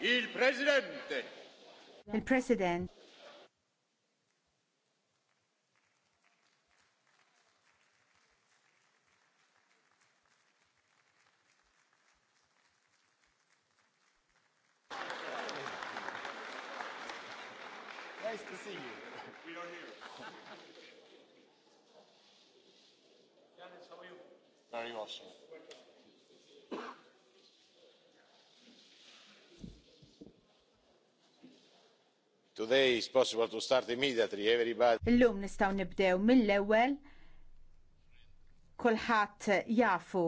Il-President. Il-President. Today is possible to start immediately, everybody. Illum nistaw nibdew mill-ewel. Kulħadd jafu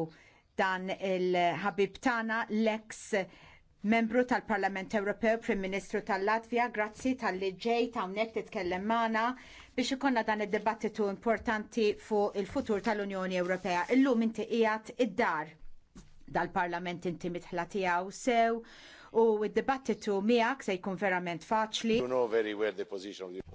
dan il-ħabib tana l-ex membru tal-Parlament Ewropew, Prim Ministru tal-Latvija, grazzi tal-li ġej ta' unnek titkellem mana biex ikonna dan id-dibattitu importanti fuq il-futur tal-Unjoni Ewropea. Illum inti id-dar dal-Parlament inti mitħla tiegħu sew u d-dibattitu miegħek se jkun verament faċli.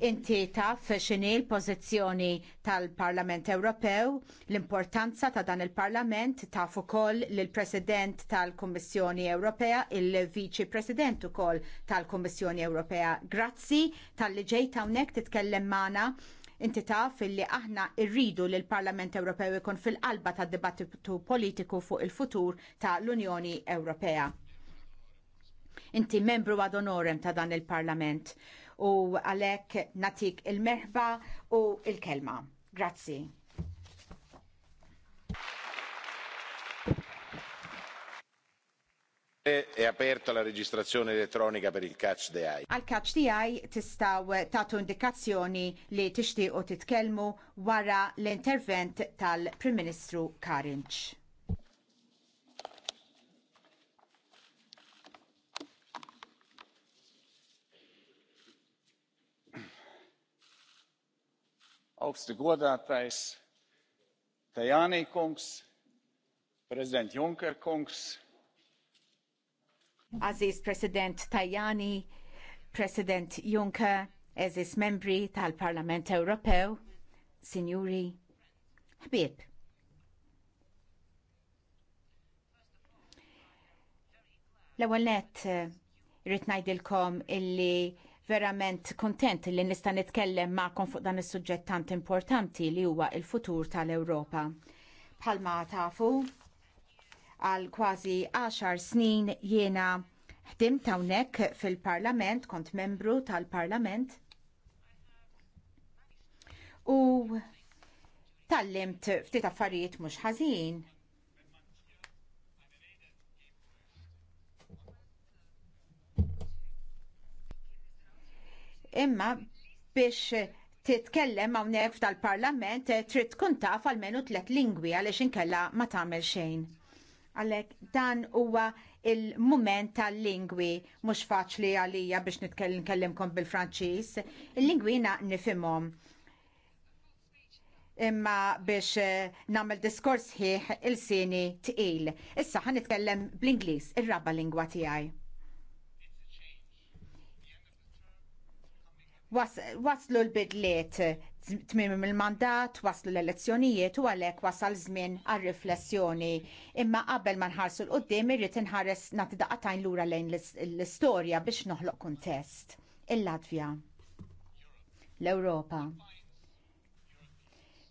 Inti taf x'inhi l-pożizzjoni tal-Parlament Ewropew, l-importanza ta' dan il-Parlament taf ukoll lill president tal-Kummissjoni Ewropea, il-Viċi President ukoll tal-Kummissjoni Ewropea. Grazzi tal-li ġejt hawnhekk titkellem magħna inti taf illi aħna rridu li l-Parlament Ewropew ikun fil-qalba tad dibattitu politiku fuq il-futur tal unjoni Ewropea. Inti membru għad onorem ta' dan il-Parlament u għalek natik il-merħba u il-kelma. Grazzi. E, è aperta la registrazione elettronica per il catch the eye. Al catch the eye tistaw tatu indikazzjoni li tixtiequ titkellmu wara l-intervent tal-Prim Ministru Karinċ. augsti godātais tajani kungs prezident juncker kungs Aziz President Tajani, President Juncker, Aziz membri tal-Parlament Ewropew, Sinjuri, ħbieb. L-ewwel nett eh, irrid ngħidilkom illi verament kontent li nista' nitkellem magħkom fuq dan is-suġġett tant importanti li huwa l-futur tal-Ewropa. Bħalma tafu għal kważi 10 snin jiena ħdim hawnhekk fil-Parlament, kont membru tal-Parlament. U tallimt ftit affarijiet mhux ħażin imma biex titkellem hawnhekk tal-Parlament eh, trid tkun taf għalmenu tliet lingwi għaliex inkella ma tagħmel xejn. Għalhekk dan huwa il-mument tal-lingwi mhux faċli għalija biex nitkellimkom bil-Franċiż, il-lingwi na nifimhom. Imma biex eh, nagħmel diskors ħieħ il-sini tqil. Issa ħanitkellem bl-Ingliż, ir-raba lingwa tiegħi. waslu l-bidliet tmim il-mandat, waslu l-elezzjonijiet u għalek wasal żmien għal-riflessjoni. Imma qabel ma nħarsu l-qoddim irrid inħares nagħti daqatajn lura lejn l-istorja biex noħloq kuntest. Il-Latvja. L-Ewropa.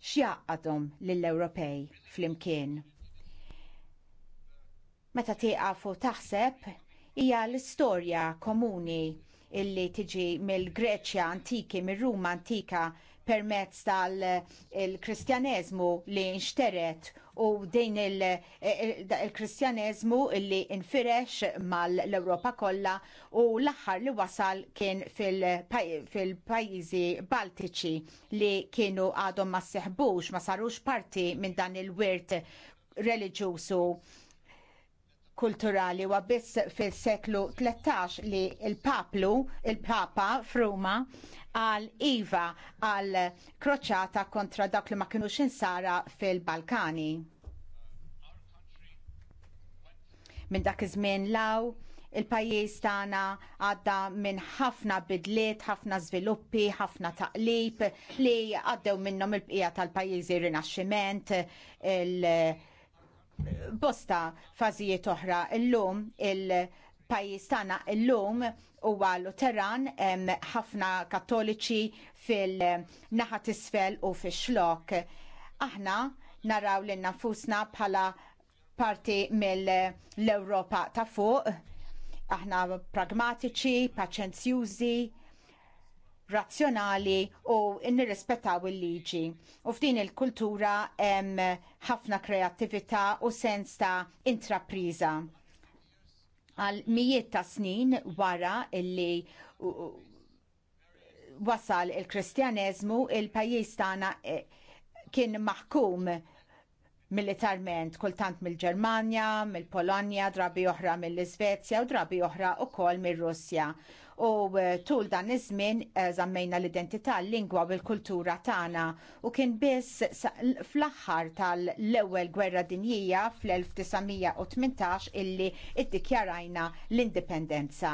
X'jaqadhom lill-Ewropej flimkien? Meta tieqafu taħseb hija l-istorja komuni illi tiġi mill-Greċja antiki, mir-Ruma antika permezz tal-Kristjaneżmu eh, li nxteret u din eh, il-Kristjaneżmu illi infirex mal-Ewropa kollha u l-aħħar li wasal kien fil-pajjiżi Baltiċi li kienu għadhom ma seħbux ma sarux parti minn dan il-wirt reliġjużu kulturali wa biss fil-seklu 13 li il-paplu, il-papa fruma għal Iva għal kroċata kontra dak li ma kinux insara fil-Balkani. Minn dak iż-żmien law, il-pajjiż tagħna għadda minn ħafna bidliet, ħafna żviluppi, ħafna taqlib li għaddew minnhom il-bqija tal-pajjiżi rinaxximent, il-, -il bosta fażijiet oħra illum il-pajjiż tagħna illum huwa Luteran hemm ħafna Kattoliċi fil-naħa tisfel u fix-xlok. Aħna naraw lil nafusna bħala parti mill-Ewropa ta' fuq. Aħna pragmatiċi, paċenzjużi, razzjonali u nirrispettaw il-liġi. U f'din il-kultura hemm ħafna kreattività u sens ta' intrapriża. Għal mijiet ta' snin wara illi wasal il-Kristjaneżmu il-pajjiż tagħna e, kien maħkum militarment kultant mill-Ġermanja, mill-Polonja, drabi oħra mill-Iżvezja u drabi oħra wkoll mir-Russja u eh, tul dan iż-żmien eh, żammejna l-identità, l-lingwa u l-kultura tagħna u kien biss fl-aħħar tal-ewwel gwerra dinjija fl-1918 illi iddikjarajna l-indipendenza.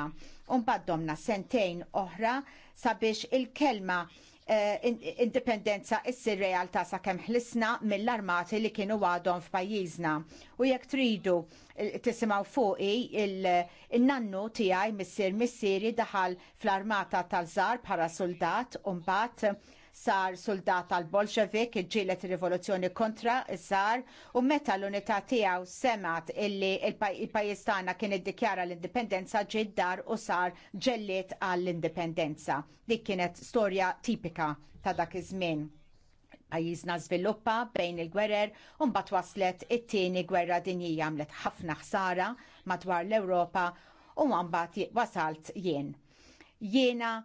Unbad domna sentejn oħra sabiex il-kelma Eh, indipendenza issir realtà sakemm ħlisna mill-armati li kienu għadhom f'pajjiżna. U jekk tridu eh, tisimgħu fuqi il-nannu tiegħi missier missieri daħal fl-armata tal-żar bħala soldat u mbagħad sar soldat tal-Bolxevik, ġilet rivoluzzjoni kontra sar u meta l-unità tiegħu semat illi il-pajjiż tagħna kien iddikjara l-indipendenza ġie dar u sar ġelliet għall-indipendenza. Dik kienet storja tipika ta' dak iż-żmien pajjiżna żviluppa bejn il-gwerer u mbagħad waslet it-tieni gwerra dinjija għamlet ħafna ħsara madwar l-Ewropa u mbagħad wasalt jien. Jiena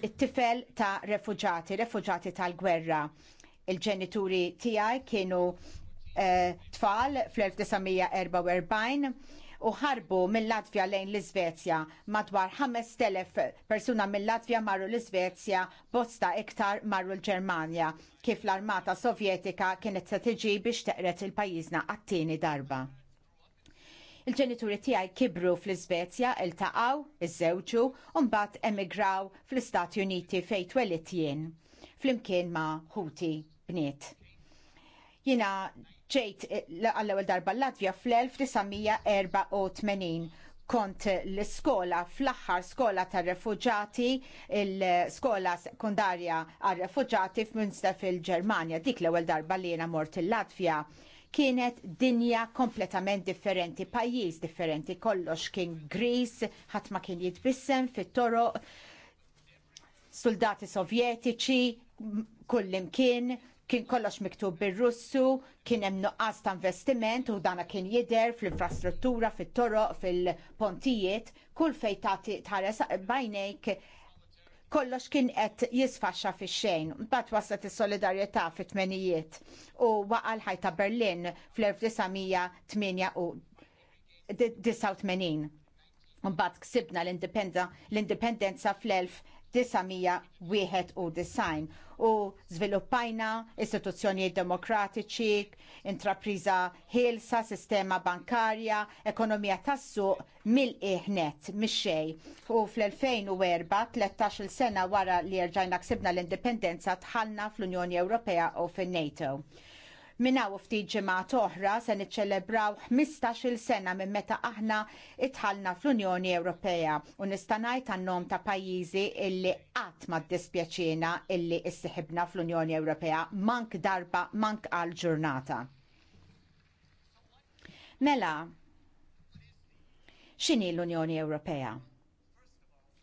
it-tifel ta' refugjati, refugjati tal-gwerra. Il-ġenituri tiegħi kienu eh, tfal fl-1944 u ħarbu mill-Latvja lejn l-Iżvezja. Madwar 5,000 persuna mill-Latvja marru l-Iżvezja, bosta iktar marru l-Ġermanja, kif l-Armata Sovjetika kienet se tiġi biex teqret il-pajjiżna għat-tieni darba. Il-ġenituri tiegħi kibru fl-Iżvezja, iltaqgħu, iż-żewġu, u mbagħad emigraw fl-Istati Uniti fejn twellit jien flimkien ma' ħuti bniet. Jiena ġejt eh, għall-ewwel darba l-Latvja fl-1984 kont l-iskola fl-aħħar skola tar refuġati l-skola sekundarja għar refuġati f'Münster fil-Ġermanja dik l-ewwel darba li jiena mort il-Latvja kienet dinja kompletament differenti, pajjiż differenti, kollox kien Gris, ħadd ma kien jitbissem fit-toroq, soldati sovjetiċi, kullimkien, kien kollox miktub bir-Russu, kien hemm nuqqas ta' investiment u dana kien jidher fl-infrastruttura, fit-toroq, fil-pontijiet, kull fejn tagħti tħares bajnejk kollox kien qed jisfaxxa fix-xejn. Mbagħad waslet is-solidarjetà fit-tmenijiet u waqal ħajta Berlin fl-1988. Mbagħad ksibna l-indipendenza fl-1989 1991 u żviluppajna istituzzjonijiet demokratiċi, intrapriża ħilsa, sistema bankarja, ekonomija tas-suq mill-iħnet, mis xej U fl-2004, 13 sena wara li rġajna ksibna l-indipendenza tħallna fl-Unjoni Ewropea u fin-NATO. Minna u ftit ġimgħat oħra se niċċelebraw 15-il sena minn meta aħna itħalna fl-Unjoni Ewropea u nista' ngħid nom ta' pajjiżi illi qatt ma ddispjaċina illi issiħibna fl-Unjoni Ewropea mank darba mank għal ġurnata. Mela, x'inhi l-Unjoni Ewropea?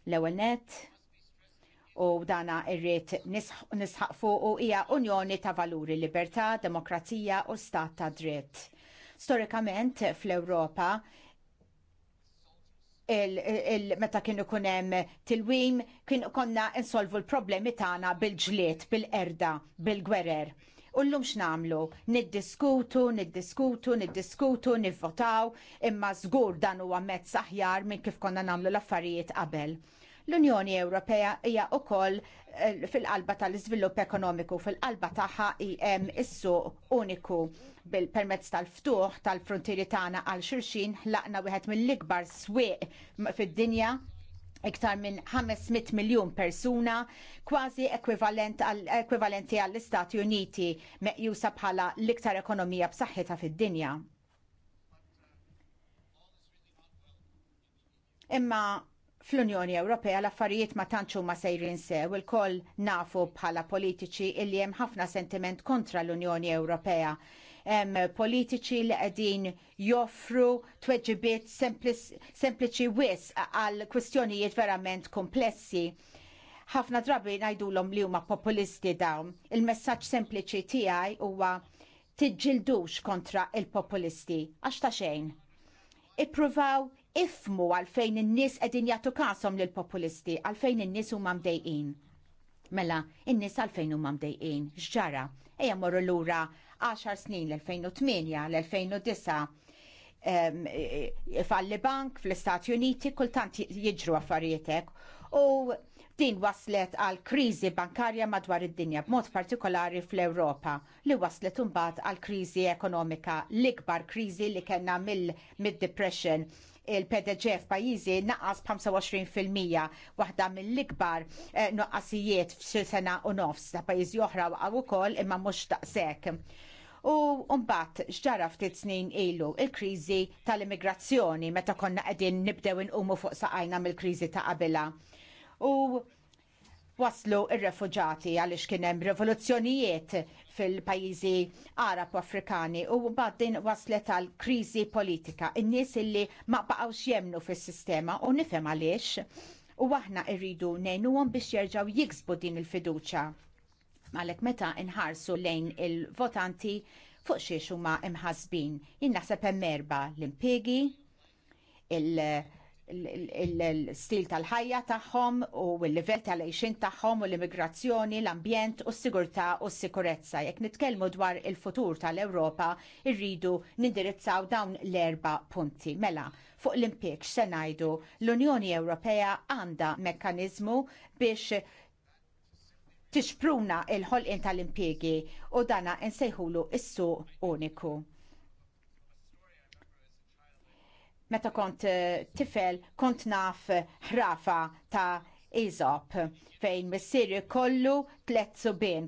L-ewwel nett u dana irrit nisħaq fuq u hija unjoni ta' valuri libertà, demokrazija u stat ta' dritt. Storikament fl-Ewropa meta kienu kunem tilwim kien konna insolvu l-problemi tagħna bil-ġliet, bil-erda, bil-gwerer. U x'namlu? Niddiskutu, niddiskutu, niddiskutu, nivvotaw, imma żgur dan huwa mezz aħjar minn kif konna nagħmlu l-affarijiet qabel L-Unjoni Ewropea hija wkoll eh, fil-qalba tal-iżvilupp ekonomiku, fil-qalba tagħha hemm is-suq uniku bil-permezz tal-ftuħ tal-frontieri tagħna għal xulxin ħlaqna wieħed mill-ikbar swieq fid-dinja iktar minn 500 miljon persuna, kważi ekwivalenti għall-Istati Uniti, meqjusa bħala l-iktar ekonomija b'saħħitha fid-dinja. Imma fl-Unjoni Ewropea l-affarijiet ma tantx huma sejrin sew il-koll nafu bħala politiċi illi hemm ħafna sentiment kontra l-Unjoni Ewropea. Hemm politiċi li qegħdin joffru tweġibiet sempliċi wis għal kwistjonijiet verament komplessi. Ħafna drabi ngħidulhom li huma populisti dawn. Il-messaġġ sempliċi tiegħi huwa tiġġildux kontra il-populisti għax ta' xejn. Ippruvaw ifmu għalfejn in-nies qegħdin jagħtu kasom lill populisti għalfejn in-nies huma mdejqin. Mela, in-nies għalfejn huma mdejqin, x'ġara, ejja morru lura 10 snin l-2008 l-2009 um, falli bank fl-Istati Uniti kultant jiġru affarietek u din waslet għal kriżi bankarja madwar id-dinja b'mod partikolari fl-Ewropa li waslet imbagħad għal kriżi ekonomika l-ikbar kriżi li kellna mill-Mid-Depression il-PDG f'pajjiżi naqas 25% waħda mill-ikbar eh, nuqqasijiet f'xi sena u nofs ta' pajjiżi oħra waqgħu wkoll imma mhux daqshekk. U mbagħad x'ġara ftit snin ilu il-kriżi tal-immigrazzjoni meta konna qegħdin nibdew inqumu fuq saqajna mill-kriżi ta' qabilha. U waslu ir-refuġati għaliex kien hemm rivoluzzjonijiet fil-pajjiżi Arab u Afrikani u mbagħad din waslet għal kriżi politika. In-nies illi ma baqgħux jemnu fis-sistema u nifhem għaliex u aħna rridu ngħinuhom biex jerġgħu jiksbu din il-fiduċja. Malek meta inħarsu lejn il-votanti fuq xiex huma imħasbin. Jien naħseb hemm erba' l-impjegi, il- l-stil tal-ħajja tagħhom u l-livell tal-għejxin tagħhom u l-immigrazzjoni, l-ambjent u s-sigurtà u s-sikurezza. Jekk nitkellmu dwar il-futur tal-Ewropa, irridu nindirizzaw dawn l-erba punti. Mela, fuq l se ngħidu l-Unjoni Ewropea għandha mekkaniżmu biex tixpruna il ħolqien tal-impjegi u dana nsejħulu is-suq uniku meta kont eh, tifel kont naf eh, ħrafa ta' Izop fejn missieri kollu tlet bejn.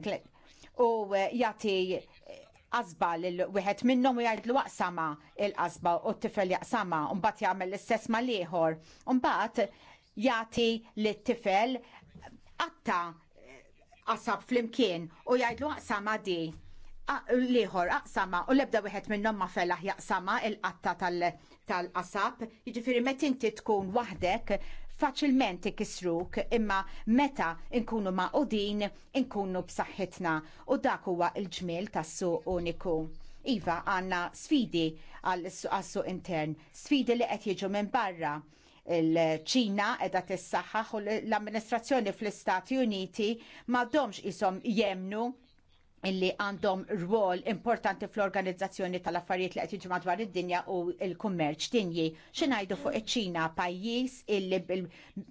u eh, jati azba lil wieħed minnhom u jgħidlu waqsama il-qasba u t-tifel jaqsama u mbagħad jagħmel l-istess ma liħor U mbagħad jagħti lit-tifel qatta qasab flimkien u jgħidlu waqsama di liħor aqsama u lebda wieħed minnhom ma felaħ jaqsama il-qatta tal- tal-qasab, jiġifieri meta inti tkun waħdek faċilment ikisruk imma meta nkunu maqudin nkunu b'saħħitna u dak huwa l-ġmiel tas-suq uniku. Iva għandna sfidi għall-suq intern, sfidi li qed jiġu minn barra il-ċina edha tissaħħaħ u l-amministrazzjoni fl-Istati Uniti m'għadhomx ishom jemnu illi għandhom rwol importanti fl-organizzazzjoni tal-affarijiet li qed jiġu madwar id-dinja u l-kummerċ dinji. Xinajdu fuq iċ-Ċina pajjiż illi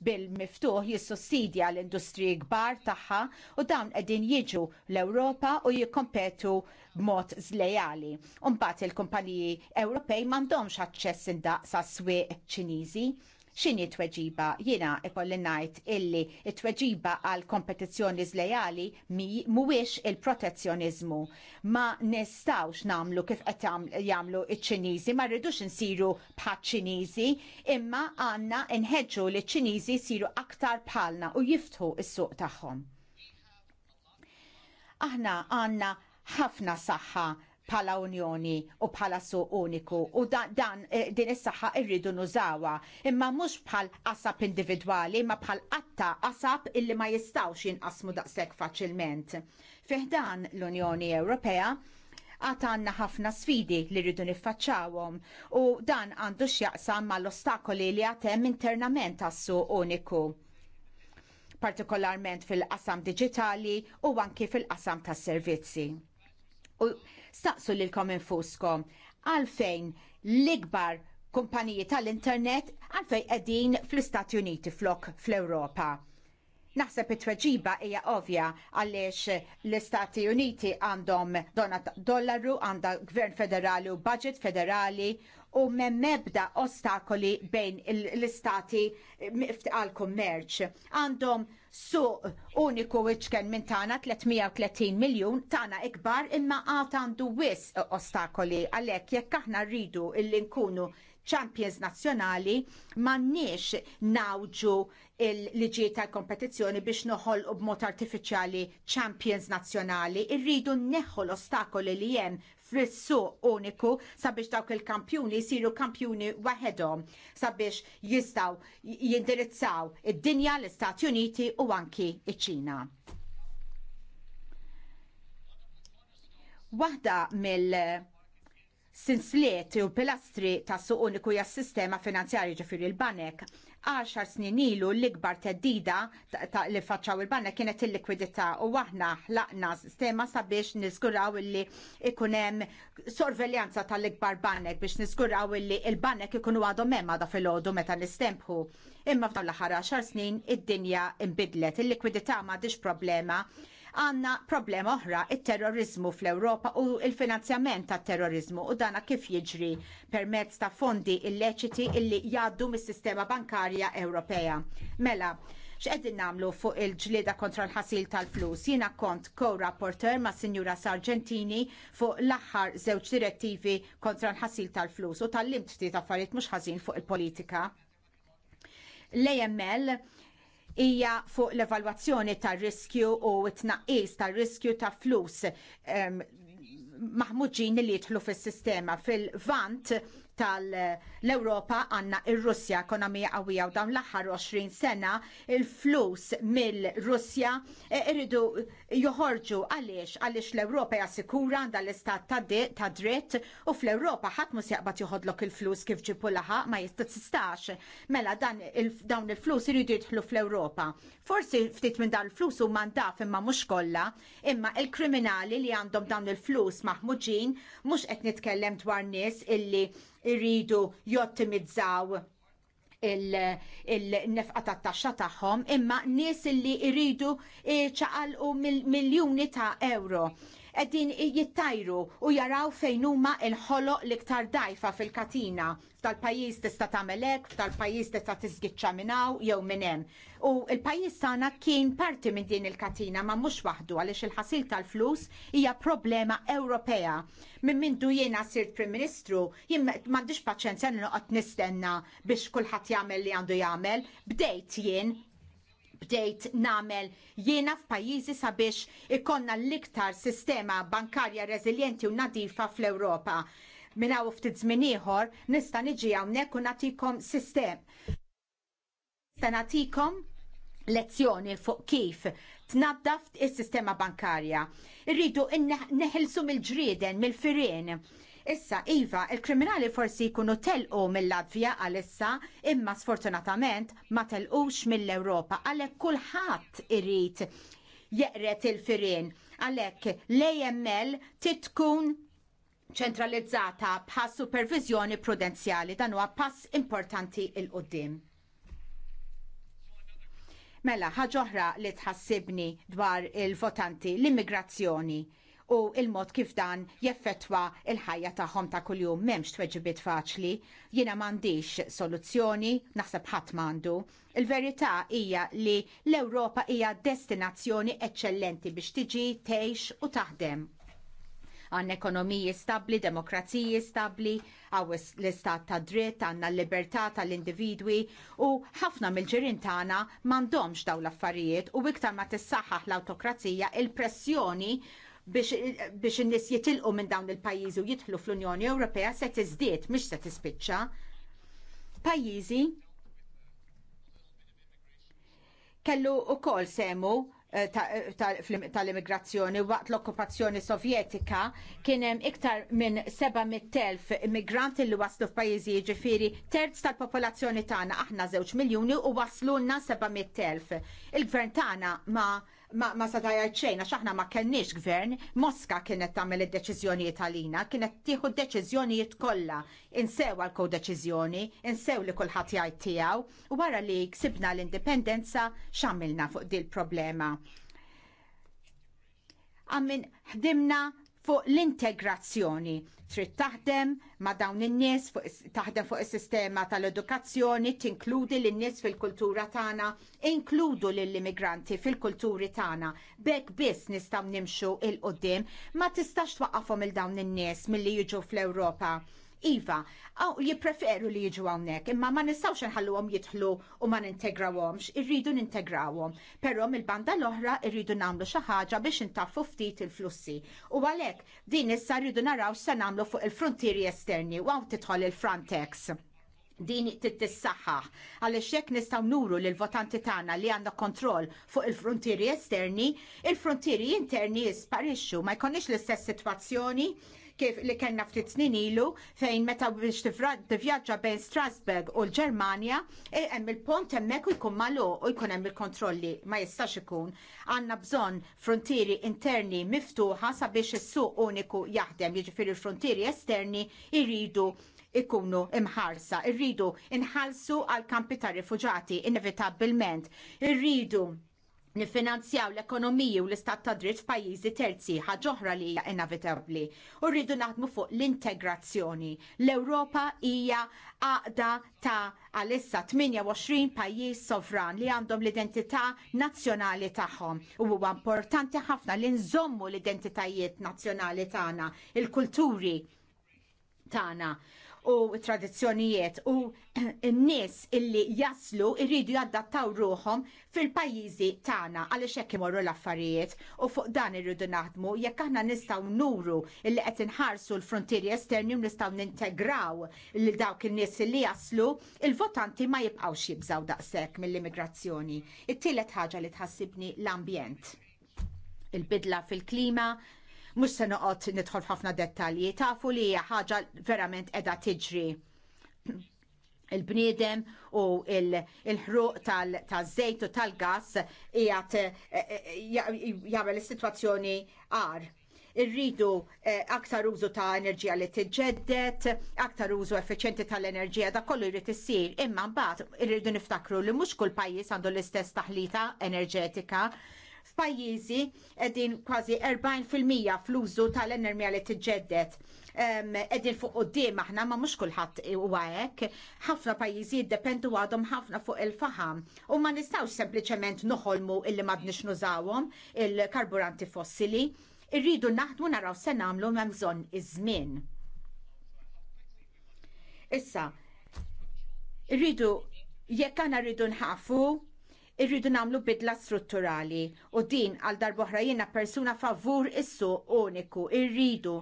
bil-miftuħ jissussidja l-industriji kbar tagħha u dawn qegħdin jiġu l-Ewropa u jikkompetu b'mod żlejali. mbagħad il-kumpaniji Ewropej m'għandhomx aċċess indaqs sa' swieq Ċiniżi xini tweġiba jina ikolli najt illi t tweġiba għal kompetizzjoni zlejali mhuwiex il-protezzjonizmu. Ma nistawx namlu kif qed jagħmlu il ċiniżi ma rridux insiru bħal ċiniżi, imma għandna nħedġu li ċinizi ċiniżi jsiru aktar bħalna u jiftħu s-suq tagħhom. Aħna għandna ħafna saħħa bħala Unjoni u bħala suq uniku u dan, eh, din is-saħħa rridu nużawha imma mhux bħal qasab individwali imma bħal qatta qasab illi ma jistgħux jinqasmu daqshekk faċilment. Fiħdan l-Unjoni Ewropea għata għanna ħafna sfidi li rridu niffaċċawhom u dan għandu x'jaqsam mal-ostakoli li għatem internament għassu uniku partikolarment fil-qasam digitali u anki fil-qasam tas servizzi. U Staqsu lilkom infuskom għalfejn l-ikbar kumpaniji tal-internet għalfejn qegħdin fl-Istati Uniti flok fl-Ewropa. Naħseb it-tweġiba hija ovvja għaliex l-Istati Uniti għandhom dollaru għandha gvern federali u budget federali u minn mebda ostakoli bejn l-istati għal kummerċ. Għandhom suq uniku wiċken minn tagħna 330 miljun tagħna ikbar imma għad għandu wis ostakoli għalhekk jekk aħna rridu il nkunu champions nazzjonali m'għandniex nawġu il-liġi tal-kompetizzjoni biex noħol u b'mod artifiċjali champions nazzjonali, irridu neħol l-ostakoli li hemm frissu suq uniku sabiex dawk il-kampjuni jisiru kampjuni waħedhom sabiex jistaw jindirizzaw id-dinja l-Istati Uniti u anki iċ-Ċina. Waħda mill- sinsliet u pilastri ta' suq uniku jas sistema finanzjarju ġifiri l-banek. 10 snin ilu l-ikbar teddida li faċċaw il-banek kienet il-likwidità u aħna ħlaqna sistema sabiex niżguraw illi ikunem sorveljanza tal-ikbar banek biex niżguraw illi il-banek ikunu għadhom hemm għadha fil meta nistempħu. Imma f'dawn l-aħħar 10 snin id-dinja imbidlet, il-likwidità m'għadix problema għandna problema oħra, il terrorizmu fl-Ewropa u l finanzjament tat terrorizmu u dana kif jiġri permezz ta' fondi illeċiti illi jgħaddu mis-sistema bankarja Ewropea. Mela, x'qegħdin nagħmlu fuq il-ġlieda kontra l-ħasil tal-flus. Jiena kont co-rapporter ma' Sinjura Sargentini fuq l-aħħar żewġ direttivi kontra l-ħasil tal-flus u tal-limt ftit affarijiet mhux ħażin fuq il-politika. L-AML hija fuq l-evalwazzjoni tar-riskju u t-tnaqqis tar-riskju ta' flus maħmuġin li jidħlu fis-sistema fil-vant tal-Europa għanna il-Russja ekonomija għawija u dawn l-aħħar 20 sena il-flus mill-Russja e, irridu joħorġu għaliex għaliex l-Europa jassikura għandha l-istat ta' dritt u fl-Europa ħadd mhux jaqbad joħodlok il-flus kif ġipu laħa ma jistax mela dan dawn il-flus irridu jidħlu fl-Europa. Forsi ftit minn dan il-flus u mandaf imma mhux kollha, imma il-kriminali li għandhom dawn il-flus maħmuġin mhux qed nitkellem dwar nies illi irridu jottimizzaw il-nefqa ta' taxxa tagħhom imma nies li jridu eh, ċaqalqu miljuni ta' euro qegħdin jittajru u jaraw fejn huma ħolo ħoloq l-iktar dajfa fil-katina. F'tal-pajjiż tista' tagħmel hekk, f'tal-pajjiż tista' tiżgiċċa minn hawn jew minn hemm. U l-pajjiż tagħna kien parti minn din il-katina ma mhux waħdu għaliex il-ħasil tal-flus hija problema Ewropea. Minn mindu jiena sirt Prim Ministru jien m'għandix paċenzja noqgħod nistenna biex kulħadd jagħmel li għandu jagħmel. Bdejt jien bdejt namel jiena f'pajjiżi sabiex ikonna l-iktar sistema bankarja reżiljenti u nadifa fl-Ewropa. Minn hawn ftit żmien ieħor nista' niġi hawnhekk u nagħtikom sistem. Nista' nagħtikom lezzjoni fuq kif tnaddaf is-sistema bankarja. Irridu neħilsu mill-ġrieden, mill-firien. mill ġrieden mill mill ġrieden mill firien Issa, Iva, il-kriminali forsi jkunu telqu mill-Latvja għal-issa, imma sfortunatament ma telqux mill-Europa, għalhekk kulħadd irrit jeqret il-firien. Għalhekk l-AML titkun ċentralizzata bħal supervizjoni prudenzjali dan huwa pass importanti il qoddim Mela, ħaġa oħra li tħassibni dwar il-votanti, l-immigrazzjoni u il-mod kif dan jeffettwa il-ħajja tagħhom ta' kuljum m'hemmx tweġibiet faċli, jiena m'għandix soluzzjoni, naħseb ħadd m'għandu. Il-verità hija li l-Ewropa hija destinazzjoni eċċellenti biex tiġi tgħix u taħdem għan ekonomiji stabli, demokraziji stabli, għaw l-istat ta' dritt, għanna l-libertà tal-individwi u ħafna mill-ġirin tagħna m'għandhomx dawn l-affarijiet u iktar ma tissaħħaħ l-autokrazija il-pressjoni biex in-nies jitilqu minn dawn il-pajjiżi u jidħlu fl-Unjoni Ewropea se tiżdied mhix se tispiċċa. Pajjiżi kellu wkoll semu eh, tal-immigrazzjoni waqt l-okkupazzjoni sovjetika kien hemm iktar minn 700,000 immigranti li waslu f'pajjiżi jiġifieri terz tal-popolazzjoni tagħna aħna żewġ miljuni u lna 700,000. Il-gvern tagħna ma' ma, ma sadajaj ċejna, xaħna ma kenniex gvern, Moska kienet tagħmel id-deċiżjonijiet għalina, kienet tieħu d-deċiżjonijiet kollha, insew għal deċiżjoni, insew li kulħadd jgħid tiegħu, u wara li ksibna l-indipendenza x'għamilna fuq dil problema. Għammin ħdimna fuq l-integrazzjoni. Trid taħdem ma' dawn in-nies, taħdem fuq is-sistema tal-edukazzjoni, tinkludi lin-nies fil-kultura tagħna, inkludu lill-immigranti fil-kulturi tagħna. Bek biss nistgħu nimxu il qudiem ma tistax twaqqafhom il dawn in-nies milli jiġu fl-Ewropa. Iva, jippreferu li jiġu hawnhekk, imma ma nistgħux għom jidħlu u ma nintegrawhomx, irridu nintegrawhom. Però mill-banda l-oħra irridu nagħmlu xi ħaġa biex intaffu ftit il-flussi. U għalhekk din issa rridu naraw se nagħmlu fuq il-frontieri esterni u hawn tidħol il-Frontex din tittissaħħa għaliex xek nistgħu nuru l votanti tagħna li għanda kontroll fuq il-frontieri esterni, il-frontieri interni jisparixxu ma jkonniex l-istess sitwazzjoni kif li kellna ftit snin ilu fejn meta biex tivvjaġġa bejn Strasbourg u l-Ġermanja e, hemm il-pont hemmhekk u jkun malu u jkun hemm il-kontrolli ma jistax ikun. Għandna bżonn frontieri interni miftuħa sabiex is-suq uniku jaħdem, jiġifieri l-frontieri esterni jridu ikunu imħarsa, irridu inħalsu għal kampi ta' rifuġati inevitabilment, irridu nifinanzjaw l-ekonomiji u l-istat ta' dritt f'pajjiżi terzi ħaġoħra li hija inevitabbli u rridu naħdmu fuq l-integrazzjoni. L-Ewropa hija għaqda ta' għalissa 28 pajjiż sovran li għandhom l-identità nazzjonali tagħhom u huwa importanti ħafna li nżommu l-identitajiet nazzjonali tagħna, il-kulturi tagħna u tradizzjonijiet u n-nies illi jaslu irridu jaddattaw ruhom fil-pajjiżi tagħna għaliex hekk imorru l-affarijiet u fuq dan irridu naħdmu jekk aħna nistgħu nuru illi qed inħarsu l-frontieri esterni u nistgħu nintegraw lil dawk in-nies illi jaslu, il-votanti ma jibqgħux jibżgħu daqshekk mill-immigrazzjoni. It-tielet ħaġa li tħassibni l-ambjent il-bidla fil-klima, Mhux se noqgħod nidħol ħafna dettalji, tafu li hija ħaġa verament qiegħda tiġri il-bniedem u il-ħruq tal-żejt u tal-gas jgħat eh, eh, eh, jgħamil is-sitwazzjoni għar irridu aktar użu ta' enerġija li tiġġeddet, aktar użu effiċenti tal-enerġija, da' kollu jrid issir. Imma mbagħad irridu niftakru li mhux kull pajjiż għandu l-istess taħlita enerġetika, F'pajjiżi qegħdin kważi 40% fl-użu tal-enermija li tiġġedded. Qegħdin fuq quddiem aħna ma mhux kulħadd huwa hekk. Ħafna pajjiżi jiddependu għadhom ħafna fuq il-faħam u ma nistgħux sempliċement noħolmu illi m'għadniex nużawhom il-karburanti fossili. Irridu naħdmu naraw se nagħmlu hemm bżonn iż-żmien. Issa, rridu jekk għana rridu nħafu irridu nagħmlu bidla strutturali u din għal darbohra jena persuna favur is-suq uniku irridu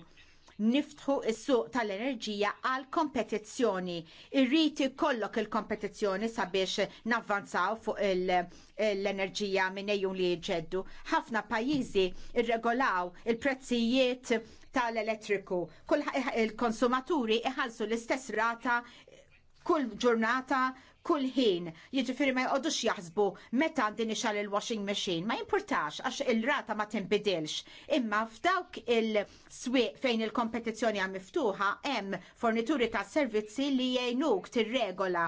niftħu is-suq tal-enerġija għal kompetizzjoni. Irriti kollok il-kompetizzjoni sabiex navvanzaw fuq l-enerġija minn ejjun li jġeddu. Ħafna pajjiżi irregolaw il-prezzijiet tal-elettriku. Kull il-konsumaturi iħalsu l-istess rata kull ġurnata ħin, Jiġifieri ma jqodux jaħsbu meta din ixal il-washing machine. Ma jimpurtax għax il-rata ma tinbidilx. Imma f'dawk il-swieq fejn il-kompetizzjoni għam miftuħa hemm fornituri ta' servizzi li jgħinuk tirregola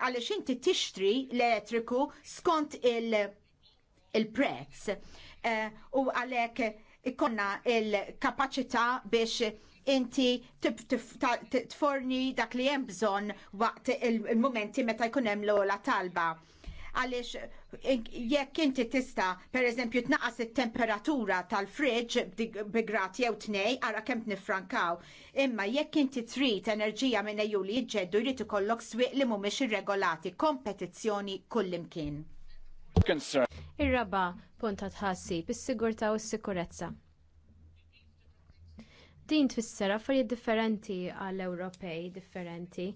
għaliex inti tixtri l-elettriku skont il-prezz. Eh, u għalhekk ikonna il-kapaċità biex inti tforni dak li hemm bżonn waqt il-momenti meta jkun hemm l-ogħla talba. Għaliex jekk inti tista, pereżempju tnaqqas it-temperatura tal-friġġ bi jew tnej ara kemm nifrankaw. Imma jekk inti trid enerġija minn eju li jġeddu jrid ikollok swieq li mhumiex irregolati, kompetizzjoni kullimkien. Ir-raba' punta tħassib is-sigurtà u s-sikurezza. Din tfisser affarijiet differenti għall Ewropej differenti.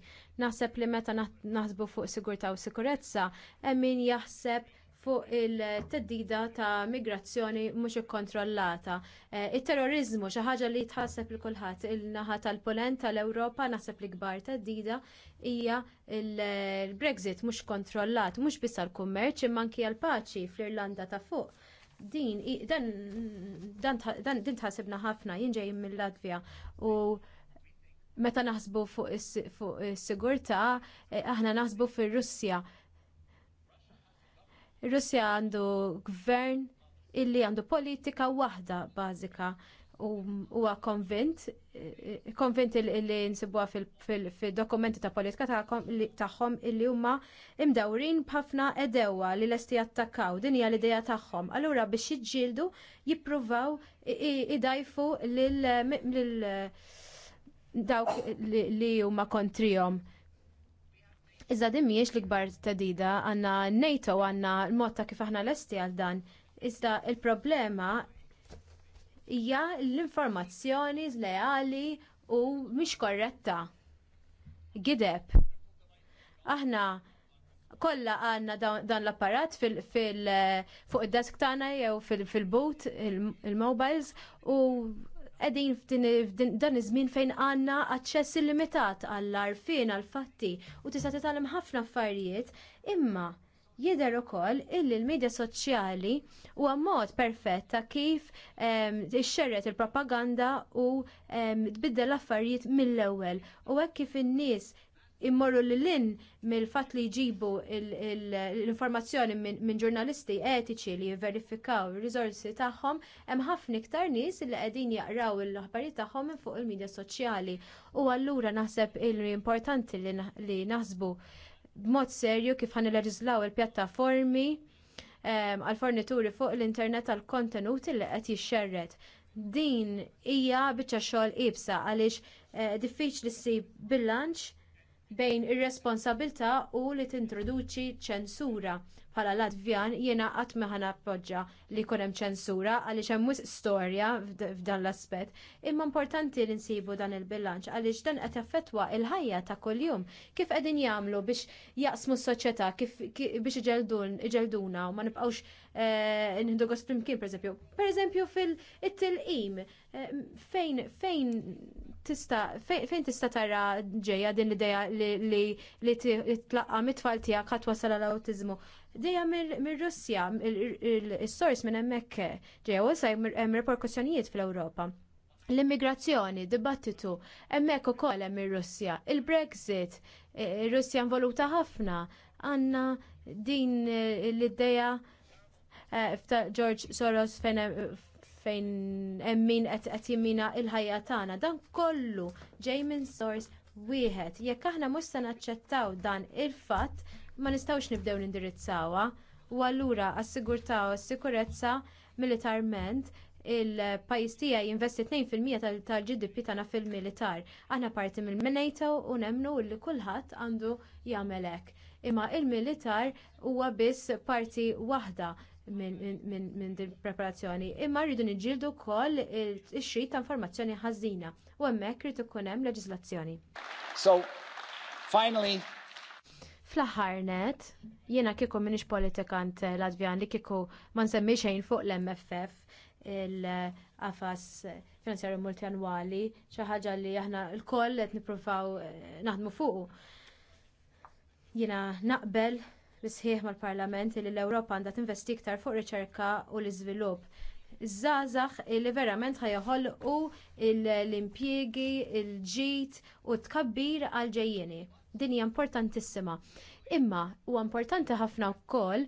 Naħseb li meta naħsbu fuq sigurtà u sikurezza, hemm min jaħseb fuq il-teddida ta' migrazzjoni mhux ikkontrollata. E, Il-terrorizmu xi ħaġa li tħasseb li kulħadd il-naħa tal-Polent tal-Ewropa naħseb li kbar teddida hija l brexit mhux kontrollat, mhux biss għall kummerċ imma anki għall paċi fl-Irlanda ta' fuq din dan dan din tħasibna ħafna jien ġej mill-Latvja u meta naħsbu fuq is-sigurtà eh, aħna naħsbu fir-Russja. Ir-Russja għandu gvern illi għandu politika waħda bażika huwa konvint, konvint li nsibuha fil-dokumenti ta' politika tagħhom li huma imdawrin b'ħafna edewa li lesti jattakkaw din hija l-idea tagħhom. Allura biex jiġġieldu jippruvaw idajfu lil dawk li huma kontrihom. Iżda din mhijiex l-ikbar tedida għandna NATO għandna l-mod ta' kif aħna lesti għal dan. Iżda il-problema hija l-informazzjoni leali u mhix korretta. Gideb. Aħna kollha għandna dan l-apparat fuq id-desk tagħna jew fil-boot il-mobiles u qegħdin dan iż-żmien fejn għandna aċċess illimitat għall-arfin għall-fatti u tista' titgħallem ħafna affarijiet imma Jidher ukoll illi l-medja soċjali huwa mod perfett ta' kif ehm, ixxerret il-propaganda u ehm, tbiddel l-affarijiet mill-ewwel u hekk kif in-nies immorru l-lin mill-fat li jġibu l-informazzjoni minn ġurnalisti etiċi li jivverifikaw il-rizorsi tagħhom, hemm ħafna iktar nies li qegħdin jaqraw l-aħbarijiet tagħhom minn fuq il-medja soċjali. U allura naħseb il-importanti li naħsbu b'mod serju kif ħan leġislaw il-pjattaformi ehm, għal fornituri fuq l-internet għal kontenuti li qed jixxerret. Din hija biċċa xogħol ibsa għaliex eh, diffiċli ssib bilanċ bejn ir-responsabilità u li tintroduċi ċensura. Bħala Latvjan jiena qatt ma poġġa li jkun hemm ċensura għaliex hemm wisq storja f'dan l-aspett. Imma importanti li nsibu dan il-bilanċ għaliex dan qed jaffettwa l-ħajja ta' kuljum. Kif qegħdin jagħmlu biex jaqsmu s-soċjetà kif biex iġelduna u ma nibqgħux inħdu eh, gost flimkien pereżempju. Pereżempju fil-tilqim eh, fejn fejn tista' fejn tista' tara ġejja din l-idea li li tlaqqa mit-tfal tiegħek ħadd wasal għal awtiżmu. Dejja mir-Russja, is-sors minn hemmhekk ġejja wasa hemm reperkussjonijiet fl-Ewropa. L-immigrazzjoni, dibattitu, hemmhekk ukoll hemm ir-Russja, il-Brexit, ir-Russja eh, involuta ħafna, għandna din eh, l-idea eh, George Soros fejn fejn hemm min qed jimmina il-ħajja tagħna. Dan kollu ġej minn source wieħed. Jekk aħna mhux se naċċettaw dan il-fatt, ma nistgħux nibdew nindirizzawha. U allura assigurtaw s-sikurezza militarment il-pajis tija jinvesti 2% tal-GDP tagħna fil-militar. Aħna parti mill-NATO u nemnu li kulħadd għandu jagħmel hekk. Imma l militar huwa biss parti waħda minn din preparazzjoni. Imma rridu niġġieldu wkoll il xrit ta' informazzjoni ħażina u hemmhekk rridu ikun hemm So, finally, fl-aħħar net, jiena kieku minix politikant Latvjan li kieku ma nsemmi xejn fuq l-MFF il-qafas finanzjarju multianwali, xi ħaġa li aħna l-koll qed nippruvaw eh, naħdmu fuq. Jiena naqbel bisħieħ mal-Parlament li l-Ewropa għandha tinvesti iktar fuq riċerka u l-iżvilupp. żgħażagħ li verament ħajoħolqu l-impjiegi, il-ġid u tkabbir għal ġejjieni. Din hija importantissima. Imma huwa importanti ħafna wkoll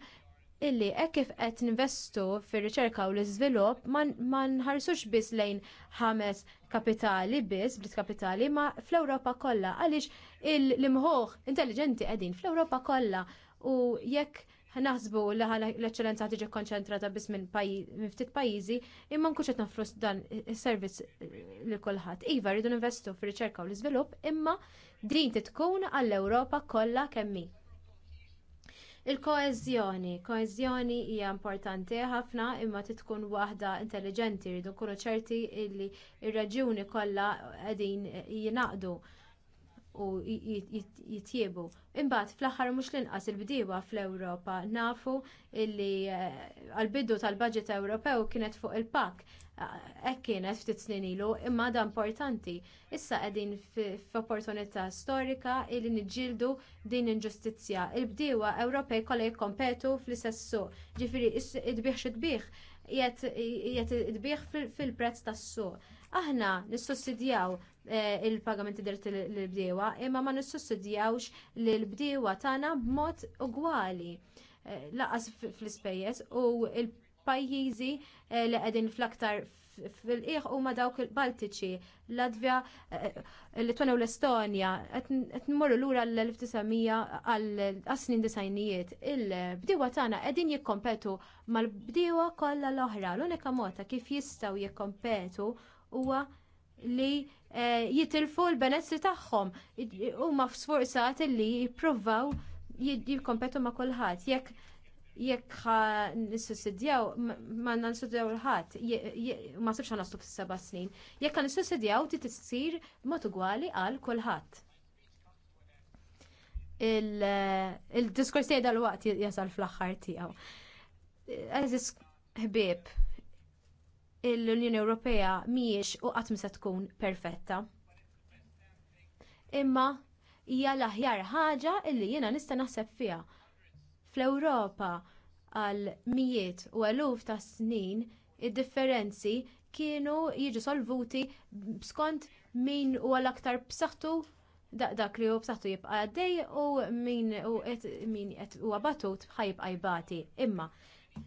illi hekk kif qed ninvestu fir-riċerka u l-iżvilupp ma nħarsux biss lejn ħames kapitali biss, blit kapitali, ma fl-Ewropa kollha għaliex l imħuħ intelligenti qegħdin fl-Ewropa kollha u jekk naħsbu li l-eċċellenza tiġi konċentrata biss minn ftit pajjiżi, imma nkunx qed nofru dan is-servizz lil kulħadd. Iva rridu investu fir-riċerka u l-iżvilupp, imma din titkun għall-Ewropa kollha kemm Il-koezjoni. Koezjoni hija importanti ħafna imma titkun waħda intelligenti, rridu nkunu ċerti li r reġjuni kollha qegħdin jinaqdu u jitjiebu. Imbagħad fl-aħħar mhux l-inqas il-bdiewa fl-Ewropa nafu li eh, għal-bidu tal-budget Ewropew kienet fuq il-pak. Eh, hekk kienet ftit snin ilu, imma da importanti. Issa qegħdin f'opportunità storika li niġġieldu din inġustizzja. Il-bdiewa Ewropej kollha jikkompetu fl-istess suq. Ġifieri idbieħ xidbieħ jett idbieħ fil-prezz tas-suq. Aħna nissussidjaw Eh, il-pagamenti dirt l-bdiewa, imma ma nissussidjawx l-bdiewa tagħna b'mod ugwali eh, laqas fl-ispejjeż u l-pajjiżi eh, li qegħdin fl-aktar fil-qiegħ huma dawk il-Baltiċi, Latvja, Litwana u l-Estonja, qed nmorru lura l-1900 għal snin disajnijiet. Il-bdiewa tagħna qegħdin jikkompetu mal-bdiewa kollha l-oħra. L-unika ta' kif jistgħu jikkompetu huwa li Eh, jitilfu l benessi tagħhom u ma sforzat li jippruvaw jikkompetu ma' kulħadd. Jekk jekk nissussidjaw ma nissussidjaw l-ħadd ma sibx naslu fis snin. Jekk nissussidjaw ti tissir mod ugwali għal kulħadd. Il-diskors tiegħi dal-waqt jasal fl-aħħar tiegħu. Eżis ħbieb, l-Unjoni Ewropea mhijiex u qatt se tkun perfetta. Imma hija l-aħjar ħaġa illi jiena nista' naħseb fiha. Fl-Ewropa għal mijiet u eluf ta' snin id-differenzi kienu jiġu solvuti skont min huwa l-aktar b'saħħtu dak li hu b'saħħtu jibqa' għaddej u min qed huwa batut ħajbqa' Imma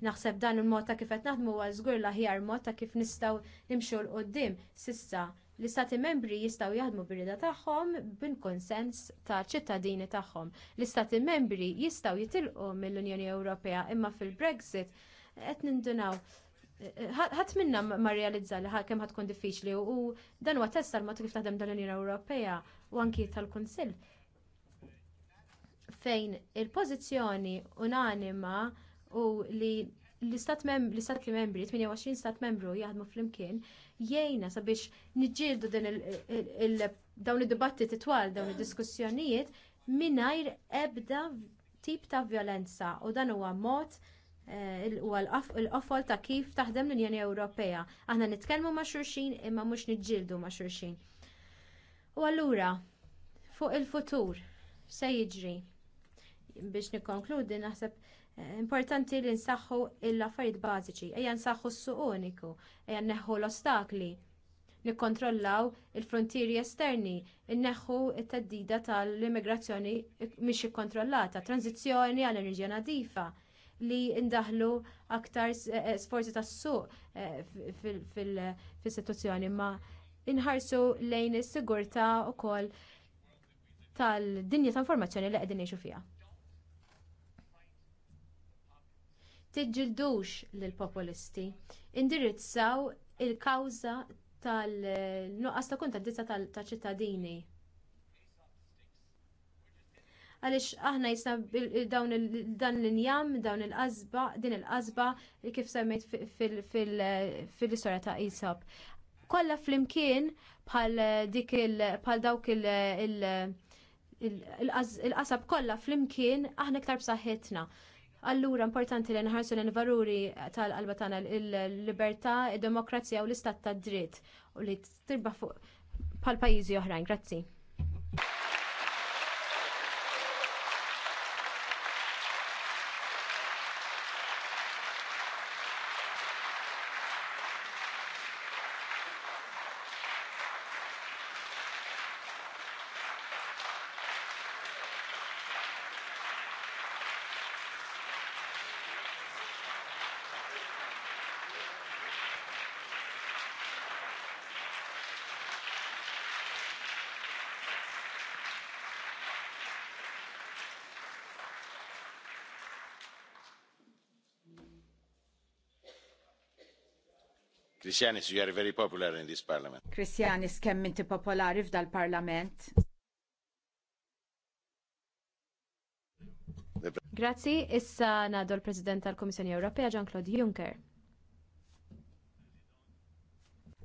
Naħseb dan il-mod ta' kif qed naħdmu huwa żgur l-aħjar mod ta' kif nistgħu nimxu l qoddim sissa l-istati membri jistgħu jaħdmu birida tagħhom bil-konsens ta' ċittadini tagħhom. L-istati membri jistgħu jitilqu mill-Unjoni Ewropea imma fil-Brexit qed nindunaw ħadd minna ma realizza li ħadd tkun diffiċli u dan huwa test tal-mod kif taħdem l unjoni Ewropea u anki tal-Kunsill fejn il-pożizzjoni unanima u li l-istat mem l-istat li membri, 28 stat membru jaħdmu flimkien jgħinna sabiex niġġieldu din dawn id-dibattiti twal, dawn id-diskussjonijiet mingħajr ebda tip ta' violenza u dan huwa mod eh, huwa l-qofol ta' kif taħdem l-Unjoni Ewropea. Aħna nitkellmu ma' xulxin imma mhux niġġieldu ma' xulxin. U allura fuq il-futur se jiġri biex nikkonkludi naħseb Importanti li nsaħħu l-affarijiet bażiċi, ejja nsaħħu s-suq uniku, ejja neħħu l-ostakli, nikkontrollaw il-frontieri esterni, inneħħu t teddida tal-immigrazzjoni mhix ikkontrollata, tranzizzjoni għall enerġija nadifa li ndaħlu aktar eh, sforzi tas-suq eh, fil-istituzzjoni ma inħarsu lejn is-sigurtà wkoll tal-dinja ta' informazzjoni li qegħdin ngħixu fiha. tiġġildux lill populisti Indirizzaw il-kawża tal-nuqqas ta' kuntadizza ta' ċittadini. Għaliex aħna jisna dawn dan l-injam, dawn il-qasba, din il-qasba kif semmejt fil-istorja ta' Isab. Kolla flimkien bħal dik bħal dawk il- il-qasab kollha flimkien aħna iktar b'saħħitna. Allura importanti li nħarsu l-valuri tal-qalba tagħna il-libertà, id-demokrazija u l-istat tad dritt u li tirba' fuq bħal pajjiżi oħrajn. Grazzi. Christianis, you are very popular in this parliament. Christianis, kemm inti popolari f'dal-parlament? Grazzi, issa nadu l-President tal-Komissjoni Ewropea, Jean-Claude Juncker.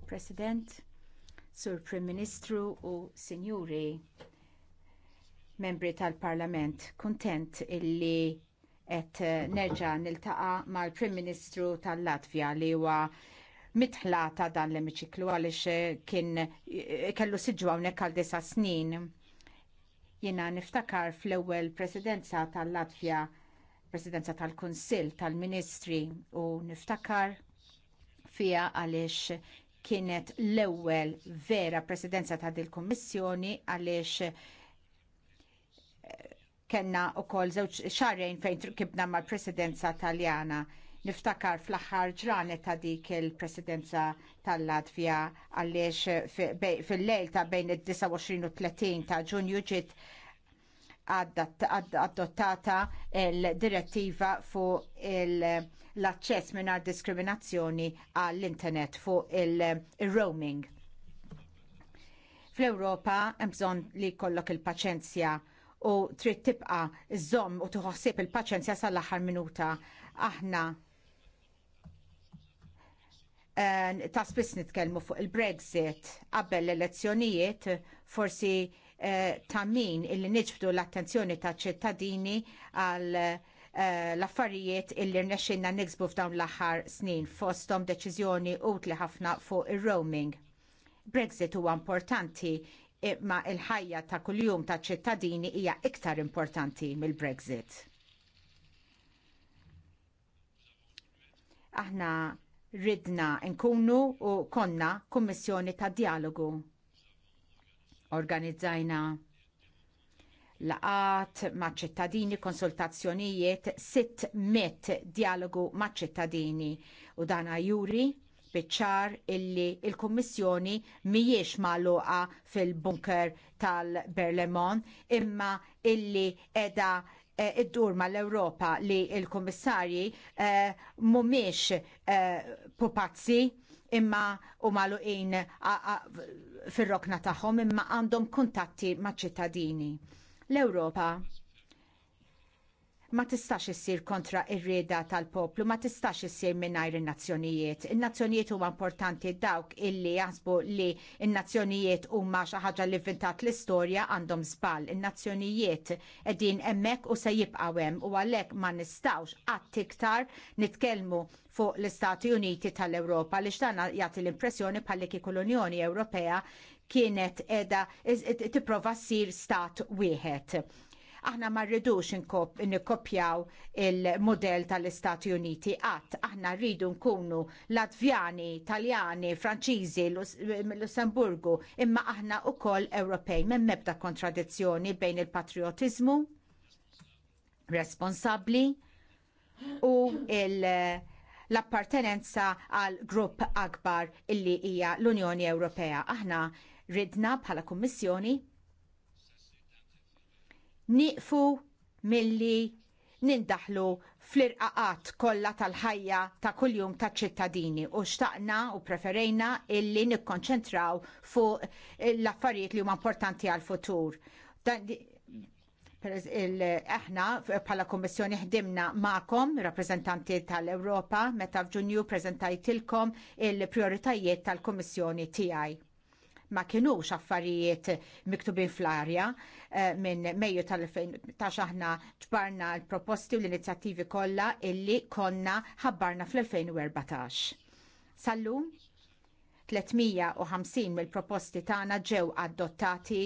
President, Sur Prim Ministru u Sinjuri, membri tal-Parlament, kuntent illi qed nerġa' niltaqa' mal-Prim Ministru tal-Latvja li huwa mitħlata dan l-emiċiklu għaliex eh, kien eh, kellu siġu hawnhekk għal disa snin. Jiena niftakar fl-ewwel presidenza tal-Latvja, presidenza tal-Kunsill tal-Ministri u niftakar fiha għaliex kienet l-ewwel vera presidenza ta' dil kummissjoni għaliex eh, kellna wkoll żewġ xarrejn fejn kibna mal presidenza Taljana Niftakar fl-aħħar ġranet ta' dik il-presidenza tal-Latvja għaliex fil-lejl ta' bejn id-29 u 30 ta' ġunju ġiet adottata l-direttiva fuq l-access mingħajr diskriminazzjoni għall-internet fuq il-roaming. fl ewropa hemm bżonn li jkollok il-paċenzja u trid tibqa' żomm u tħossib il-paċenzja sal-aħħar minuta. Aħna Eh, ta' spiss nitkellmu fuq il-Brexit qabel l-elezzjonijiet forsi eh, ta' min illi niġbdu l-attenzjoni ta' ċittadini għal eh, l-affarijiet illi rnexxinna niksbu f'dawn l-aħħar snin fosthom deċiżjoni utli ħafna fuq ir-roaming. Brexit huwa importanti imma il-ħajja ta' kuljum ta' ċittadini hija iktar importanti mill-Brexit. Aħna ridna nkunu u konna kummissjoni ta' dialogu. Organizzajna laqat ma' ċittadini, konsultazzjonijiet, sitt met dialogu ma' ċittadini u dan juri biċċar illi il-Kummissjoni mhijiex magħluqa fil-bunker tal-Berlemon imma illi edha Eh, id-dur l ewropa li il-Kummissarji eh, mhumiex eh, pupazzi imma u maluqin fir-rokna tagħhom imma għandhom kuntatti maċ ċittadini. L-Ewropa ma tistax issir kontra ir-rieda tal-poplu, ma tistax issir mingħajr in-nazzjonijiet. In-nazzjonijiet huma importanti dawk illi jaħsbu li in-nazzjonijiet huma xi ħaġa li vintat l-istorja għandhom żball. In-nazzjonijiet qegħdin hemmhekk u se jibqgħu hemm u għalhekk ma nistgħux qatt iktar nitkellmu fuq l-Istati Uniti tal-Ewropa li xtana jagħti l-impressjoni bħalli kieku l-Unjoni Ewropea kienet edha tipprova ssir stat wieħed. Aħna ma rridux nikkopjaw il-modell tal-Istati Uniti qatt. Aħna rridu nkunu Latvjani, Taljani, Franċiżi, Lussemburgu, imma aħna wkoll Ewropej minn mebda kontradizzjoni bejn il-patriotizmu responsabbli u il- l-appartenenza għal grupp akbar illi hija l-Unjoni Ewropea. Aħna ridna bħala Kummissjoni niqfu milli nindaħlu fl-irqaqat kollha tal-ħajja ta' kuljum taċ ċittadini u xtaqna u preferejna illi nikkonċentraw fuq l-affarijiet li huma importanti għall futur Aħna bħala Kommissjoni ħdimna ma'kom, rappreżentanti tal-Ewropa, meta f'Ġunju preżentajtilkom il-prioritajiet tal-Kommissjoni tiegħi ma kienux affarijiet miktubin fl-arja eh, minn Mejju tal-2018 aħna ġbarna l-proposti u l-inizjattivi kollha illi konna ħabbarna fl-2014. Sallum 350 mill-proposti tagħna ġew adottati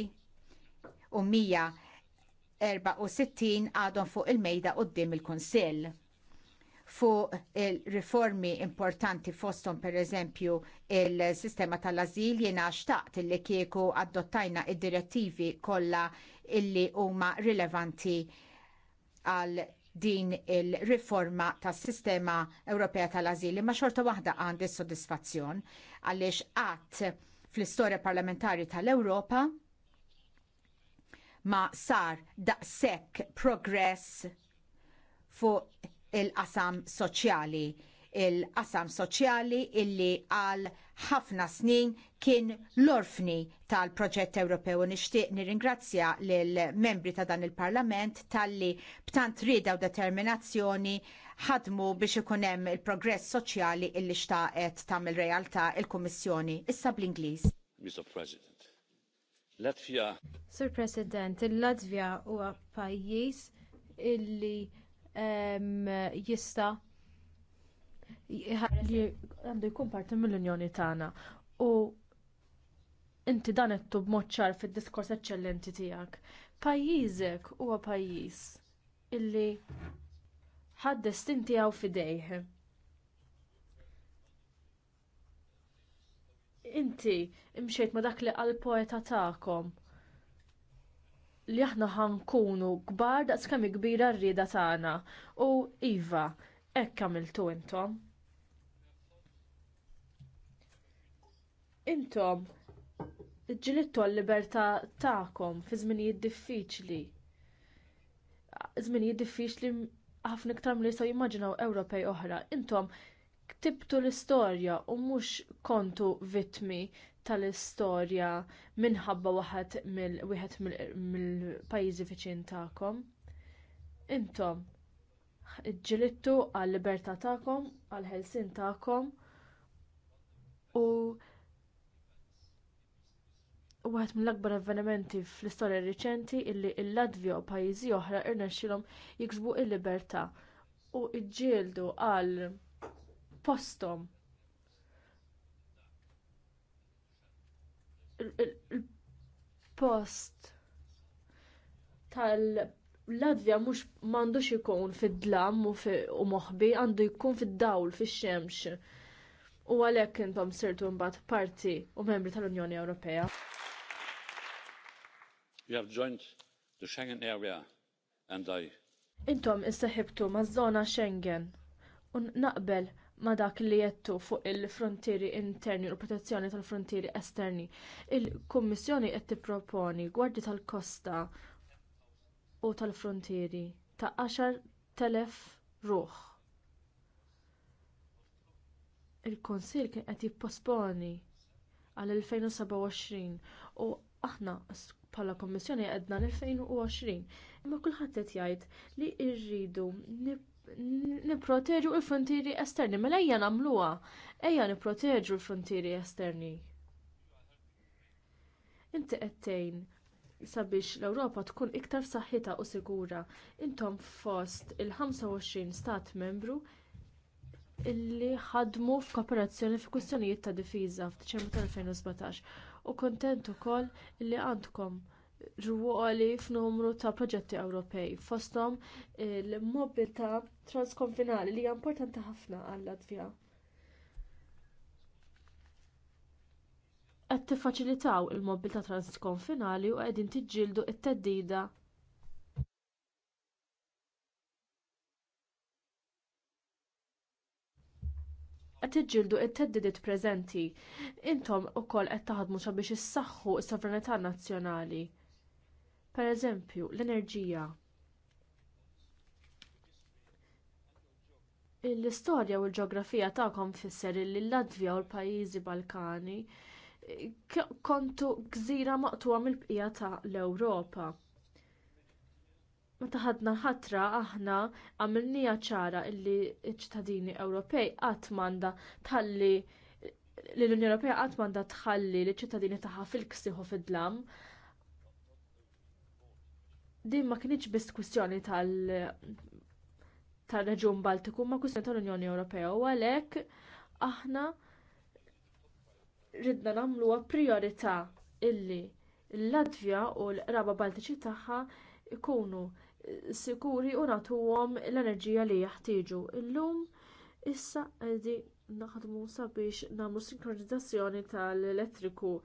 u 164 għadhom fuq il-mejda qudiem il-Kunsill fuq il-riformi importanti fosthom pereżempju il-sistema tal-azil jiena xtaqt li kieku adottajna id-direttivi kollha illi huma rilevanti għal din il-riforma tas sistema Ewropea tal-azil ma xorta waħda għandi s-sodisfazzjon għaliex qatt fl-istorja parlamentari tal-Ewropa ma sar daqshekk progress fuq il-qasam soċjali. Il-qasam soċjali illi għal ħafna snin kien l-orfni tal-proġett Ewropew. Nixtieq nirringrazzja lill membri ta' dan il-Parlament talli b'tant rida u determinazzjoni ħadmu biex ikun hemm il-progress soċjali illi xtaqet tagħmel realtà il-Kummissjoni issa bl-Ingliż. Mr. President, Latvia. Sir President, il-Latvja huwa pajjiż illi jista li għandu jkun parti mill-Unjoni tagħna u inti dan qed b'mod ċar fid-diskors eċċellenti tiegħek. Pajjiżek huwa pajjiż illi ħaddes tinti għaw fidejh. Inti imxejt ma dak li għal poeta tagħkom li aħna ħankunu kbar daqs kemm kbira rrieda tagħna u iva hekk għamiltu intom. Intom ġilittu għal-libertà tagħkom fi żminijiet diffiċli. Żminijiet diffiċli ħafna iktar mill jistgħu jimmaġinaw Ewropej oħra. Intom ktibtu l-istorja u mhux kontu vittmi tal-istorja minħabba waħed mill-wieħed mill-pajjiżi viċin tagħkom. Intom ġilittu għal libertà tagħkom, għal ħelsien tagħkom u waħed mill-akbar avvenimenti fl-istorja riċenti illi l-Latvja u pajjiżi oħra irnexxilhom jiksbu l libertà u ġġieldu għal posthom il-post tal-Latvja mhux m'għandux ikun fid-dlam u moħħbi, għandu jkun fid-dawl fix-xemx. U għalhekk intom sirtu mbagħad parti u membri tal-Unjoni Ewropea. We have joined the Schengen area and I. Intom isseħibtu maż-żona Schengen u naqbel ma dak li jettu fuq il-frontieri interni u l-protezzjoni tal-frontieri esterni. Il-Kummissjoni qed tipproponi gwardi tal-kosta u tal-frontieri ta' 10,000 ruħ. Il-Konsil kien qed jipposponi għal 2027 u aħna bħala Kommissjoni għedna l-2020. Imma kulħadd qed jgħid li rridu nip nipproteġu l-frontieri esterni, mela ejja nagħmluha, ejja nipproteġu l-frontieri esterni. Inti qed sabiex l-Ewropa tkun iktar saħħita u sigura. Intom fost il-25 stat membru illi ħadmu f'kooperazzjoni fi kwistjonijiet ta' difiża f'Diċembru tal-2017 u kuntent ukoll illi għandkom ruoli f'numru ta' proġetti Ewropej fosthom il-mobilità transkonfinali li hija importanti ħafna għal latvija Qed tiffaċilitaw il-mobilità transkonfinali u qegħdin tiġġieldu t teddida qed tiġġieldu t-teddidiet preżenti. Intom ukoll qed taħdmu sabiex issaħħu s-sovranità nazzjonali. Pereżempju, l-enerġija. L-istorja u l-ġeografija tagħkom tfisser li l-Latvja u l-pajjiżi Balkani eh, kontu gżira maqtuha mill-bqija tal ewropa Meta ħadna ħatra aħna għamilnija ċara illi ċ-ċittadini Ewropej qatt m'għandha tħalli l-Unjoni Ewropea qatt m'għandha tħalli l-ċittadini tagħha fil-ksiħu fid-dlam din ma kienx biss kwistjoni tal tal-Reġjun Baltiku ma kwistjoni tal-Unjoni Ewropea u għalhekk aħna ridna nagħmluha priorità illi l-Latvja u l-qraba Baltiċi tagħha ikunu sikuri u nagħtuhom l-enerġija li jeħtieġu. Illum issa qegħdi naħdmu sabiex nagħmlu sinkronizzazzjoni tal-elettriku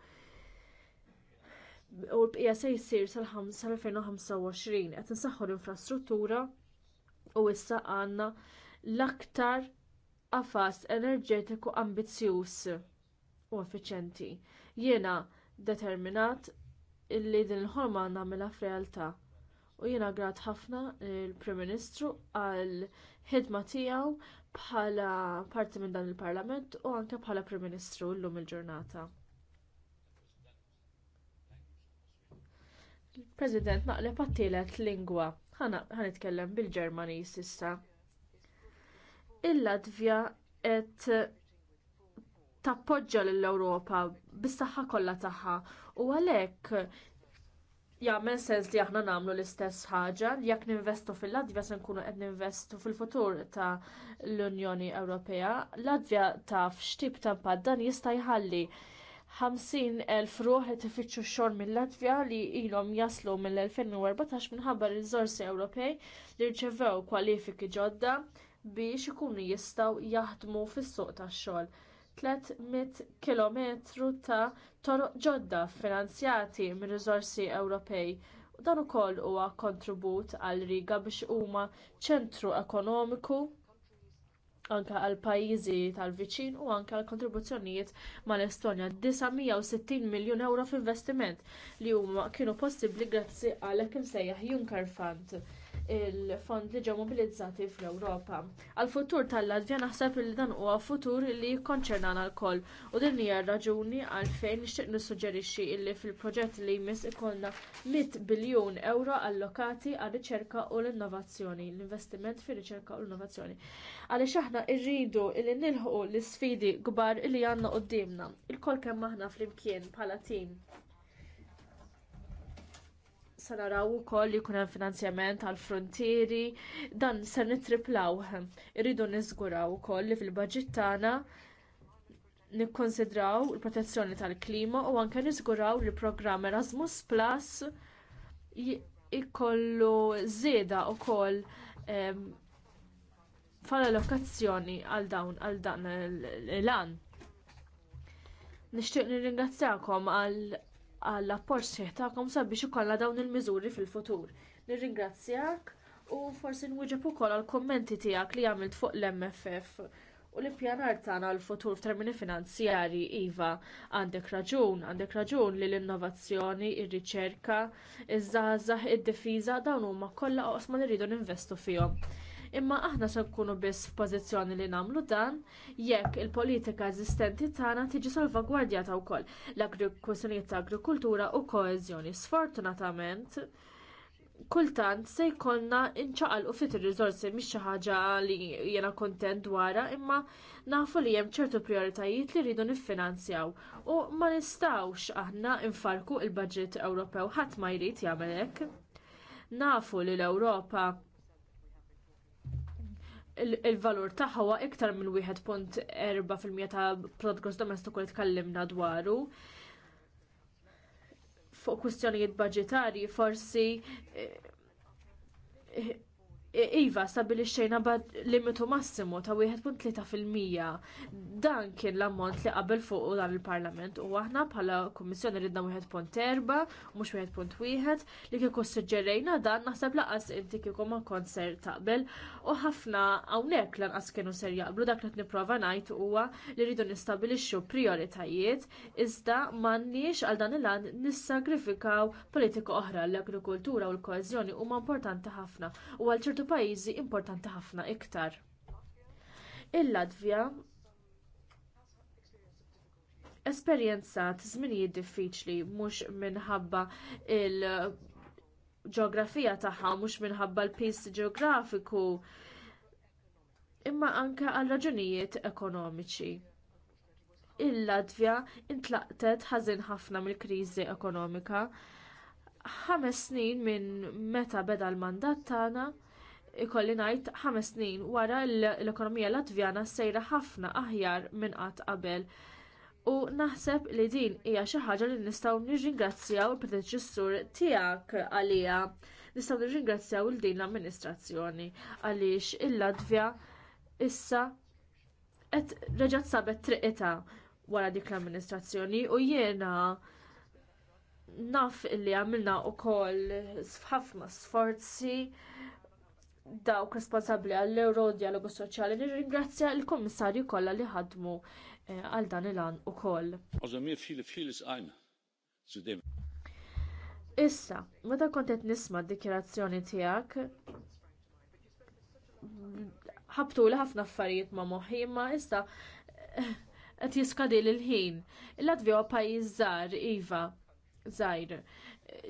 u l-bqija se jsir sal-2025 qed insaħħu l-infrastruttura u issa għandna l-aktar qafas enerġetiku ambizzjuż u effiċjenti. Jiena determinat illi din il-ħolma nagħmilha f'realtà. U jiena grat ħafna il-Prim Ministru għal ħidma tiegħu bħala parti minn dan il-Parlament u anke bħala Prim Ministru llum il-ġurnata. President naqleb għattilet lingwa. Ħanitkellem bil-Ġermanis issa. Il-Latvja qed tappoġġa lill-Ewropa bis-saħħa kollha tagħha u għalhekk jagħmel sens li aħna nagħmlu l-istess ħaġa li jekk ninvestu fil-Latvja se nkunu qed ninvestu fil-futur ta' l-Unjoni Ewropea. Latvja taf x'tip ta' impatt dan jista' jħalli 50,000 ruħ qed ifittxu x-xogħol mill-Latvja li ilhom jaslu mill-2014 minħabba riżorsi Ewropej li rċevew kwalifiki ġodda biex ikunu jistgħu jaħdmu fis-suq tax-xogħol. 300 km ta' toroq ġodda finanzjati minn riżorsi Ewropej dan ukoll huwa kontribut għal Riga biex huma ċentru ekonomiku anke għal pajjiżi tal-viċin u anke għal kontribuzzjonijiet mal-Estonja. 960 miljun euro f'investiment li huma kienu possibbli grazzi għal hekk imsejjaħ Juncker Fund il-fondi ġew mobilizzati fl-Ewropa. Għal-futur tal-Latvja naħseb li dan huwa futur li jikkonċernana lkoll. u din hija raġuni għalfejn nixtieq nissuġġerixxi li fil-proġett li jmiss ikollna 100 biljun euro allokati għal riċerka u l-innovazzjoni, l-investiment fir riċerka u l-innovazzjoni. Għaliex aħna rridu li nilħu l-sfidi kbar li għandna qudiemna, il koll kemm aħna flimkien bħala tim se naraw ukoll li jkun hemm finanzjament għal frontieri dan se nitriplaw. Irridu niżguraw ukoll li fil-baġit tagħna nikkonsidraw il-protezzjoni tal-klima u anke niżguraw li programm Erasmus Plus ikollu żieda wkoll fal allokazzjoni għal dawn għal dan l-an. Nixtieq nirringrazzjakom għal għall apport sieħ tagħkom sabiex ikollha dawn il-miżuri fil-futur. Nirringrazzjak u forsi nwieġeb ukoll għall kummenti tiegħek li għamilt fuq l-MFF u l-ippjanar tagħna l-futur f'termini finanzjarji iva għandek raġun, għandek raġun li l-innovazzjoni, ir-riċerka, iż-żgħażagħ id-difiża dawn huma kollha oqsma li rridu ninvestu fihom imma aħna se nkunu biss f'pożizzjoni li nagħmlu dan jekk il-politika eżistenti tagħna tiġi salvagwardjata wkoll l-agrikwissjonijiet ta' agrikultura u koeżjoni. Sfortunatament, kultant se jkollna nċaqalqu ftit ir-riżorsi mhix xi ħaġa li jiena kuntent dwarha imma nafu li hemm ċertu prijoritajiet li rridu niffinanzjaw u ma nistgħux aħna nfarku l budget Ewropew ħadd ma jrid jagħmel hekk. Nafu li l-Ewropa il-valur tagħha huwa iktar minn 1.4% ta' prodott gross domestiku li tkellimna dwaru fuq kwistjonijiet budġetarji forsi eh, eh, Iva stabilixxejna bad limitu massimu ta' 1.3%. Dan kien l-ammont li qabel fuq dan il-Parlament u aħna bħala Kummissjoni ridna 1.4 mhux 1.1 li kieku suġġerejna dan naħseb laqas inti kieku ma kont ser taqbel u ħafna hawnhekk lanqas kienu ser jaqblu dak li qed nipprova ngħid huwa li rridu nistabilixxu prioritajiet iżda m'għandniex għal dan il-għan nissagrifikaw politika oħra l-agrikoltura u l-koeżjoni huma importanti ħafna u għal ċertu ċertu pajjiżi importanti ħafna iktar. Il-Latvja esperjenzat żminijiet diffiċli mhux minħabba l ġeografija tagħha mhux minħabba l-pis ġeografiku imma anke għal raġunijiet ekonomiċi. Il-Latvja intlaqtet ħażin ħafna mill-kriżi ekonomika. Ħames snin minn meta beda l-mandat tagħna ikolli ngħid ħames snin wara l-ekonomija Latvjana sejra ħafna aħjar minn qatt qabel. U naħseb li din hija xi ħaġa li nistgħu nirringrazzjaw il-predeċessur tiegħek għaliha. Nistgħu nirringrazzjaw il din l-amministrazzjoni għaliex il-Latvja issa qed reġgħet sabet triqita wara dik l-amministrazzjoni u jiena naf illi għamilna u koll ħafna sforzi dawk responsabbli għall-Euro Dialogu Soċjali nirringrazzja l kummissarju kollha li ħadmu eh, għal dan il-għan ukoll. Issa, meta kont qed nisma d-dikjerazzjoni tiegħek ħabtu li ħafna affarijiet ma' moħi, ma issa eh, qed jiskadil il ħin Il-Latvija huwa pajjiż żgħar iva, żgħir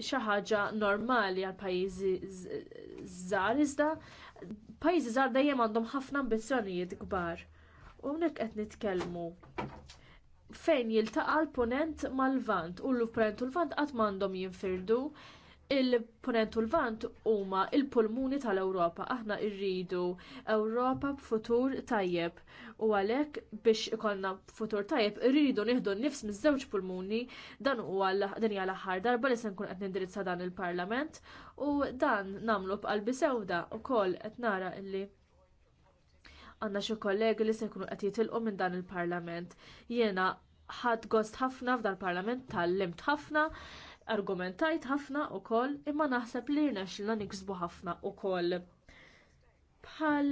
xi ħaġa normali għal pajjiżi żgħar iżda pajjiżi żgħar dejjem għandhom ħafna ambizzjonijiet kbar. U hawnhekk qed nitkellmu fejn jiltaqa' l-punent mal-vant u l-punent u l-vant qatt m'għandhom jinfirdu il-ponent u l-vant huma l pulmuni tal-Ewropa. Aħna rridu Ewropa b'futur tajjeb U għalhekk biex ikollna futur tajjeb irridu nieħdu nnifs miż-żewġ pulmuni dan huwa din hija l-aħħar darba li se nkun qed nindirizza dan il-Parlament u dan nagħmlu b'qalbi sewda wkoll qed nara illi għandna xi kollegi li se jkunu qed jitilqu minn dan il-Parlament. Jiena ħadd gost ħafna f'dan il-Parlament tal-limt ħafna argumentajt ħafna u koll imma naħseb li jirnexxilna niksbu ħafna u koll bħal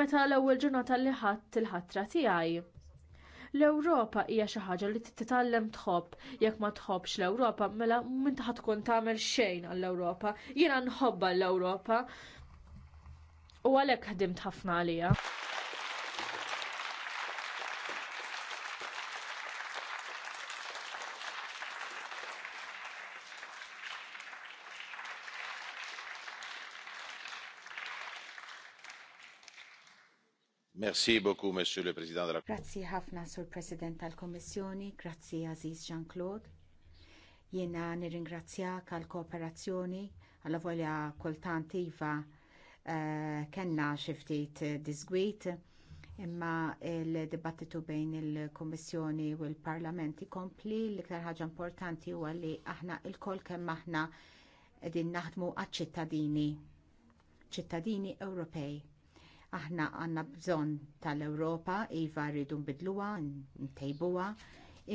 meta l-ewwel ġurnata li ħadd il-ħatra tiegħi. L-Ewropa hija xi ħaġa li titgħallem tħobb, jekk ma tħobbx l-Ewropa mela ta' tkun tagħmel xejn għall-Ewropa. Jiena nħobba l-Ewropa u għalhekk ħdimt ħafna għalija. Merci beaucoup, Monsieur le Président de la Grazzi ħafna, Sur President tal-Kommissjoni, grazzi Aziz Jean-Claude. Jiena nirringrazzjak għall kooperazzjoni għalla volja kultant iva uh, xi xiftit disgwit imma il-dibattitu bejn il-Kummissjoni u l-Parlament ikompli l-iktar ħaġa importanti huwa li aħna lkoll kemm aħna qegħdin naħdmu għaċ-ċittadini, ċittadini Ewropej. Aħna għandna bżonn tal-Ewropa, iva rridu nbiddluha, ntejbuha,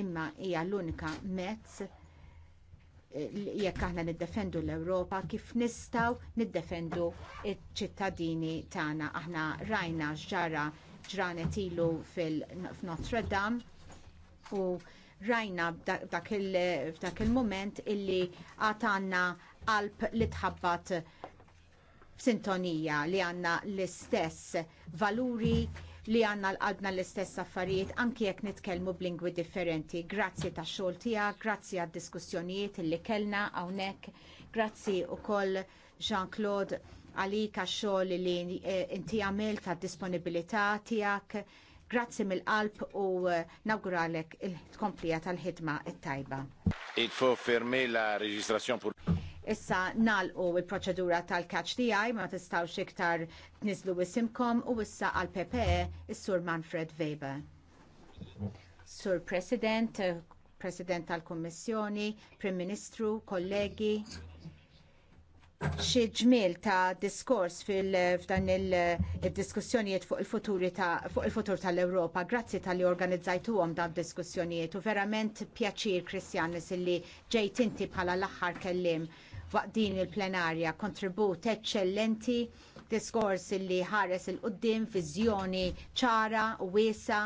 imma hija l-unika mezz eh, jekk aħna niddefendu l-Ewropa kif nistgħu niddefendu iċ-ċittadini tagħna. Aħna rajna x'ġara ġranet ilu f'Notre Dame u rajna f'dak il mument illi għad għandna qalb li tħabbat sintonija li għandna l-istess valuri li għandna l-għadna l-istess affarijiet anki jekk nitkellmu b'lingwi differenti. Grazzi tax xogħol tiegħek, grazzi għad diskussjonijiet li kellna hawnhekk, grazzi wkoll Jean-Claude għalik għax-xogħol li inti għamil ta' disponibilità tiegħek. Grazzi mill-qalb u nawguralek il-tkomplija tal-ħidma it-tajba. Il-fu la reġistrazzjon pur. Issa nalqu il-proċedura tal-catch DI ma tistawx iktar nizlu isimkom u issa għal PPE is-Sur Manfred Weber. Sur President, President tal-Kommissjoni, Prim Ministru, kollegi, xi ġmiel ta' diskors f'dan il-diskussjonijiet fuq il-futur ta' fuq il-futur tal-Ewropa. Grazzi tal-li organizzajtuhom dan diskussjonijiet u verament pjaċir Kristjan li ġejt inti bħala l-aħħar kellim waqt din il-plenarja kontribut eċċellenti diskors li ħares il-qoddim viżjoni ċara u wiesa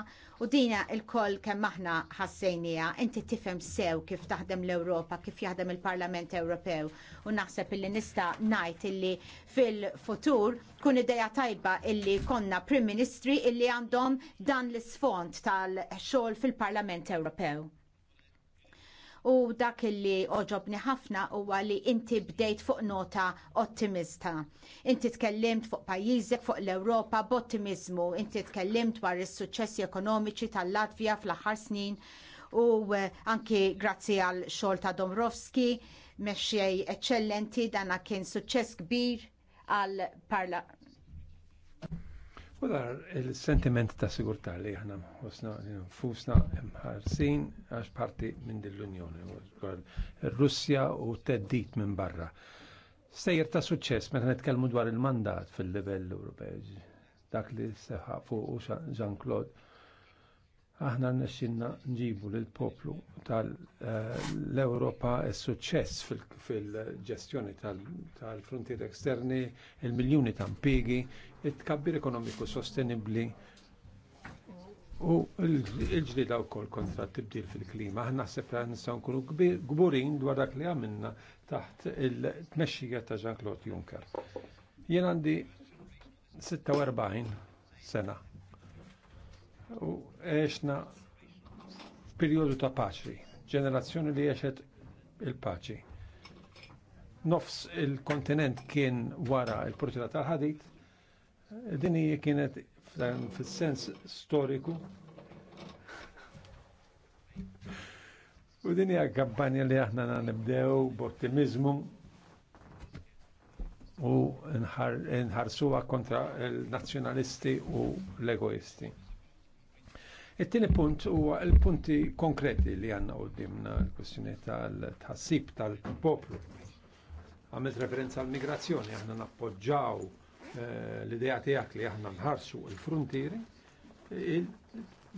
u dina il-koll kemm aħna ħassejnija inti tifhem sew kif taħdem l-Ewropa, kif jaħdem il-Parlament Ewropew u naħseb illi nista ngħid illi fil-futur kun ideja tajba illi konna Prim Ministri illi għandhom dan l isfond tal-xogħol fil-Parlament Ewropew u dak li oġobni ħafna huwa li inti bdejt fuq nota ottimista. Inti tkellimt fuq pajjiżek, fuq l-Ewropa b'ottimizmu, inti tkellimt dwar is-suċċessi ekonomiċi tal-Latvja fl-aħħar snin u eh, anki grazzi għal xogħol ta' Domrovski, meċċej eċċellenti dana kien suċċess kbir għal parla U dar il-sentiment ta' sigurtà li aħna wasna nfusna mħarsin għax parti minn dill l-Unjoni, Russja u teddit minn barra. Sejjer ta' suċċess meta nitkellmu dwar il-mandat fil-livell Ewropej. Dak li seħħa fuq Jean-Claude aħna nesċinna nġibu l-poplu tal-Europa eh, s suċċess fil-ġestjoni tal-frontier eksterni, il-miljoni ta' impiegi, it tkabbir ekonomiku sostenibli u l-ġlida u kol kontra tibdil fil-klima. Aħna sepp li nistaw nkunu gburin dwar dak li għamilna taħt il-tmexxija ta' Jean-Claude Juncker. Jien għandi 46 sena u għexna periodu ta' paċi, ġenerazzjoni li għexet il-paċi. Nofs il-kontinent kien wara il-portira tal-ħadit, dinji kienet fil-sens storiku U din hija kampanja li aħna nibdew b'ottimizmu u nħarsuha kontra l-nazzjonalisti u l-egoisti. It-tieni punt huwa l-punti konkreti li għandna dimna l-kwestjoni tal-tħassib tal-poplu. Għamilt referenza għall migrazzjoni aħna nappoġġaw eh, l-idea tiegħek li aħna nħarsu l-frontieri,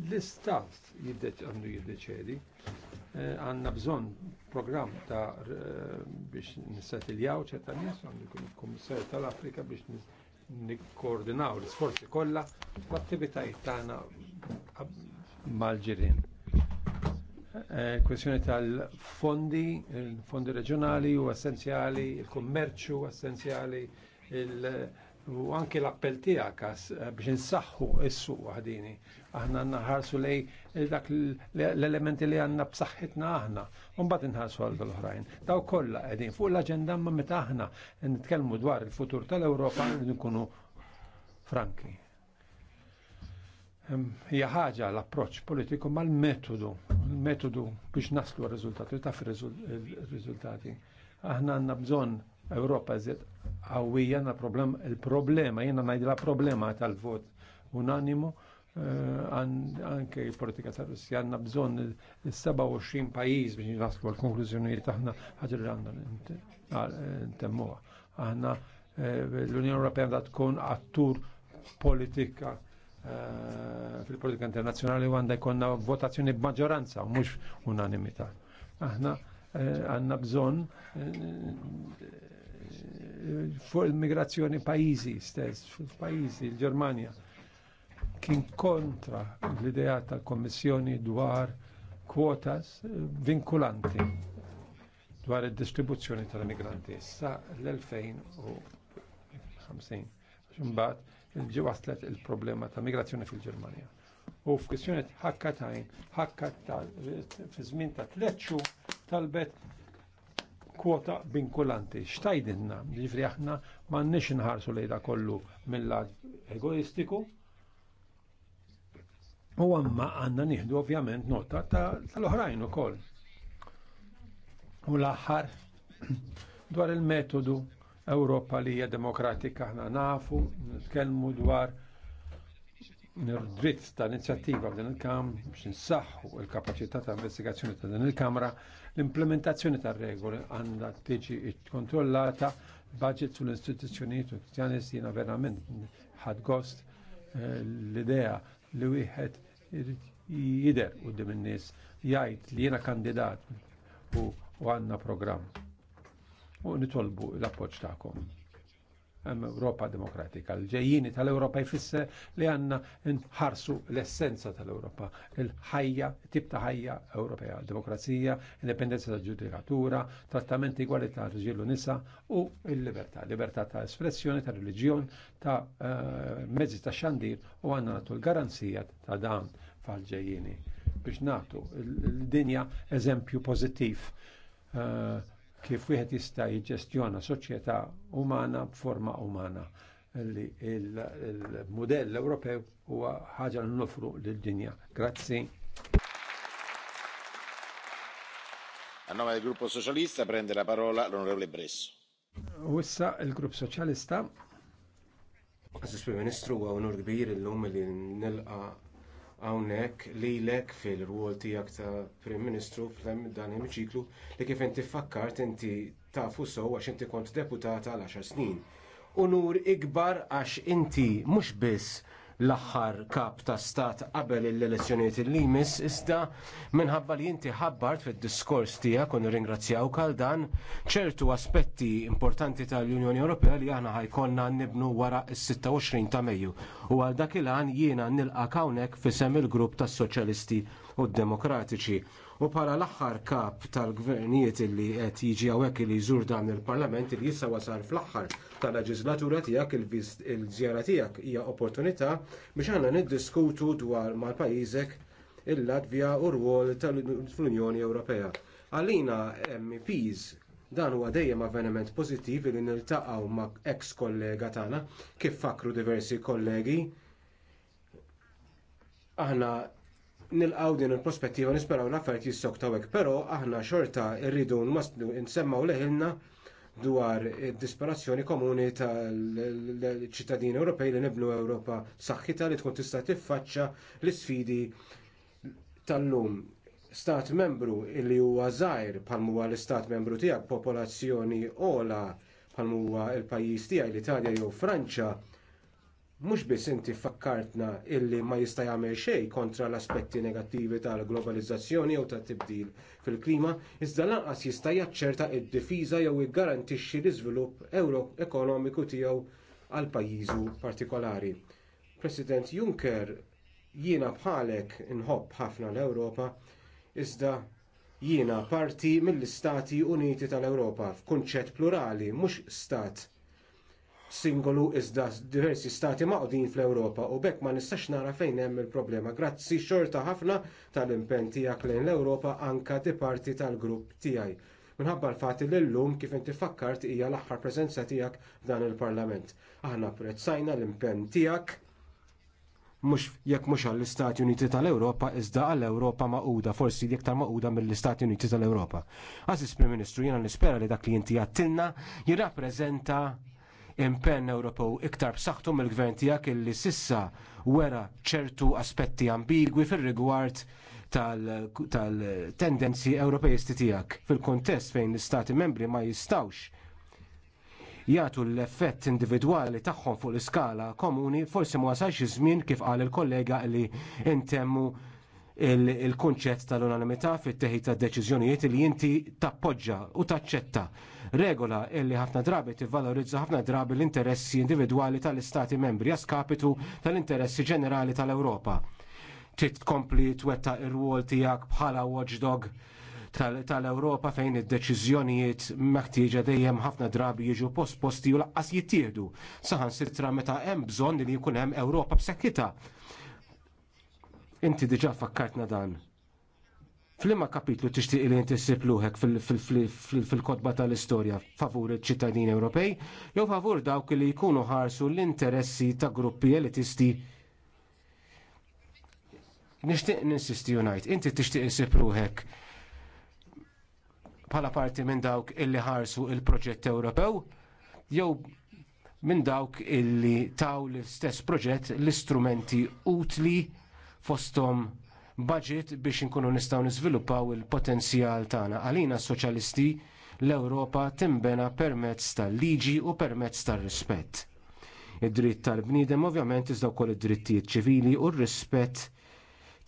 l-istat għandu jiddeċedi eh, għanna bżon program ta' biex il-jaw ċerta nies, għandu kun il-Kummissar tal-Afrika biex nikkoordinaw l-isforzi kollha u attivitajiet tagħna mal-ġirin. Eh, kwestjoni tal-fondi, il-fondi reġjonali u essenzjali, il kommerċu essenzjali, il u anke l-appell tiegħek eh, biex insaħħu s-suq waħdini. Aħna naħarsu lej dak l-elementi li għandna b'saħħitna aħna, u mbagħad inħarsu għal l-oħrajn. Daw kollha qegħdin fuq l-aġenda ma meta aħna nitkellmu dwar il-futur tal-Ewropa nkunu franki hija ħaġa l approċ politiku mal-metodu, il-metodu biex naslu r-riżultati, taf r riżultati Aħna għanna bżon Ewropa eżiet għawija għanna problem, il-problema, jena najdi la problema tal-vot unanimu, eh, anke il-politika ta' Russja għanna bżon il-27 pajis biex naslu għal-konklużjoni taħna ħagġir għanna temmuwa. Aħna eh, l-Unjoni Ewropea għanna tkun attur politika Eh, fil-politika internazjonali u għanda jkonna votazzjoni b'maġġoranza, mhux unanimità. Aħna eh, għandna bżonn eh, fuq il-migrazzjoni pajjiżi stess, pajjiżi il-Ġermanja, kien kontra l-idea tal-Kommissjoni dwar kwotas vinkulanti dwar id-distribuzzjoni tal-migranti sa l-2050. Ximbat, il-ġi waslet il-problema ta' migrazzjoni fil-Ġermanja. U f'kwistjoni ħakkatajn, ħakkat fi żmien ta' tletxu talbet kwota binkulanti, Xtajdinna, ġifri aħna ma nix nħarsu lejda kollu mill egoistiku, U għamma għanna nieħdu ovvjament nota tal-oħrajn ukoll. U l-aħħar dwar il-metodu Ewropa li hija demokratika aħna nafu, nitkellmu dwar dritt ta' inizjattiva f'din il-kam biex insaħħu l-kapaċità ta' investigazzjoni ta' din il-Kamra, l-implementazzjoni ta' regoli għandha tiġi kontrollata, budget sull istituzzjonijiet u kristjanisti jiena verament ħad gost eh, l-idea li wieħed jider u d-dim nies jgħid li jiena kandidat u għandna programm u nitolbu l-appoġġ tagħkom. Europa Ewropa Demokratika. L-ġejjini tal-Ewropa jfisser li għandna nħarsu l-essenza tal-Ewropa, il-ħajja, tip ta' ħajja Ewropea, demokrazija, indipendenza ta' ġudikatura, trattamenti egwalità ta' nisa u l-libertà, libertà ta' espressjoni, ta' reliġjon, ta' eh, mezzi ta' xandir u għandna nagħtu l-garanzija ta' dan fal-ġejjini biex nagħtu l-dinja eżempju pożittiv eh, kif wieħed jista' jiġġestjona soċjetà umana b'forma umana li il-modell Ewropew huwa ħaġa li nofru lid-dinja. Grazzi. A nome del gruppo socialista prende la parola l'onorevole Bresso. Wissa il-grupp soċjalista Assis Prim Ministru huwa onur kbir illum li nilqa' hawnhekk lilek fil-rwol tiegħek ta' Prim Ministru dan l iċiklu li kif inti fakkart inti tafu sew għax inti kont deputata għal 10 snin. Unur ikbar għax inti mhux biss l-aħħar kap ta' stat qabel l-elezzjonijiet il limis iżda minħabba li inti ħabbart fid-diskors tiegħek u nirringrazzjaw għal dan ċertu aspetti importanti tal-Unjoni Ewropea li aħna ħajkonna nibnu wara s-26 ta' Mejju u għal dak il-għan jiena nilqa' hawnhekk fisem il-grupp tas-Soċjalisti u Demokratiċi U bħala l-aħħar kap tal-gvernijiet illi qed jiġi hawnhekk li jżur dan il-Parlament li jissa wasar fl-aħħar tal-leġislatura tiegħek il-żjara tiegħek hija opportunità biex għandna niddiskutu dwar mal-pajjiżek il-Latvja u r-wol tal-Unjoni Ewropea. Għalina MPs dan huwa dejjem avveniment pożittiv li niltaqgħu ma' ex kollega tagħna kif fakru diversi kollegi. Aħna nilqaw din il-prospettiva nisperaw l-affarijiet jissoktaw hekk, però aħna xorta rridu n-semmaw leħilna dwar id-disperazzjoni komuni tal-ċittadini Ewropej li nibnu Ewropa saħħita li tkun tista' tiffaċċja l-isfidi tal-lum. Stat membru li huwa żgħir bħal huwa l-istat membru tiegħek popolazzjoni ola bħal huwa l-pajjiż tiegħi l-Italja jew Franċa mhux biss inti fakkartna illi ma jista' jagħmel xejn kontra l-aspetti negattivi tal-globalizzazzjoni jew tat-tibdil fil-klima, iżda lanqas jista' jaċċerta d difiża jew jiggarantixxi l-iżvilupp ekonomiku tiegħu għal pajjiżu partikolari. President Juncker jiena bħalek inħobb ħafna l-Ewropa, iżda jiena parti mill-Istati Uniti tal-Ewropa f'kunċett plurali, mhux stat singolu iżda diversi stati maqdin fl-Ewropa u bekk ma nistax nara fejn hemm il-problema. Grazzi xorta ħafna tal-impenn tiegħek lejn l-Ewropa anka di parti tal-grupp tiegħi. Minħabba l-fat li l-lum kif inti fakkart hija l-aħħar preżenza tiegħek f'dan il-Parlament. Aħna apprezzajna l-impenn tiegħek mux jekk mhux għall-Istati Uniti tal-Ewropa, iżda għall-Ewropa maquda, forsi iktar maquda mill-Istati Uniti tal-Ewropa. Għażis Prim Ministru, jiena nispera li dak li inti għattilna jirrappreżenta impenn Ewropew iktar b'saħħtu mill-gvern tiegħek illi sissa wera ċertu aspetti ambigwi fir-rigward tal-tendenzi tal Ewropejisti tiegħek fil kuntest fejn l-istati membri ma jistawx jagħtu l-effett individwali tagħhom fuq l-iskala komuni forsi ma wasalx iż-żmien kif qal il-kollega li intemmu il-kunċett tal-unanimità fit-teħid tad-deċiżjonijiet li inti tappoġġa u taċċetta regola illi ħafna drabi tivvalorizza ħafna drabi l-interessi individwali tal-istati membri jaskapitu tal-interessi ġenerali tal-Ewropa. Trid tkompli twetta ir-rwol tiegħek bħala watchdog tal-Ewropa fejn id-deċiżjonijiet meħtieġa dejjem ħafna drabi jiġu post-posti u laqqas jittieħdu. Saħan sitra meta hemm bżonn li jkun hemm Ewropa b'sekkita. Inti diġà fakkartna dan Flimma kapitlu tixtieq li intissib luħek fil-kodba tal-istorja favur il-ċittadin Ewropej jew favur dawk li jkunu ħarsu l-interessi ta' gruppi elitisti Nixtieq ninsisti unajt, inti tixtieq isib luħek bħala parti minn dawk illi ħarsu il-proġett Ewropew jew minn dawk illi taw l-istess proġett l-istrumenti utli fosthom budget biex inkunu nistgħu niżviluppaw il-potenzjal tagħna. Għalina soċjalisti l-Ewropa timbena permezz tal-liġi u permezz tar-rispett. Id-dritt tal-bniedem ovvjament iżda wkoll id-drittijiet ċivili u r-rispett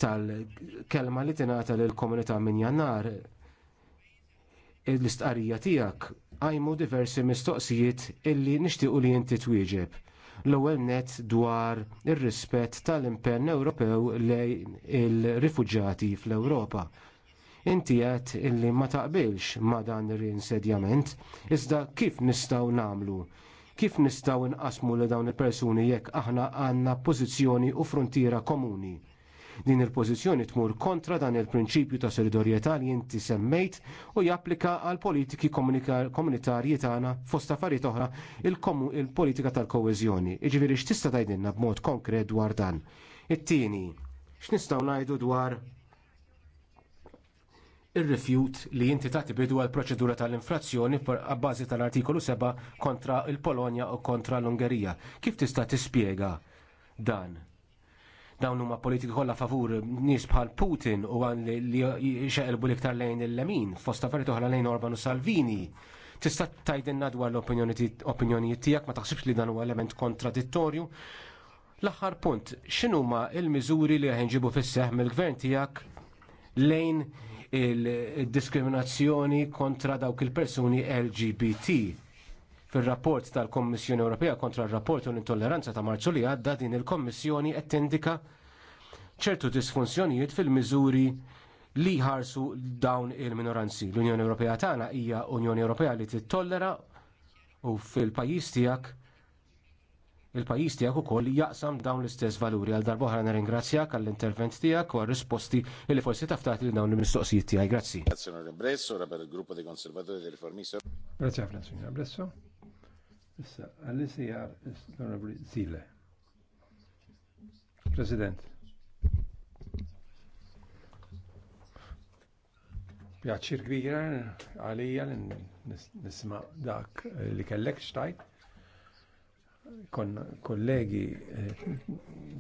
tal-kelma li tingħata lill komunità minn jannar l-istqarrija tiegħek għajmu diversi mistoqsijiet illi nixtiequ li inti twieġeb l-ewwel nett dwar ir-rispett tal-impenn Ewropew lejn il-rifuġġati fl-Ewropa inti għedt illi ma taqbilx ma dan ir-insedjament, iżda kif nistgħu namlu? Kif nistgħu inqasmu li dawn il-persuni jekk aħna għandna pożizzjoni u frontiera komuni? Din il-pożizzjoni tmur kontra dan il-prinċipju ta' solidarjetà li inti semmejt u japplika għal politiki komunitarji tagħna fost affarijiet oħra il-politika tal-koeżjoni. Iġifieri x'tista' tgħidilna b'mod konkret dwar dan. It-tieni, x'nistgħu ngħidu dwar ir-rifjut li inti ta' tibidu għal proċedura tal-infrazzjoni għabbażi tal-artikolu 7 kontra il-Polonja u kontra l-Ungerija. Kif tista' tispjega dan? dawn huma politiki kollha favur nies bħal Putin u għan li xeqelbu liktar lejn il-lemin, fost affarijiet oħra lejn Orban u Salvini. Tista' tgħidilna dwar l-opinjonijiet tiegħek ma taħsibx li dan huwa element kontradittorju. L-aħħar punt, x'inhuma l-miżuri li ħinġibu fis-seħħ mill-gvern tiegħek lejn il-diskriminazzjoni kontra dawk il-persuni LGBT? Fil-rapport tal-Kommissjoni Ewropea kontra r-rapport u l-intolleranza ta' marzu li għadda din il-Kommissjoni qed tindika ċertu disfunzjonijiet fil-miżuri li ħarsu dawn il-minoranzi. L-Unjoni Ewropea tagħna hija Unjoni Ewropea li tittollera u fil-pajjiż tiegħek il-pajis tijak u koll jaqsam dawn l-istess valuri għal darbo na ringrazzjak għall intervent tijak u risposti li forsi taftati li dawn l-mistoqsijiet tijaj. Grazzi. Grazie, onorevole Bresso, ora per il gruppo dei conservatori e dei riformisti. Grazie, Franz, signor Bresso. Issa, għall-ICR, l onorabli Zile. President. Pjaċir kbira għalija nisma dak li kellek xtajt. Kon kollegi eh,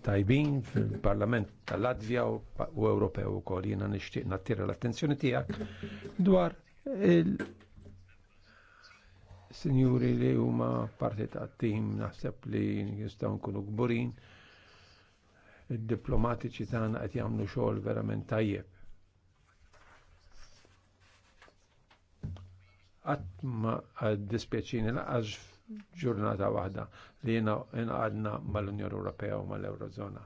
tajbin fil-Parlament tal latvija u Ewropew u kol jena nishtiq nattira l-attenzjoni tijak dwar sinjuri li huma parti ta' tim naħseb li jistgħu nkunu kburin. Id-diplomatiċi tagħna qed jagħmlu xogħol verament tajjeb. Qatt ma dispjaċini laqgħax ġurnata waħda li jiena inqadna mal-Unjoni Ewropea u mal-Eurozona.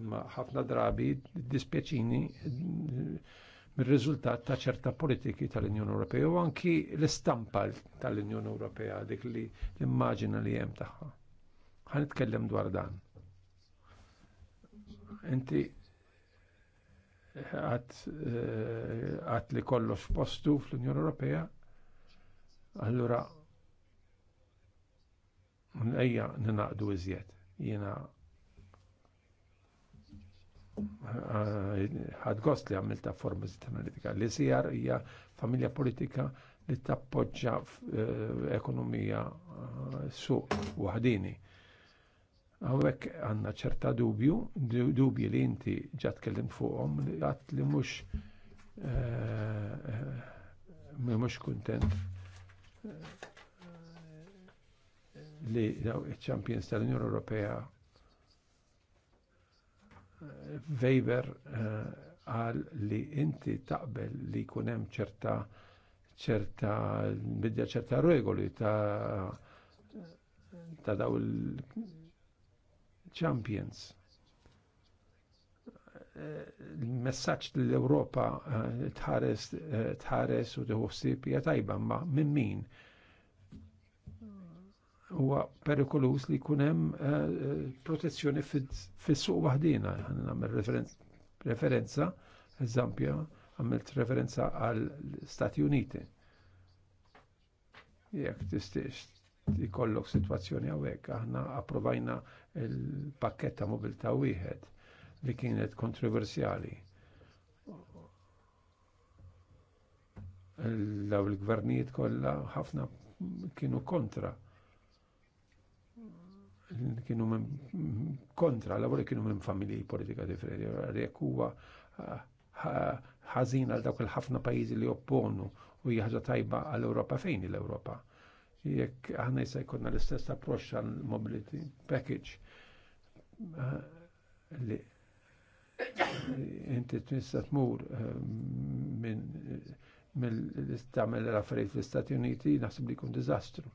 Imma ħafna drabi dispjaċini mir-riżultat ta' ċerta politiki tal-Unjoni Ewropea u anki l-istampa tal-Unjoni Ewropea dik li l-immaġina li hemm tagħha. Ħanitkellem dwar dan. Inti eh, għat li kollox postu fl-Unjoni Ewropea, allura ejja ninaqdu iżjed. Jiena ħad gost li għamilta forma analitika. Li sijar hija familja politika li tappoġġa eh, ekonomija eh, suq waħdini. Għawek għanna ċerta dubju, dubji li inti ġat kellim fuqom li għat li mux eh, mux kontent li ċampions tal-Unjoni Ewropea Weber eh, għal li inti taqbel li kunem ċerta ċerta bidja ċerta regoli ta' ta' daw il-champions. Eh, il-messaċ l-Europa eh, tħares u tħossib hija tajba ma' minn min huwa perikolus li jkun hemm eh, eh, protezzjoni fis-suq waħdina. Nagħmel referenza, eżempju, għamilt referenza għal Stati Uniti. Jekk tistiex ikollok situazzjoni għawek, aħna approvajna il-pakketta mobilta wieħed li kienet kontroversjali. l il-gvernijiet kollha ħafna kienu kontra kienu minn kontra, l-għavoli kienu minn familji politika differenti, għarek huwa ħażin għal dawk il-ħafna pajjiżi li opponu u jħaġa tajba għall europa fejn l-Ewropa. Jekk aħna jista' jkollna l-istess approċċ għal mobility package li inti tista' tmur minn mill-istamel l-affarijiet fl-Istati Uniti naħseb li jkun diżastru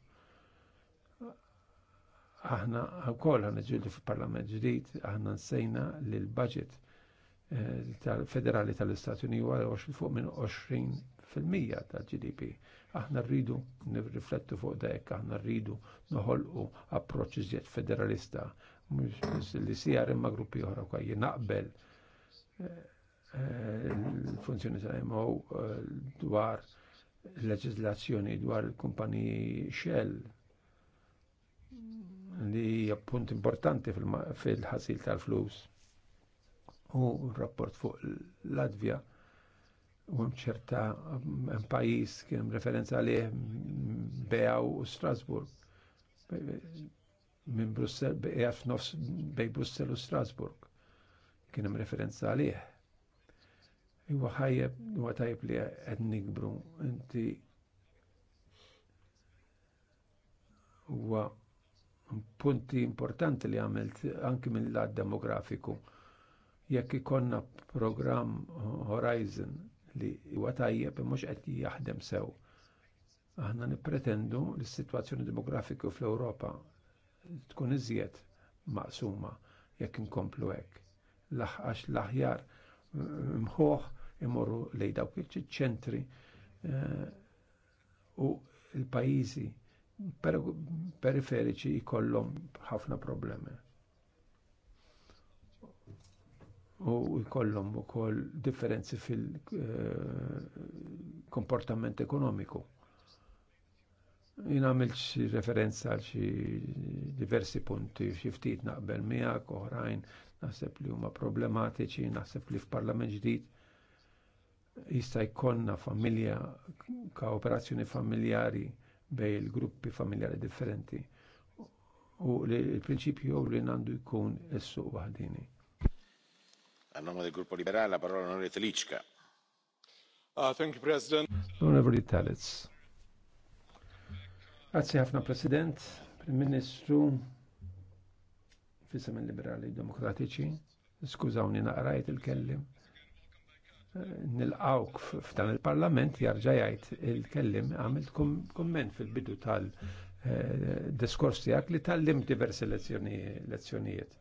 aħna wkoll għanna ġildu fil-Parlament ġdid, aħna nsejna li l-budget eh, tal-federali tal-Istati Uniti fuq minn 20 fil-mija tal-GDP. Aħna rridu nirriflettu fuq dek, aħna rridu noħolqu approċċ iżjed federalista, mhux li sijar imma gruppi oħra kwa naqbel il-funzjoni eh, eh, tal-MO dwar leġizlazzjoni dwar il-kumpaniji Shell li hija punt importanti fil-ħasil tal-flus. U rapport fuq Latvja u mċerta pajis kien referenza li Beaw u Strasburg minn Brussel, bejaf nofs bej Brussel u Strasburg. Kien hemm referenza li Iwa ħajjeb, iwa tajjeb li għed nikbru inti huwa punti importanti li għamilt anki mill lat demografiku. Jekk ikonna program Horizon li huwa tajjeb mhux qed jaħdem sew. Aħna nippretendu li s-sitwazzjoni demografiku fl-Ewropa tkun iżjed maqsuma jekk inkomplu hekk. Laħqax l-aħjar mm, mħuħ imorru lejn dawk iċ-ċentri eh, u l-pajjiżi periferiċi jkollhom ħafna problemi. U jkollhom ukoll differenzi fil-komportament eh, ekonomiku. Jien għamilt referenza għal xi diversi punti, xi ftit naqbel miegħek, oħrajn naħseb li huma problematiċi, naħseb li f'Parlament ġdid jista' jkollna familja, kooperazzjoni familjari bej il-gruppi familjari differenti u il-prinċipju li nandu jkun essu waħdini. A nome del gruppo liberale la parola onorevole Telicca. Uh, ah, thank you, President. Onorevole Talitz. Grazie ħafna President, Prim Ministru, fissam liberali demokratiċi, skużawni naqrajt il-kellim nilqawk f'dan il-parlament jarġa' jgħid il-kellim għamilt kumment fil-bidu tal-diskors eh, tiegħek li tallim diversi lezzjonijiet.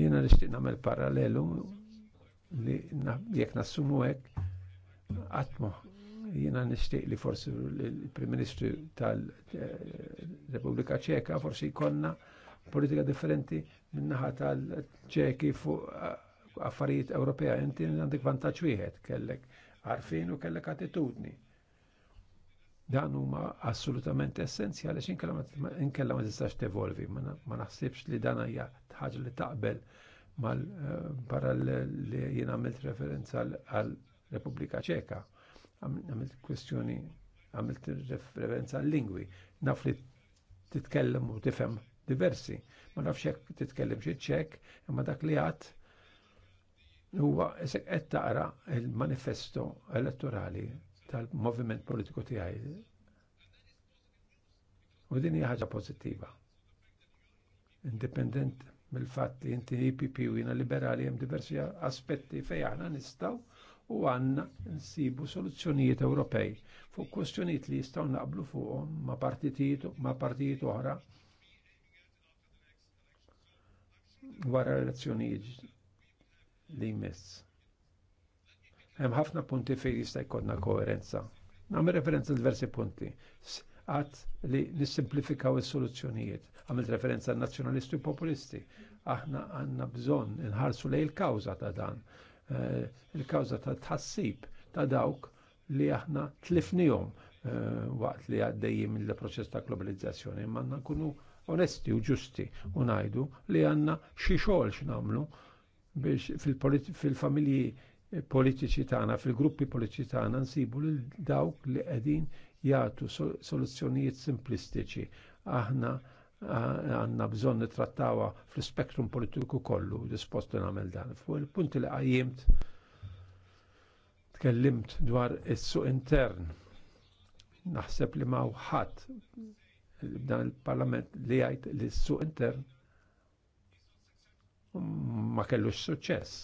Jiena nixtieq nagħmel parallelu li jekk nassumu hekk għatmu jiena nixtieq li forsi il-Prim Ministru tal-Repubblika Ċeka forsi jkollna politika differenti minnaħa tal-ċeki fuq affarijiet Ewropea, inti għandek vantaġġ wieħed, kellek għarfien u kellek attitudni. Dan huma assolutament essenzjali x'in inkella ma tistax tevolvi, ma naħsibx li dan hija ħaġa li taqbel mal barra eh, li jien għamilt referenza għal Repubblika Ċeka. Għamilt kwestjoni, għamilt referenza għal lingwi. Naf li titkellem u tifhem diversi. Ma nafx jekk titkellem xi ċek, imma dak li għadd huwa qed taqra il-manifesto elettorali tal-moviment politiku tiegħi. U din hija ħaġa pożittiva. Indipendent mill-fatt li inti IPP e u jiena liberali hemm diversi aspetti fejn aħna nistgħu u għanna nsibu soluzzjonijiet Ewropej fuq kwestjonijiet li jistgħu naqblu fuqhom ma' partitijiet ma' partijiet oħra wara l-elezzjonijiet li jmiss. Hemm ħafna punti fejn jista' jkollna koherenza. Għam referenza diversi punti. Għat li nissimplifikaw is-soluzzjonijiet. Għamilt referenza nazzjonalisti u populisti. Aħna għandna bżonn inħarsu lej il-kawża ta' dan. Eh, il-kawża ta' tħassib ta' dawk li aħna tlifnijom eh, waqt li għaddejjim il-proċess ta' globalizzazzjoni. Imma nkunu onesti u ġusti u najdu li għanna xi xogħol x'namlu biex fil-familji politiċi tagħna, fil-gruppi politiċi tagħna nsibu lil dawk li qegħdin jagħtu soluzzjonijiet simplistiċi. Aħna għanna bżon nitrattawa fl-spektrum politiku kollu dispost nagħmel dan. Fuq il-punti li qajjimt tkellimt dwar is-suq intern. Naħseb li ma' ħadd dan il-parlament li jgħid li s-suq intern ma kellux suċċess.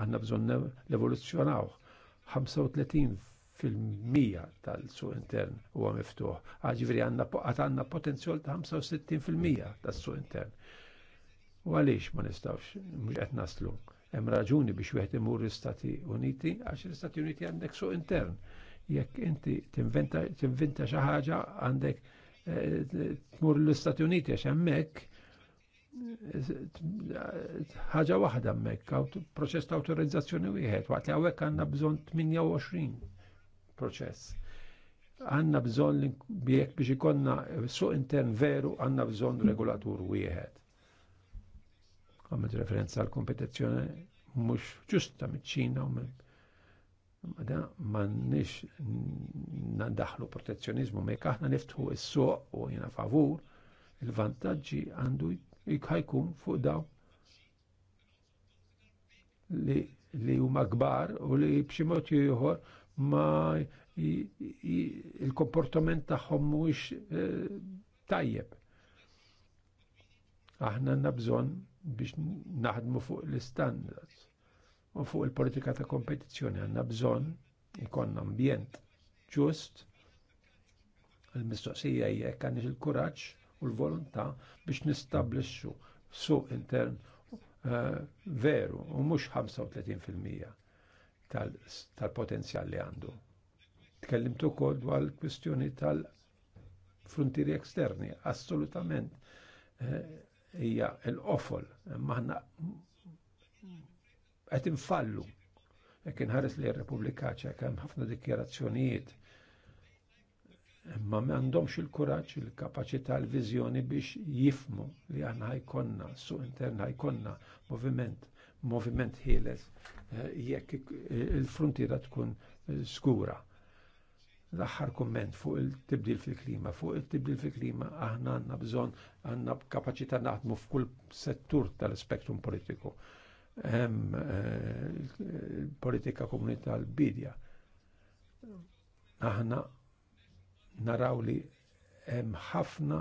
Aħna bżonn l evoluzjonaw 35% tal-suq intern huwa miftuħ. Ah, Ġifieri għad għandna potenzjol ta' 65% tal suq intern. U għaliex ma nistawx, mhux qed naslu. Hemm raġuni biex wieħed imur l-Istati Uniti għax l-Istati Uniti għandek suq intern. Jekk inti t xi ħaġa għandek eh, tmur l-Istati Uniti għax hemmhekk ħaġa waħda hemmhekk proċess ta' awtorizzazzjoni wieħed, waqt li hawnhekk għandna bżonn 28 proċess. Għandna bżonn biex biex ikonna suq intern veru għandna bżonn regulatur wieħed. Għamil referenza għal kompetizzjoni mhux ġusta miċ-Ċina u Mada nix nandaħlu protezzjonizmu, mek aħna niftħu s-suq u jena favur, il-vantaġġi għandu ħajkun fuq daw li li huma kbar u li b'xi mod ieħor ma il-komportament tagħhom mhuwiex eh, tajjeb. Aħna għandna bżonn biex naħdmu fuq l-istandards u fuq il-politika ta' kompetizzjoni għandna bżonn ikon ambjent ġust, il-mistoqsija hija jekk għandix il-kuraġġ u l-volontà biex nistablixxu suq intern eh, veru u mhux 35% tal-potenzjal li għandu. Tkellimt ukoll dwar kwistjoni tal-frontieri eksterni, assolutament eh, hija l-qofol, maħna qed infallu. Jekk ħares li r republika ċeka hemm ħafna dikjerazzjonijiet imma m'għandhomx il-kuraġġ, il-kapaċità, l-viżjoni biex jifmu li aħna ħajkonna su intern ħajkonna moviment, moviment ħieles eh, jekk eh, il-frontiera tkun eh, skura. L-aħħar komment fuq il-tibdil fil-klima, fuq il-tibdil fil-klima aħna għandna bżonn għandna kapaċità naħdmu f'kull settur tal-spektrum politiku. Hemm politika komunità l-bidja. Aħna naraw li hemm ħafna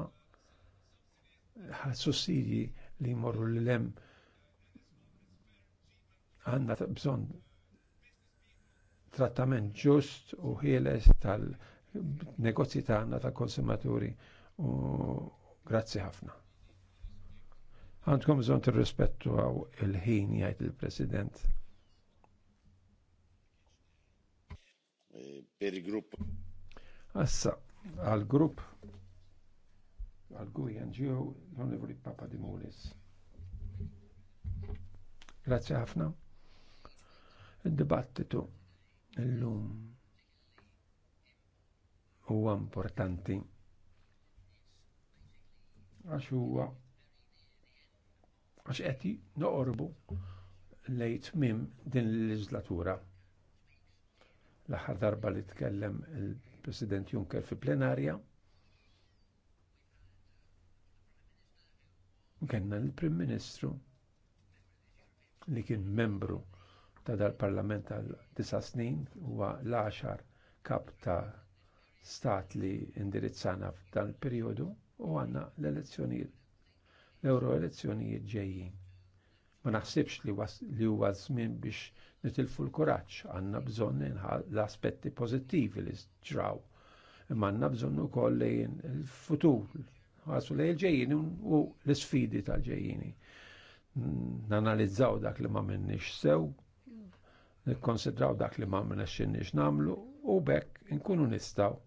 sussidji li jmorru li lem għanna bżonn trattament ġust u ħieles tal-negozji tagħna tal-konsumaturi u grazzi ħafna. Għandkom bżonn tirrispettu għaw il-ħin jgħid il-President. Eh, per il-grupp. Assa, għal-grupp għal-Gujan ġiju l-Onorevoli Papa di Mulis. Grazie ħafna. Il-dibattitu l-lum huwa importanti għax huwa għax qed noqorbu lejt mim din l-leġislatura. L-aħħar darba li tkellem il President Juncker fi plenarja. Kenna l-Prim Ministru li kien membru ta' dal-Parlament għal disa snin huwa l-10 kap ta' stat li indirizzana f'dan il-perjodu u għanna l-elezzjonijiet, l-euro elezzjonijiet ġejjin ma naħsibx li, huwa żmien biex nitilfu l-kuraċ, għanna bżon l-aspetti pozittivi li ġraw. Imma għanna bżon u koll li il-futur, għasu li l ġejjini u l-sfidi tal-ġejjini. Nanalizzaw dak li ma minnix sew, nikkonsidraw dak li ma minnix namlu u bekk nkunu nistaw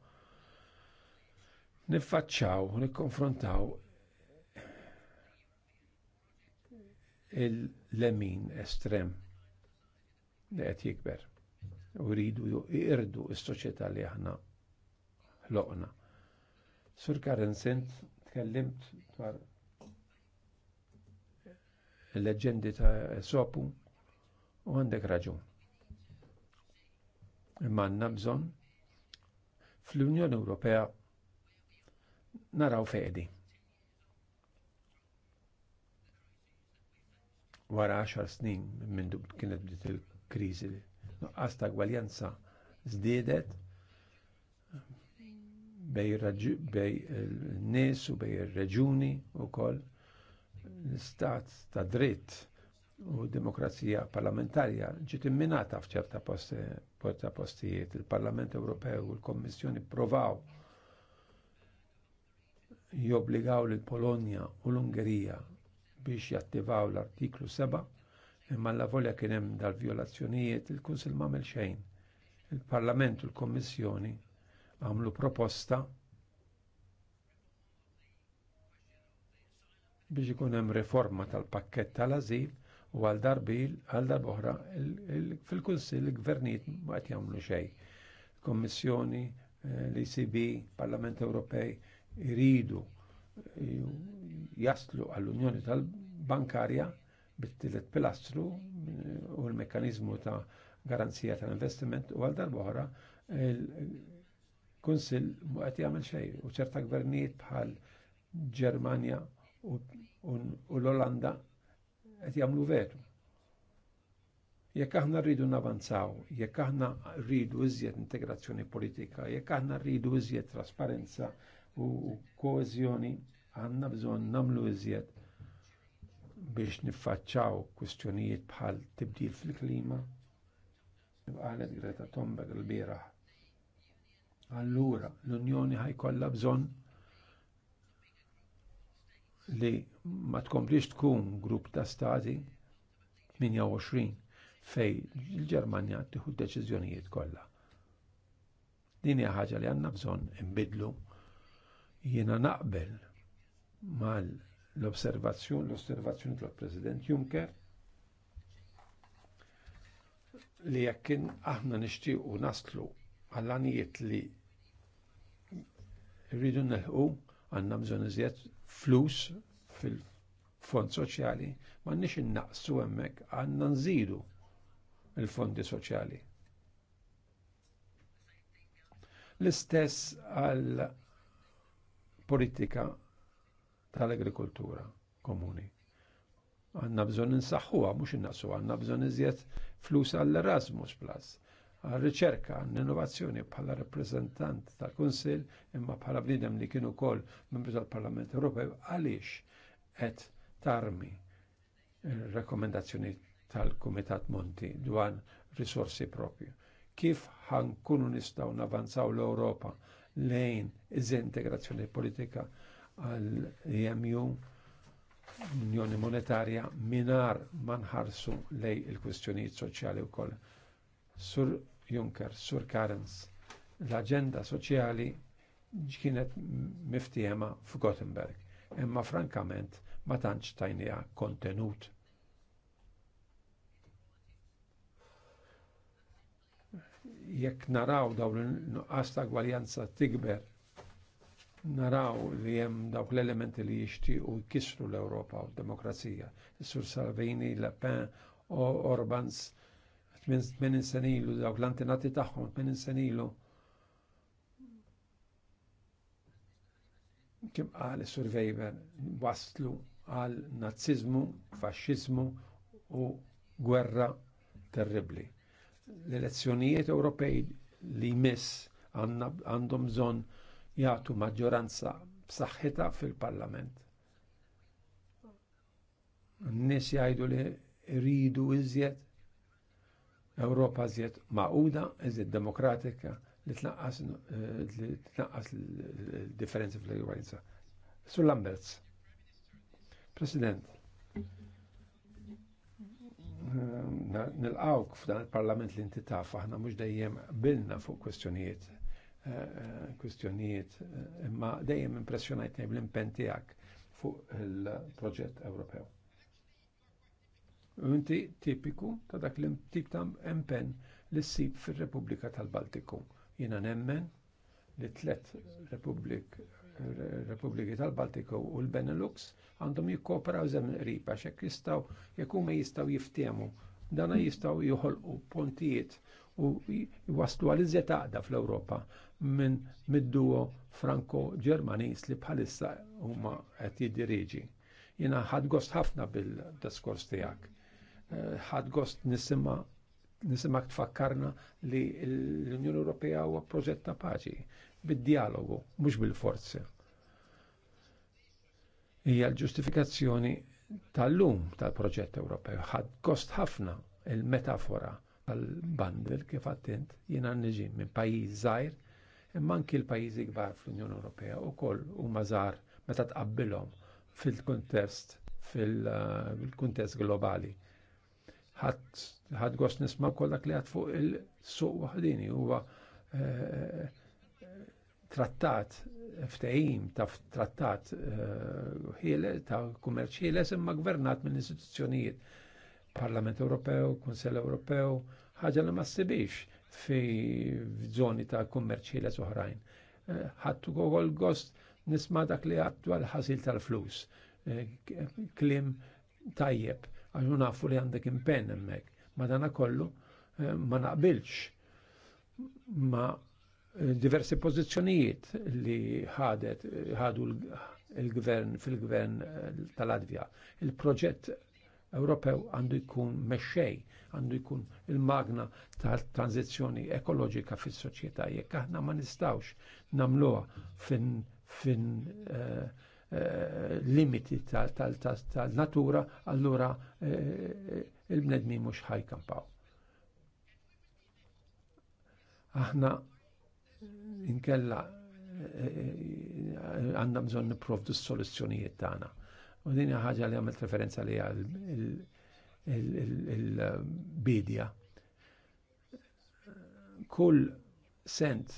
niffaċċaw, nikkonfrontaw il-lemin estrem li qed jikber. U rridu jirdu s-soċjetà li aħna ħloqna. Sur Karen Sint tkellimt dwar il-leġendi ta' Sopu u għandek raġun. Imma għandna bżonn fl-Unjoni Ewropea naraw fedi. Wara 10 snin minn kienet bdiet kriżi. Nuqqas ta' gwaljanza żdiedet bej n-nies u bej reġuni u wkoll l-istat ta' dritt u demokrazija parlamentarja ġiet imminata f'ċerta postijiet. Il-Parlament Ewropew u l-Kommissjoni provaw jobbligaw lill polonja u l-Ungerija biex jattivaw l-artiklu 7 Imma l-avolja kien hemm dal-vjolazzjonijiet il-Kunsil m'għamel xejn. Il-Parlament u l-Kommissjoni għamlu proposta biex ikun hemm riforma tal-pakkett tal-azil u għal darbil għal darbohra fil-Kunsill il-gvernijiet ma qed jagħmlu xejn. Kommissjoni, eh, l-ECB, Parlament Ewropej iridu eh, jaslu għall-Unjoni tal-Bankarja bit-tielet pilastru eh, u l mekanizmu ta' garanzija tal-investiment u għal darbohra il-Kunsil qed jagħmel xej u ċerta gvernijiet bħal Ġermanja u l-Olanda qed jagħmlu vetu. Jekk aħna rridu navanzaw, jekk aħna rridu iżjed integrazzjoni politika, jekk aħna rridu iżjed trasparenza u koeżjoni, għanna bżonn nagħmlu iżjed biex niffaċċaw kwistjonijiet bħal tibdil fil-klima. Qalet Greta Thunberg l-bieraħ. Allura l-Unjoni ħajkollha bżonn li ma tkomplix tkun grupp ta' stati 28 fej il-Ġermanja tieħu deċiżjonijiet kollha. Din hija ħaġa li għandna bżonn imbidlu jiena naqbel mal l-observazzjoni, l-osservazzjoni tal-President Juncker li jekkin aħna nixtiequ naslu għall-anijiet li rridu neħu għanna bżon iżjed flus fil-fond soċjali, ma nix innaqsu hemmhekk għandna nżidu il-fondi soċjali. L-istess għal politika tal-agrikoltura komuni. Għanna bżon nsaħħuha mhux innaqsu, għanna bżon iżjed flus għall-Erasmus Plus, għall-riċerka, għall-innovazzjoni bħala rappreżentant tal-Kunsill imma bħala bniedem li kienu ukoll membru tal-Parlament Ewropew għaliex qed tarmi rekomendazzjoni tal-Kumitat Monti dwar risorsi propju. Kif ħankunu nistgħu navanzaw l-Ewropa lejn iż-integrazzjoni politika għal-EMU Unjoni Monetarja minar manħarsu lej il-kwistjonijiet soċjali wkoll. Sur Juncker, Sur Karens, l-agenda soċjali kienet miftiema f'Gothenburg, imma frankament ma tantx tajnija kontenut. Jekk naraw dawn l-nuqqas ta' gwaljanza tikber naraw li hemm dawk l-elementi li jixtiequ jkissru l-Ewropa u d-demokrazija. Sur Salvini, Le Pen, Orbans, 80 senilu, dawk l-antenati tagħhom 80 senilu. Kim qal Sur waslu għal naziżmu, faxxiżmu u gwerra terribli. L-elezzjonijiet Ewropej li jmiss għandhom bżonn jagħtu maġġoranza b'saħħitha fil-Parlament. N-nies jgħidu li rridu iżjed Ewropa iżjed maquda, iżjed demokratika li tnaqqas l-differenzi fl-egwalenza. Sur Lamberts, President, nilqawk f'dan il-parlament li inti taf, aħna mhux dejjem bilna fuq kwestjonijiet kwistjonijiet, imma dejjem impressjonajtni bl-impen tiegħek fuq il-proġett Ewropew. Inti tipiku ta' dak l-tip ta' impen li ssib fir-Repubblika tal-Baltiku. Jiena nemmen li tlet Republik Republiki tal-Baltiku u l-Benelux għandhom jikkooperaw żemm qrib x'ek hekk jistgħu jekk huma jistgħu jiftiemu dana jistgħu joħolqu pontijiet u jwaslu għal iżjed fl-Ewropa minn mid-duo Franco-Ġermanis li bħalissa huma qed jiddiriġi. Jiena ħad gost ħafna bil-diskors tiegħek. Eh, ħad gost nisimma nisimak tfakkarna li l-Unjoni Ewropea huwa proġett ta' paċi bid-dialogu, mhux bil-forzi. Hija l-ġustifikazzjoni tal-lum tal-proġett Ewropew. Ħad gost ħafna il-metafora tal-bandel kif għattint jiena niġi minn pajjiż żgħir imma anki l-pajjiżi kbar fl-Unjoni Ewropea wkoll huma żgħar meta tqabbilhom fil-kuntest fil-kuntest globali. Ħadd gost nisma' kollha li għad fuq il-suq waħdini huwa eh, eh, trattat ftehim ta' trattat eh, ta' kummerċ ħiele imma gvernat minn istituzzjonijiet Parlament Ewropew, Kunsell Ewropew, ħaġa li ma ssibix fi zoni ta' kummerċiela oħrajn. Eh, ħattu kol gost nisma' dak li għattu għal ħasil tal-flus. Eh, klim tajjeb, għaxu nafu li għandek impenn hemmhekk. dana kollu eh, ma naqbilx ma diversi pożizzjonijiet li ħadet ħadu l-gvern fil-gvern tal-Latvja. Il-proġett Ewropew għandu jkun mexxej, għandu jkun il-magna tal-tranzizzjoni ekoloġika fis-soċjetà jekk aħna ma nistawx nagħmluha fin, fin uh, uh, limiti tal-natura, ta ta ta allura uh, eh, il-bnedmi mhux ħajkampaw. Aħna inkella għandna bżonn niprovdu s-soluzzjonijiet tagħna U din ħaġa li għamilt referenza li għal il-bidja. Kull sent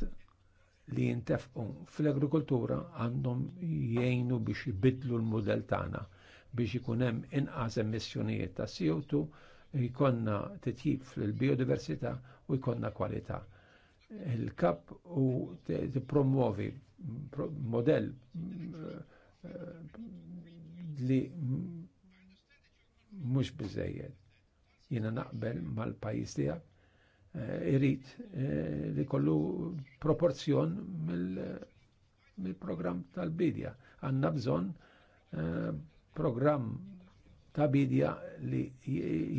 li jintefqu fl-agrikoltura għandhom jgħinu biex jibidlu l-modell tagħna biex ikun hemm inqas emissjonijiet ta' CO2, jkollna titjib fil-biodiversità u jkollna kwalità. Il-kap u tippromuovi modell eh, li mhux biżejjed. Jiena naqbel mal-pajjiż tiegħek eh, irrit eh, li kollu proporzjon mill-program tal-bidja. Għanna bżon eh, program ta' bidja li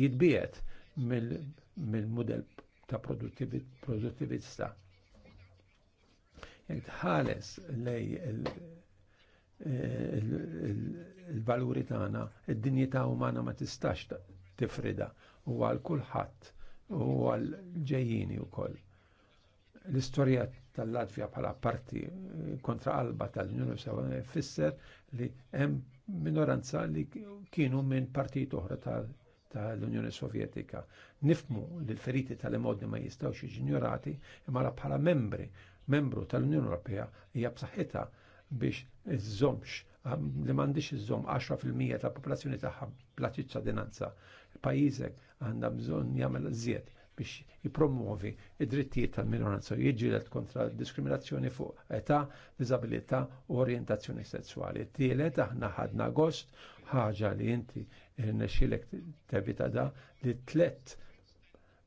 jidbiet mill-model ta' produttivista. Jek tħares lej il-valuri tagħna, id-dinjità umana ma tistax tifrida u għal kulħadd u għal ġejjini wkoll. L-istorja tal-Latvja bħala parti eh, kontra qalba tal-Unjoni Ewropea fisser li hemm minoranza li kienu minn partit oħra tal-Unjoni Sovjetika. Nifmu li l-feriti tal-emodni ma jistawx iġignorati imma bħala membri, membru tal-Unjoni Ewropea hija b'saħħitha biex iż-żomx, li m'għandix żom 10% tal-popolazzjoni tagħha bla ċadinanza. Pajjiżek għandha bżonn jagħmel zjed biex jipromuovi id-drittijiet tal-minoranza u jiġilet kontra diskriminazzjoni fuq età, disabilità u orientazzjoni sessuali. Tielet aħna ħadna gost ħaġa li inti nesċilek tevita da li tlet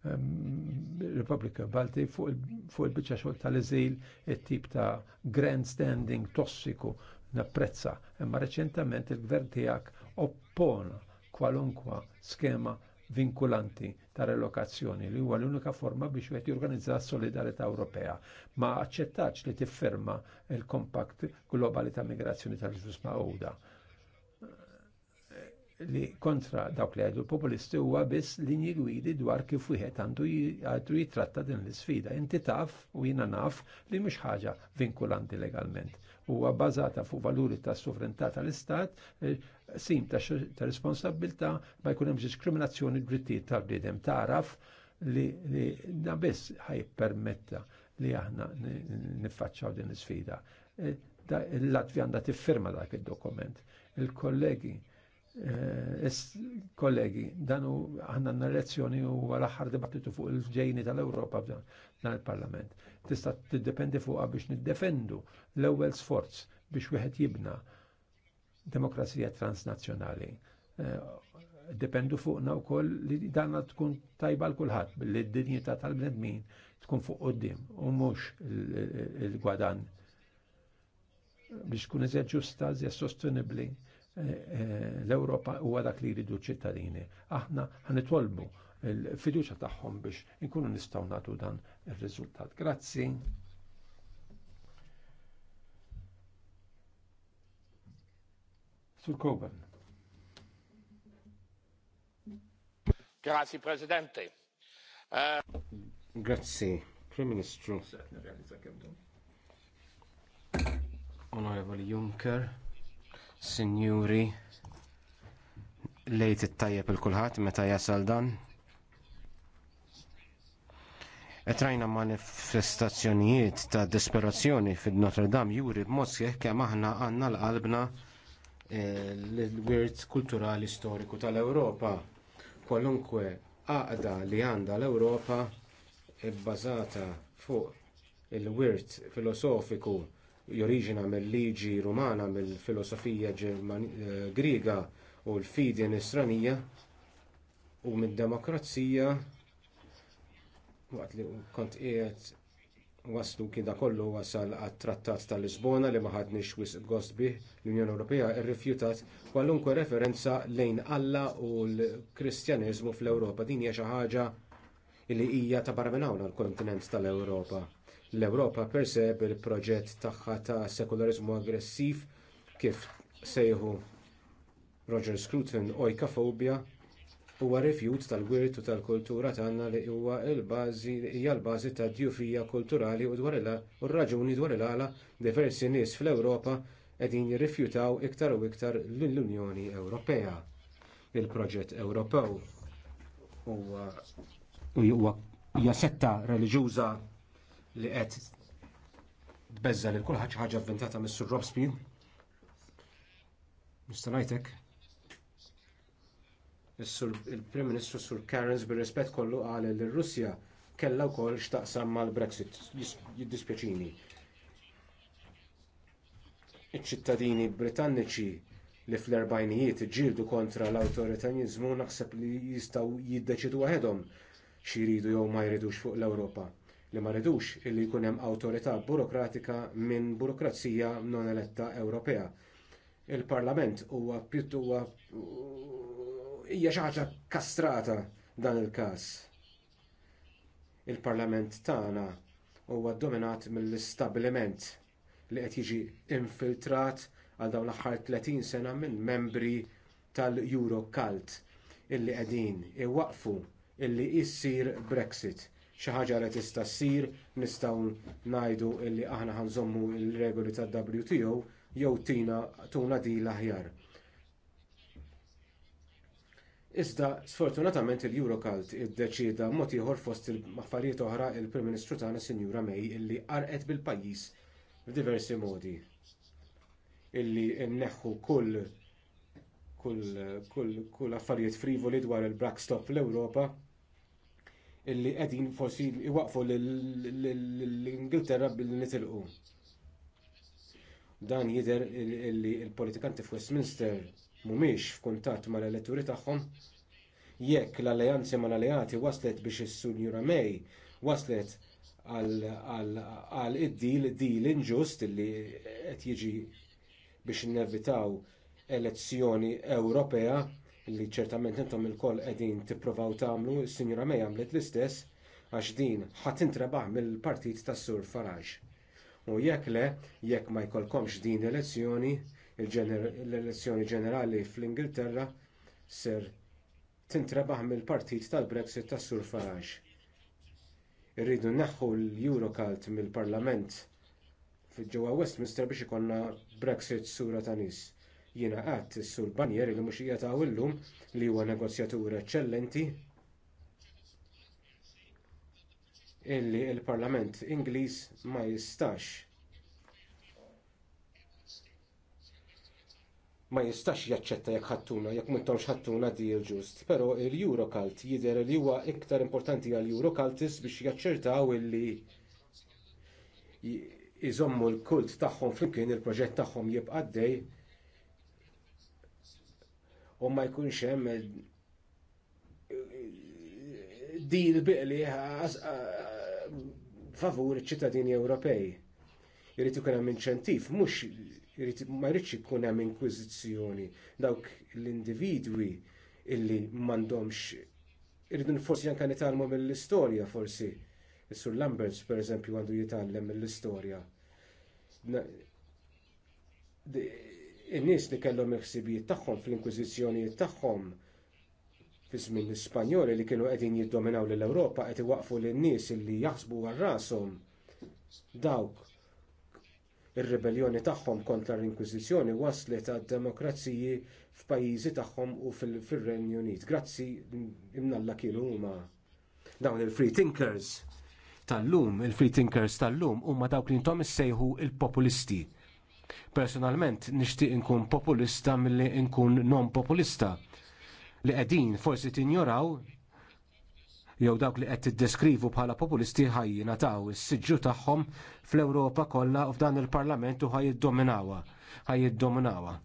Um, Republika Balti fuq il-bicċa xogħol tal-eżil it-tip ta' grandstanding tossiku napprezza, imma reċentament il-gvern tiegħek oppona kwalunkwa skema vinkulanti ta' relokazzjoni li huwa l-unika forma biex wieħed jorganizza s-solidarità Ewropea. Ma aċċettax li tifferma il-Compact Globali ta' Migrazzjoni tal-Ġusma Owda li kontra dawk li għadu l-populisti huwa biss linji gwidi dwar kif wieħed għandu jitratta din l-isfida. Inti taf u jiena naf li mhux ħaġa vinkulanti legalment. Huwa bbażata fuq valuri ta' sovranità tal-Istat, eh, sim ta', ta responsabilità ma jkun hemm diskriminazzjoni drittijiet tal-bniedem taraf li, li da biss ħajpermetta li aħna niffaċċaw din l-isfida. Eh, il latvja għandha tiffirma dak id-dokument. Il-kollegi il kollegi Eh, kollegi, dan u n elezzjoni u għal-axħar dibattitu fuq il-ġejni tal-Europa dan il-Parlament. Tista' tiddependi fuqha biex niddefendu l-ewwel sforz biex wieħed jibna demokrazija transnazzjonali eh, dependu fuqna u koll li danna tkun tajba l-kulħat, li d dinjeta tal-bnedmin tkun fuq d-dim u mux il-gwadan biex tkun eżed ġusta, eżed sostenibli Eh, eh, l-Europa huwa dak li jridu ċittadini. Aħna ħanitolbu l-fiduċa tagħhom biex inkunu nistgħu nagħtu dan ir-riżultat. Grazzi. Sur Coburn. Grazzi Presidente. Uh... Eh, Grazzi, Prim Ministru. Onorevoli Juncker. Sinjuri, lejt it-tajjeb il-kulħat meta jasal dan. Etrajna manifestazzjonijiet ta' disperazzjoni fid notre Dame juri b'mod kemm aħna għandna l-qalbna eh, l-wirt kulturali storiku tal-Ewropa. Kwalunkwe għaqda li għandha l-Ewropa bbażata fuq il-wirt filosofiku joriġina mill-liġi rumana, mill-filosofija eh, griega u l-fidi nisranija u mid-demokrazija waqt li kont qiegħed waslu kien kollu wasal għat-trattat tal-Lisbona li ma ħadniex wisq gost bih l-Unjoni Ewropea rrifjutat kwalunkwe referenza lejn Alla u l-Kristjaniżmu fl-Ewropa. Din hija xi ħaġa li hija ta' barra minn hawn għall-kontinent tal-Ewropa l-Ewropa per se bil-proġett tagħha ta' sekularizmu aggressiv kif sejħu Roger Scruton ojkafobja huwa rifjut tal-wirtu tal-kultura tagħna li huwa l-bażi hija l-bażi ta' djufija kulturali u dwar raġuni dwar il-għala diversi nies fl-Ewropa qegħdin jirrifjutaw iktar u iktar l-Unjoni Ewropea. Il-proġett Ewropew huwa hija setta reliġjuża li qed tbeżza lil kulħadd xi ħaġa avventata mis-Sur Mr Nista' ngħidlek. Il-Prim Ministru Sur Karens bir-rispett kollu qal li r-Russja kellha wkoll x'taqsam mal-Brexit. Jiddispjaċini. Iċ-ċittadini Britanniċi li fl-erbajnijiet ġildu kontra l autoritanizmu naħseb li jistgħu jiddeċidu waħedhom xi jridu jew ma jridux fuq l-Ewropa li ma ridux illi jkun hemm awtorità burokratika minn burokrazija non eletta Ewropea. Il-Parlament huwa huwa hija xi ħaġa kastrata dan il-każ. Il-Parlament tagħna huwa dominat mill-istabbiliment li qed jiġi infiltrat għal dawn l-aħħar 30 sena minn membri tal-Eurocult illi qegħdin iwaqfu illi jsir Brexit xi ħaġa li tista' ssir nistgħu ngħidu li aħna ħanżommu l-regoli tad-WTO jew tina tuna di l-aħjar. Iżda sfortunatament il-Eurocult iddeċieda mod ieħor fost il-affarijiet oħra il prim Ministru tagħna Sinjura May illi qarqet bil-pajjiż f'diversi modi. Illi neħħu kull kull kull kull affarijiet frivoli dwar il-backstop l-Ewropa illi qegħdin forsi iwaqfu l-Ingilterra billi nitilqu. Dan jidher illi l-politikanti f'Westminster mhumiex f'kuntatt mal-elettori tagħhom jekk l-alleanzi mal-alleati waslet biex is-Sunjura May waslet għal id-dil, dil inġust li qed jiġi biex innevitaw elezzjoni Ewropea li ċertament intom il-koll edin tippruvaw tagħmlu, is-Sinjura May għamlet l-istess għax din ħadd intrebaħ mill-partit tas-Sur Farage. U jekk le, jekk ma jkollkomx din elezzjoni, l-elezzjoni ġenerali fl-Ingilterra ser tintrebaħ mill-partit tal-Brexit tas-Sur Farage. Irridu neħħu l-Eurocult mill-Parlament ġewwa Westminster biex ikollna Brexit sura ta' nies. Jiena qatt is-sur Banjer li mhux jataw illum li huwa negozjatur eċċellenti illi l il parlament Ingliż ma jistax ma jistax jaċċetta jekk ħattuna jekk m'intomx ħattuna deal ġust, però il eurocult jidher li huwa iktar importanti għall eurocultis biex jaċċertaw illi jżommu l-kult tagħhom flimkien il-proġett tagħhom jibqa' għaddej u ma jkunx hemm din biqli favur iċ-ċittadini Ewropej. Jrid ikun hemm inċentiv, mhux ma jridx ikun hemm inkwiżizzjoni dawk l-individwi illi m'għandhomx irridu forsi anke nitalmu mill-istorja forsi. Is-Sur Lamberts pereżempju għandu jitgħallem mill-istorja in-nies li kellhom il-ħsibijiet tagħhom fl-inkwiżizzjonijiet tagħhom fi żmien l-Ispanjoli li kienu qegħdin jiddominaw lill ewropa qed iwaqfu lin nies li jaħsbu għal rashom dawk ir ribellijoni tagħhom kontra l-Inkwiżizzjoni waslet għad-demokraziji f'pajjiżi tagħhom u fir-Renju Unit. Grazzi imnalla kienu huma dawn il-free thinkers tal-lum, il-free thinkers tal-lum huma dawk li intom issejħu il-populisti. Personalment nixtieq inkun populista milli nkun non populista li qegħdin forsi tinjoraw jew dawk li qed tiddeskrivu bħala populisti ħajjina taw is-siġġu tagħhom fl-Ewropa kollha u f'dan il-Parlament u ħajiddominawha ħajiddominawha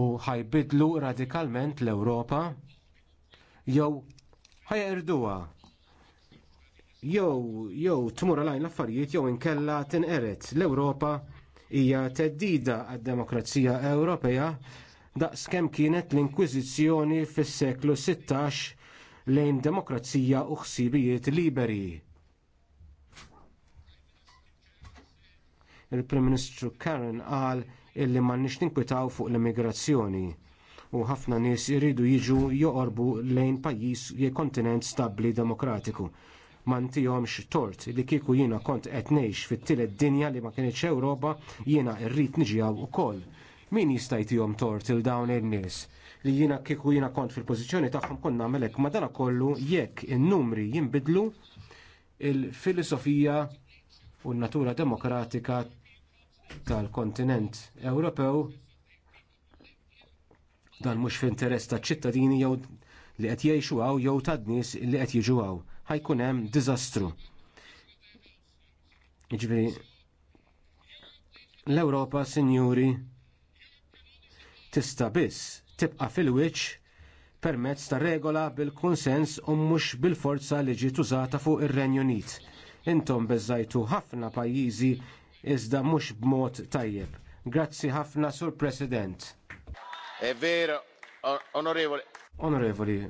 u ħajbidlu radikalment l-Ewropa jew ħajqirduha jew jew tmur lajn l-affarijiet jew inkella tinqeret l-Ewropa hija teddida għad-demokrazija Ewropea daqskemm kienet l-Inkwiżizzjoni fis-seklu 16 lejn demokrazija u ħsibijiet liberi. Il-Prim Ministru Karen qal illi m'għandniex ninkwitaw fuq l-immigrazzjoni u ħafna nies iridu jiġu joqorbu lejn pajjiż jew kontinent stabbli demokratiku mantijomx tort li kieku jiena kont qed ngħix fit-tielet dinja li ma kienx Ewropa jiena rrid u koll. Min jista' jtihom tort il dawn in-nies li jiena kieku jiena kont fil-pożizzjoni tagħhom kon namelek ma dana kollu jekk in-numri jinbidlu il-filosofija u n-natura demokratika tal-kontinent Ewropew dan mhux fl-interess taċ ċittadini jew li qed jgħixu hawn jew tad-nies li qed jiġu hawn ħajkun hemm diżastru. Jiġifieri l-Ewropa, sinjuri, tista' biss tibqa' fil-wiċċ permezz ta' regola bil-kunsens u mhux bil-forza li ġiet użata fuq ir-Renju Unit. Intom beżajtu ħafna pajjiżi iżda mhux b'mod tajjeb. Grazzi ħafna, Sur President. È vero, onorevoli. Onorevoli,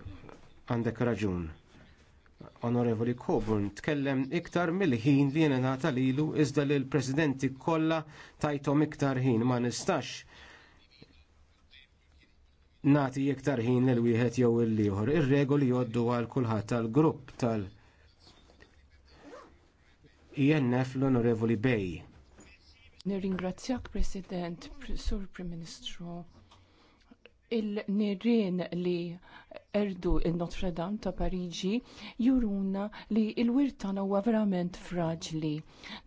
għandek raġun. Onorevoli Coburn tkellem iktar mill-ħin li jena nata lilu iżda li l-presidenti kollha tajthom iktar ħin ma nistax nati iktar ħin lil wieħed jew il-liħor. Ir-regoli joddu għal kulħadd tal-grupp tal-, -tal INF l-Onorevoli Bej. Nirringrazzjak President, Sur Prim Ministru il-nirien li erdu il-Notre Dame ta' Pariġi juruna li il-wirtan huwa verament fraġli.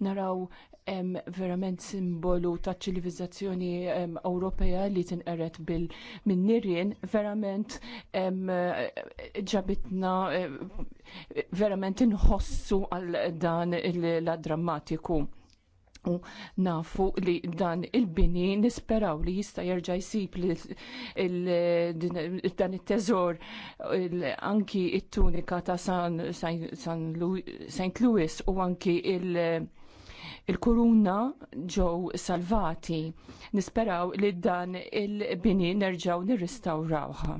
Naraw em, verament simbolu ta' ċilivizzazzjoni Ewropea li tinqeret bil minnirien nirien verament em, ġabitna em, verament inħossu għal dan la drammatiku u nafu li dan il-bini nisperaw li jista jerġa' jsib dan it-teżor anki t tunika ta' St. Louis u anki il- il-kuruna ġew salvati. Nisperaw li dan il-bini nerġaw nirrestawrawha.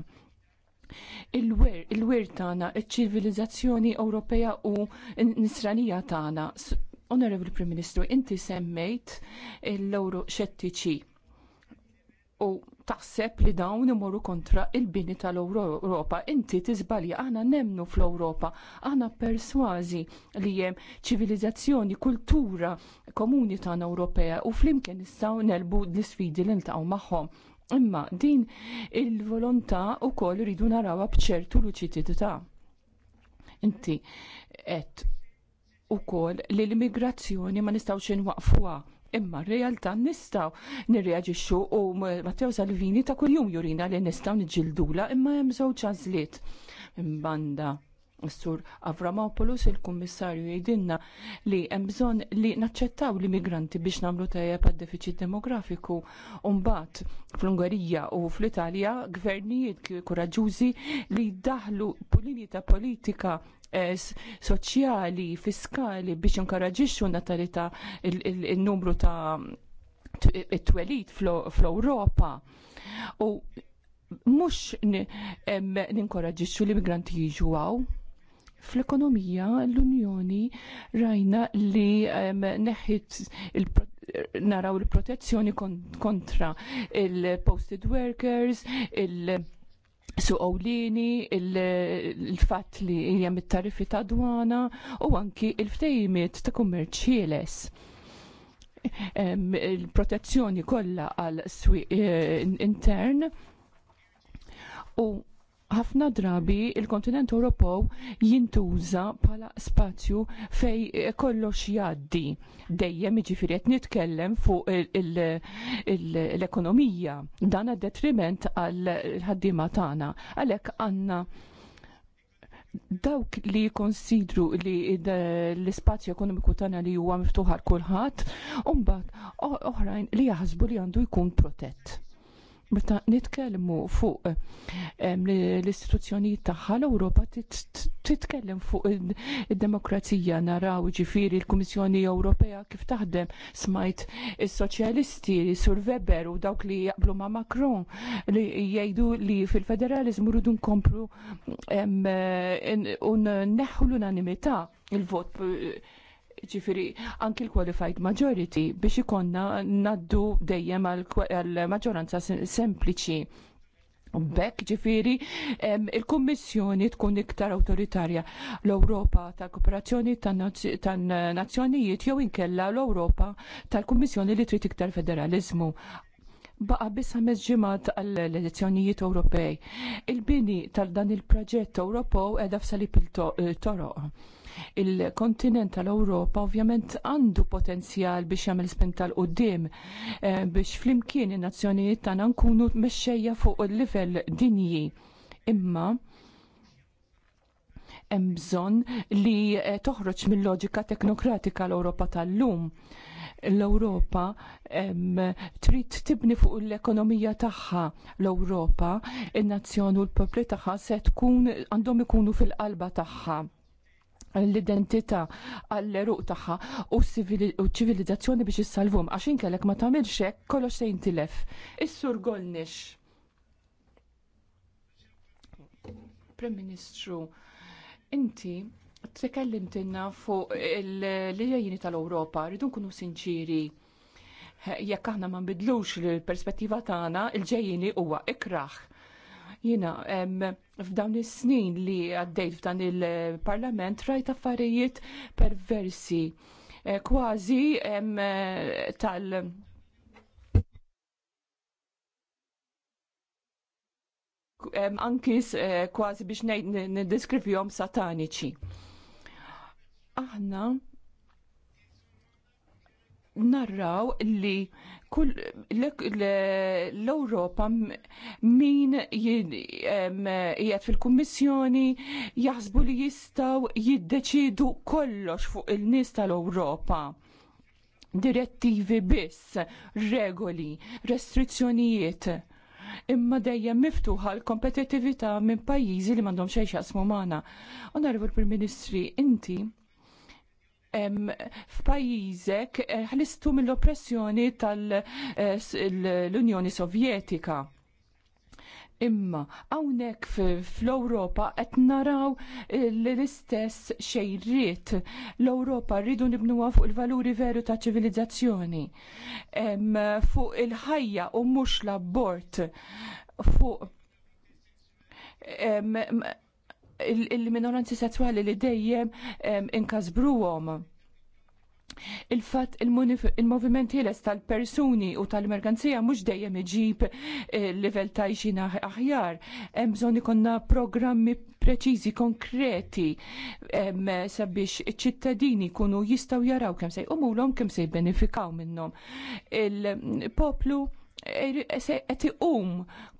Il-wir il tagħna, iċ-ċivilizzazzjoni Ewropea u n-nisranija tagħna Onorevoli Prim Ministru, inti semmejt l loro xettiċi u taħseb li dawn imorru kontra il-bini tal-Europa. Inti tiżbalja aħna nemnu fl-Europa, għana perswazi li jem ċivilizzazzjoni, kultura komuni tan Ewropea u flimkien nistaw nelbu l-sfidi li magħhom. Imma din il-volontà u koll ridu narawa bċertu ta' Inti et kol li l-immigrazzjoni ma nistgħux inwaqfuha. Imma r-realtà nistgħu nirreaġixxu u Matteo Salvini ta' kuljum jurina li nistgħu niġġildula imma hemm żewġ għażliet. Imbanda Sur Avramopoulos il-Kummissarju jgħidilna li hemm bżonn li naċċettaw l-immigranti biex nagħmlu tajjeb għad-defiċit demografiku u mbagħad fl ungarija u fl-Italja gvernijiet kuraġuzi li daħlu linji ta' politika eh, soċjali, fiskali biex inkoraġixxu natalità il-numru ta' it-twelit e-, fl-Ewropa. U mux ninkoraġiċu li migranti jiġu għaw. Fl-ekonomija l-Unjoni rajna li neħħit il naraw il-protezzjoni kontra il-posted workers, il- su għawlini, il-fat li jem il tarifi ta' dwana u anki il-ftejmiet ta' kummerċ ħieles il-protezzjoni kollha għal swieq eh, intern u ħafna drabi il-kontinent Ewropew jintuża bħala spazju fej kollox jgħaddi Dejjem jiġifieri qed nitkellem fuq l-ekonomija dan detriment għal ħaddiema tagħna. Għalhekk għandna dawk li konsidru li l-ispazju ekonomiku tagħna li huwa miftuħ għal kulħadd u mbagħad oħrajn li jaħsbu li għandu jkun protett Meta nitkellmu fuq l-istituzzjonijiet tagħha l-Ewropa titkellem fuq id-demokrazija naraw ġifieri l-Kummissjoni Ewropea kif taħdem smajt is-soċjalisti Sur Weber u dawk li jaqblu ma' Macron li jgħidu li fil-federalizmu rridu nkomplu u neħħu l-unanimità il-vot ġifiri anki l-qualified majority biex ikonna naddu dejjem għal-maġoranza sempliċi. Bekk ġifiri il-Kommissjoni tkun iktar autoritarja l-Europa tal-Kooperazzjoni tan-Nazzjonijiet jew inkella l-Europa tal-Kommissjoni li trid iktar federalizmu. Baqa biss ħames ġimgħat għall-elezzjonijiet Ewropej. Il-bini tal-dan il-proġett Ewropew qiegħda f'salib il-toroq Il-kontinent tal-Ewropa ovvjament għandu potenzjal biex jagħmel spin tal-qudiem eh, biex flimkien in-nazzjonijiet tagħna nkunu mexxejja fuq il-livell dinji. Imma hemm bżonn li eh, toħroġ mill-loġika teknokratika l-Ewropa tal-lum l ewropa trid tibni fuq l-ekonomija tagħha l ewropa in-nazzjon u l-popli tagħha se tkun għandhom ikunu fil-qalba tagħha l-identità għall-eruq tagħha u ċivilizzazzjoni biex issalvhom għax inkellek ma tagħmilx hekk kollox se jintilef. Is-sur Golnix. Prim Ministru, inti tkellimtinna fuq l-ġejjini tal-Ewropa, rridu nkunu sinċiri jekk aħna ma nbidlux l-perspettiva tagħna, il-ġejjini huwa ikraħ. Jiena, f'dawn is-snin li għaddejt f'dan il-parlament rajt affarijiet perversi eh, kważi eh, tal- ankis eh, kważi biex niddeskrivihom sataniċi. Aħna narraw li l-Europa min jgħat fil-Kummissjoni jaħsbu li jistaw jiddeċidu kollox fuq il-nis tal-Europa direttivi biss, regoli, restrizzjonijiet. Imma dejjem miftuħa l-kompetitività minn pajjiżi li m'għandhom xejn jaqsmu magħna. Onorevol Prim Ministri, inti f'pajjiżek eh, ħlistu mill-oppressjoni tal-Unjoni eh, Sovjetika. Imma hawnhekk fl-Ewropa qed naraw eh, l-istess xejriet. L-Ewropa rridu nibnuha fuq il-valuri veru ta' ċivilizzazzjoni. Fuq il-ħajja u mhux l-abort. Fuq il-minoranzi sesswali li dejjem inkasbruhom il-fat il-moviment ħieles tal-persuni u tal-merkanzija mhux dejjem iġib eh, level ta' iġina aħjar. Hemm bżonn programmi preċiżi, konkreti sabiex ċittadini kunu jistgħu jaraw kemm se jqumulhom kemm se benefikaw minnhom. Il-poplu Er- qed iqum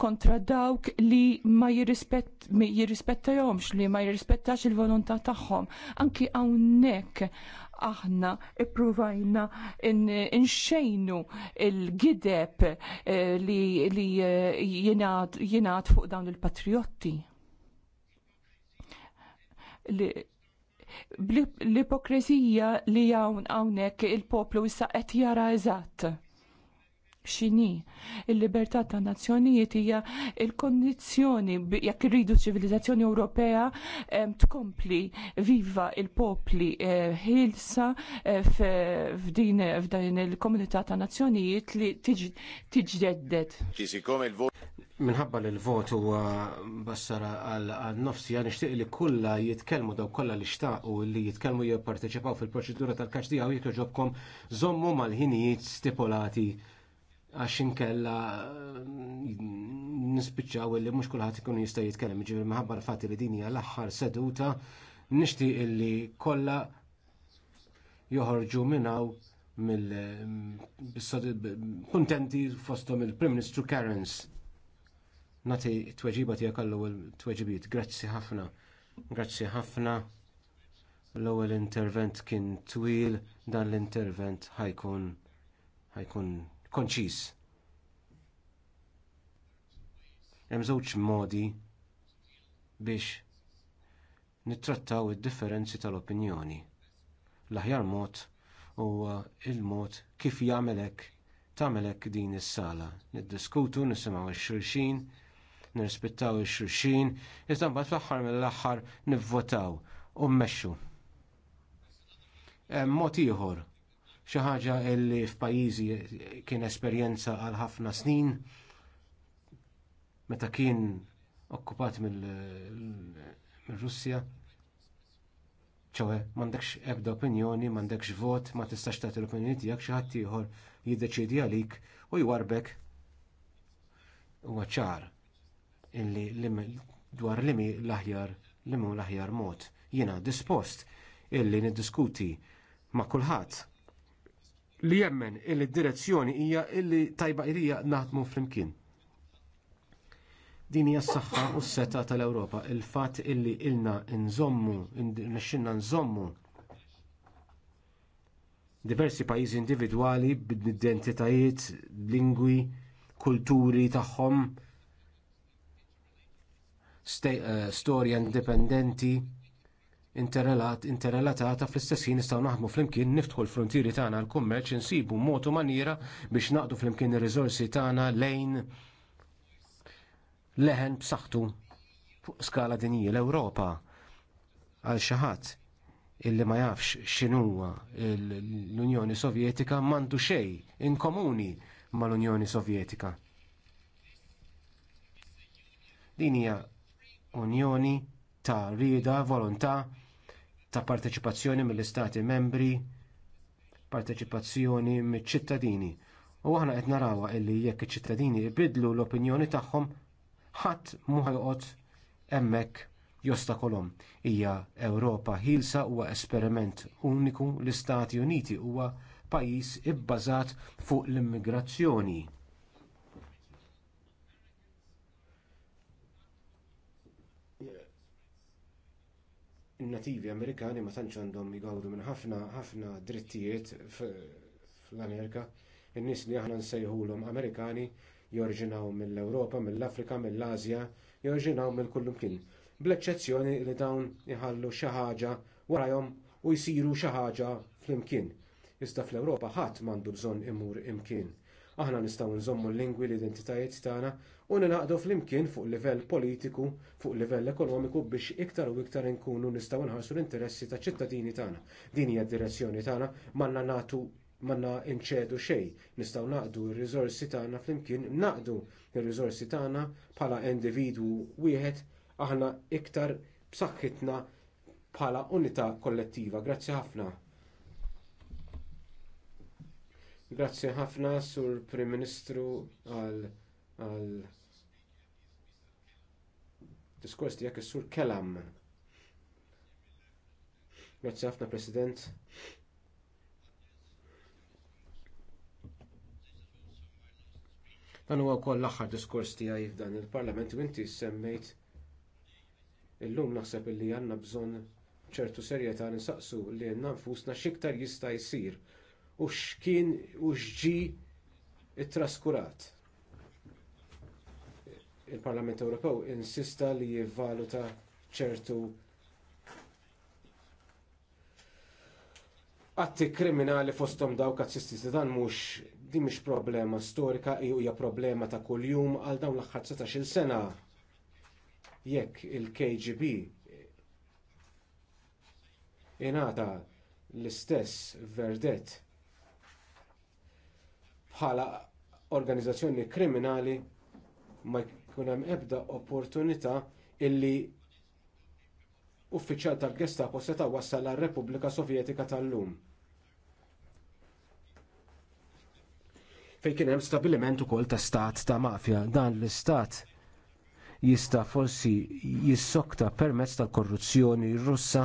kontra dawk li ma jirrispettahomx li ma jirrispettax il-volontà tagħhom. Anki hawnhekk aħna ippruvajna inxejnu il-gideb eh, li, eh, jenaħt jingħad fuq dawn il-patriotti. l ipokrizija li hawn hawnhekk il-poplu issa qed jara eżatt b'xini. Il-libertà ta' nazzjonijiet hija l-kondizzjoni jekk irridu ċivilizzazzjoni Ewropea tkompli viva il-popli eh, ħilsa eh, f'din f'din il-komunità ta' nazzjonijiet li tiġġedded. Minħabba li l-vot huwa bassara għal nofsi għan nixtieq li kulla jitkellmu daw kollha li xtaqu li jitkellmu jipparteċipaw fil-proċedura tal kaċdija u jekk zommu żommu mal-ħinijiet stipulati għax inkella nispiċċaw li mhux kulħadd ikun jista' jitkellem, ġifieri minħabba l-fatt li din hija l-aħħar seduta nixtieq illi kollha joħorġu minnaw mill-kontenti fostom il-Prim Ministru Karens. Nati t-tweġiba tiegħek kallu t tweġibiet Grazzi ħafna. Grazzi ħafna. L-ewwel intervent kien twil, dan l-intervent ħajkun ħajkun konċis. Hemm żewġ modi biex nittrattaw id-differenzi tal-opinjoni. L-aħjar mod huwa il-mod kif jagħmel hekk tagħmel hekk din is-sala. Niddiskutu, nisimgħu x-xulxin, nirrispettaw ix-xulxin, iżda mbagħad fl-aħħar mill-aħħar nivvotaw u mmexxu. Hemm mod ieħor xi ħaġa li f'pajjiżi kien esperjenza għal ħafna snin meta kien okkupat mill-Russja. ċoħe, m'għandekx ebda opinjoni, m'għandekx vot, ma tistax tagħti l-opinjoni tiegħek xi ħadd ieħor jiddeċiedi għalik u jwarbek huwa ċar illi dwar limi l-aħjar limu l-aħjar mod. Jiena dispost illi niddiskuti ma' kulħadd li jemmen illi direzzjoni hija illi tajba irija naħdmu flimkien. Din hija s-saħħa u s-seta tal-Ewropa, il-fatt illi ilna nżommu, nxinna nżommu diversi pajjiżi individwali b'identitajiet, lingwi, kulturi tagħhom, eh, storja indipendenti interrelatata fl-istess ħin nistgħu naħdmu flimkien niftħu l-frontieri tagħna l-kummerċ insibu mod u maniera biex naqdu flimkien ir-riżorsi tagħna lejn leħen b'saħħtu fuq skala dinji l-Ewropa għal xi ħadd illi ma jafx x'inhuwa l-Unjoni Sovjetika m'għandu xejn in komuni mal-Unjoni Sovjetika. Din hija Unjoni ta' rieda, volontà, ta' parteċipazzjoni mill-istati membri, parteċipazzjoni mill-ċittadini. U aħna qed narawha illi jekk iċ-ċittadini jbiddlu l-opinjoni tagħhom ħadd mu ħajqod hemmhekk jostakolhom. Hija Ewropa ħilsa huwa esperiment uniku l-Istati Uniti huwa pajjiż ibbażat fuq l-immigrazzjoni. in-nativi Amerikani ma tantx għandhom jgawdu minn ħafna ħafna drittijiet fl-Amerika. In-nies li aħna nsejħulhom Amerikani jorġinaw mill-Ewropa, mill-Afrika, mill-Asja, jorġinaw mill kullum kien. Bl-eċċezzjoni li dawn iħallu xi ħaġa warajhom u jsiru xi ħaġa flimkien. Iżda fl-Ewropa ħadd m'għandu bżonn imur imkien. Aħna nistgħu nżommu l-lingwi l-identitajiet tagħna u ninaqdu flimkien fuq livell politiku, fuq livell ekonomiku biex iktar u iktar inkunu nistgħu nħarsu l-interessi taċ ċittadini tagħna. Din hija d-direzzjoni tagħna manna nagħtu manna inċedu xejn, nistgħu naqdu r-riżorsi tagħna flimkien naqdu r-riżorsi tagħna bħala individwu wieħed aħna iktar b'saħħitna bħala unità kollettiva. Grazzi ħafna. Grazzi ħafna sur Prim Ministru għal għal diskors tiegħek is-sur Kelam. Grazzi ħafna President. Dan huwa wkoll l-aħħar diskors tiegħi f'dan il-Parlament u inti semmejt illum naħseb illi għandna bżonn ċertu serjetà nisaqsu li nfusna x'iktar jista' jsir u x'kien u x'ġi traskurat. Il-Parlament Ewropew insista li jivvaluta ċertu atti kriminali fosthom dawk kazzisti dan mhux di mhux problema storika hija problema ta' kuljum għal dawn l-aħħar il sena jekk il-KGB ingħata l-istess verdett bħala organizzazzjoni kriminali ma jkun hemm ebda opportunità illi uffiċjal tal-Gestapo seta' wassal għar repubblika Sovjetika tal-lum. Fejn kien hemm stabiliment ukoll ta' stat ta' mafja, dan l-istat jista' forsi jissokta permezz tal-korruzzjoni russa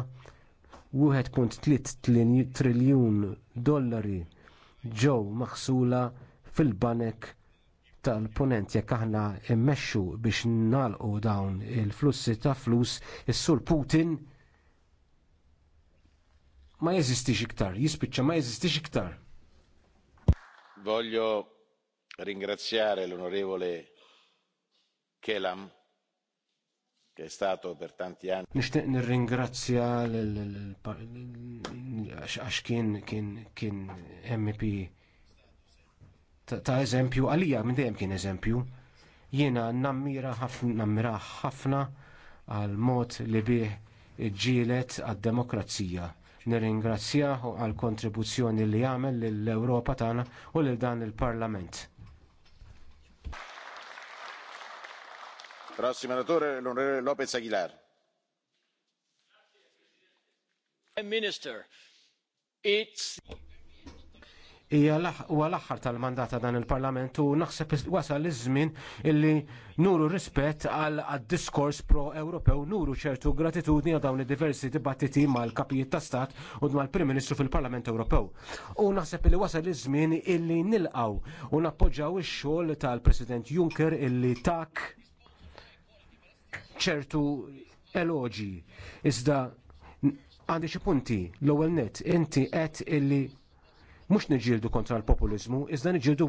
1.3 triljun dollari ġew maħsula fil-banek tal-ponent jekk aħna mmexxu biex nalqu dawn il-flussi ta' flus is-sur Putin ma jeżistix iktar, jispiċċa ma jeżistix iktar. Voglio ringraziare l'onorevole Kelam che è stato per tanti anni. Nishtiq nirringrazzja għax kien kien kien MP ta' eżempju għalija minn dejjem kien eżempju. Jiena nammira ħafna nammira ħafna għal mod li bih ġielet għad-demokrazija. Nirringrazzjahu għal kontribuzzjoni li għamel lill-Ewropa tagħna u lil dan il-Parlament. Lopez Aguilar. hija huwa l-aħħar tal-mandata dan il-Parlament u naħseb wasal iż-żmien illi nuru rispett għal diskors pro-Ewropew nuru ċertu gratitudni għal dawn id-diversi dibattiti mal-kapijiet ta' stat u mal-Prim Ministru fil-Parlament Ewropew. U naħseb illi wasal iż-żmien illi nilqaw u nappoġġaw ix-xogħol tal-President Juncker illi tak ċertu eloġi. Iżda għandi xi punti l-ewwel net, inti qed illi mhux niġġieldu kontra l-populiżmu, iżda niġġieldu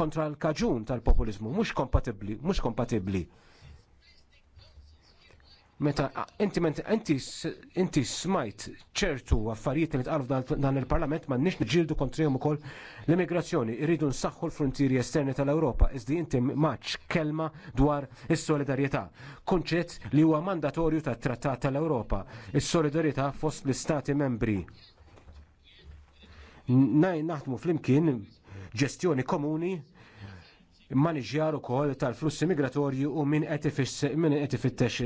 kontra l-kaġun tal populiżmu mhux kompatibbli, mhux kompatibbli. Meta inti inti smajt ċertu affarijiet li tqalu dan il-Parlament ma nix niġġieldu kontrihom ukoll l-immigrazzjoni, irridu nsaħħu l-frontieri esterni tal-Ewropa, iżdi inti maċ kelma dwar is-solidarjetà. Kunċett li huwa mandatorju tat-Trattat tal-Ewropa, is-solidarjetà fost l-Istati membri. Naj naħdmu flimkien ġestjoni komuni u ukoll tal-flussi migratorju u min qed ifittex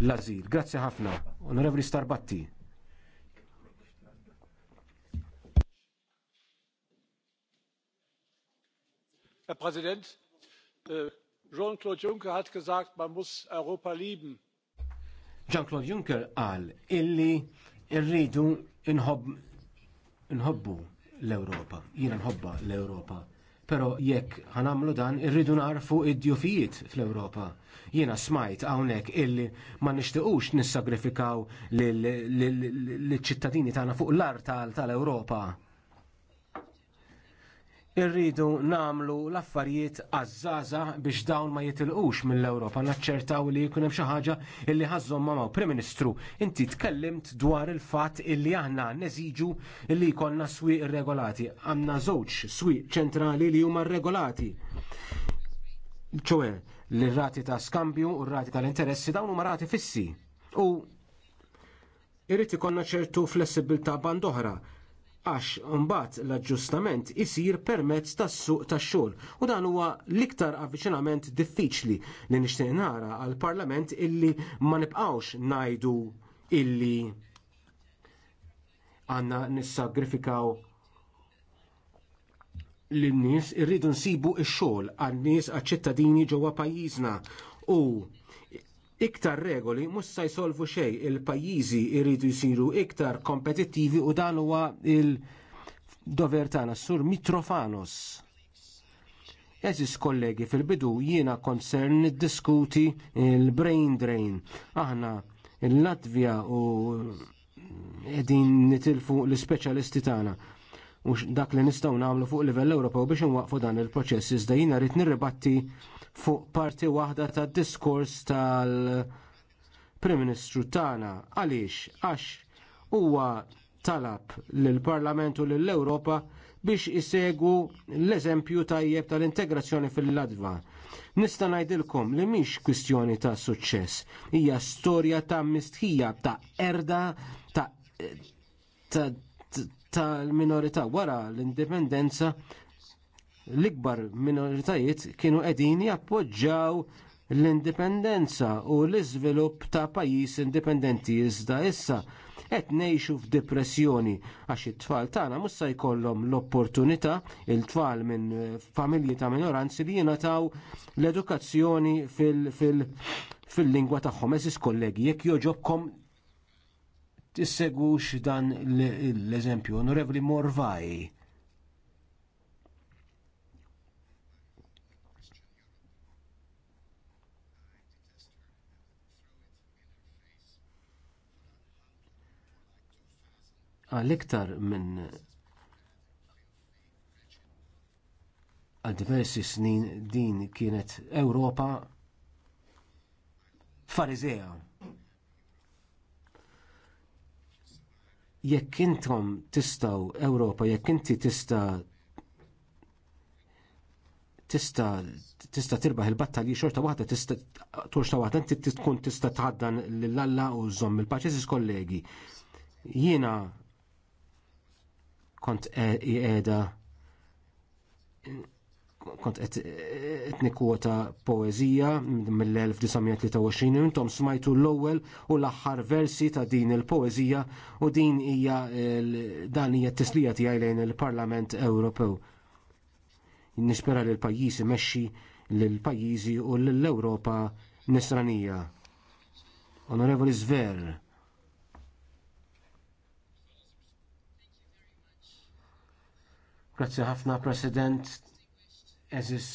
l-azil. Grazzi ħafna, Onorevoli Starbatti. Herr Präsident, äh, Jean-Claude Juncker hat gesagt, man muss Europa lieben. Jean-Claude Juncker qal illi rridu inħobbu l-Europa. Jiena nħobba l-Europa Pero jekk ħanamlu dan irridu narfu id-djufijiet fl-Ewropa. Jiena smajt hawnhekk illi ma nixtiequx nissagrifikaw lill-ċittadini tagħna fuq l-art tal-Ewropa irridu namlu l-affarijiet għazzaza biex dawn ma jitilqux mill-Ewropa. Naċċertaw li jkun hemm xi ħaġa illi ħażhom ma' maw. Prim Ministru, inti tkellimt dwar il-fatt illi aħna neżiġu illi jkollna swieq regolati. Għandna żewġ swieq ċentrali li huma regolati. Ċoe, l-rati ta' skambju u r-rati tal-interessi dawn huma rati fissi. U irrid ikollna ċertu flessibilta band oħra għax mbagħad l-aġġustament isir permezz tas-suq tax-xogħol u dan huwa l-iktar avviċinament diffiċli li nixtieq nara għall parlament illi ma nibqgħux ngħidu illi għandna nissagrifikaw lin nies irridu nsibu x-xogħol għan-nies għaċ-ċittadini ġewwa pajjiżna u iktar regoli mhux se jsolvu xejn il-pajjiżi jridu jsiru iktar kompetittivi u dan huwa il-dover tagħna sur Mitrofanos. Eżis kollegi fil-bidu jiena koncern niddiskuti il-brain drain. Aħna il-Latvja u edin nitilfu l-speċjalisti tagħna u dak li nistgħu nagħmlu fuq livell Ewropew biex nwaqfu dan il-proċess iżda jiena rrid nirribatti fuq parti waħda tad diskors tal-Prim Ministru tagħna. Għaliex? Għax huwa talab lill parlamentu l lill ewropa biex isegwu l-eżempju tajjeb tal-integrazzjoni fil-Ladva. Nista' ngħidilkom li mhix kwistjoni ta' suċċess, hija storja ta' mistħija, ta' erda, ta' tal-minorità wara l-indipendenza l-ikbar minoritajiet kienu qegħdin jappoġġjaw l-indipendenza u l-iżvilupp ta' pajjiż indipendenti iżda issa qed ngħixu f'depressjoni għax it-tfal tagħna mhux se jkollhom l-opportunità il-tfal minn familji ta' minoranzi li jingħataw l-edukazzjoni fil-lingwa tagħhom. Eżis kollegi, jekk joġobkom tissegwux dan l-eżempju, Onorevoli Morvaj. għal iktar minn għal diversi snin din kienet Ewropa Farizeja. Jekk intom tistaw Ewropa, jekk inti tista tista tista tirbaħ il-battalji xorta waħda tista torxta waħda inti tkun tista tħaddan lill alla u żomm il-paċesis kollegi. Jiena kont e, qiegħda kont qed nikkwota poeżija mill-1923 intom smajtu l-ewwel u l-aħħar versi ta' din il-poeżija u din hija dan hija t-tislija tiegħi lejn il-Parlament Ewropew. Nispera li l-pajjiż imexxi lill pajjiżi u l-Ewropa nisranija. Onorevoli Zver, Grazzi ħafna, President. Eżis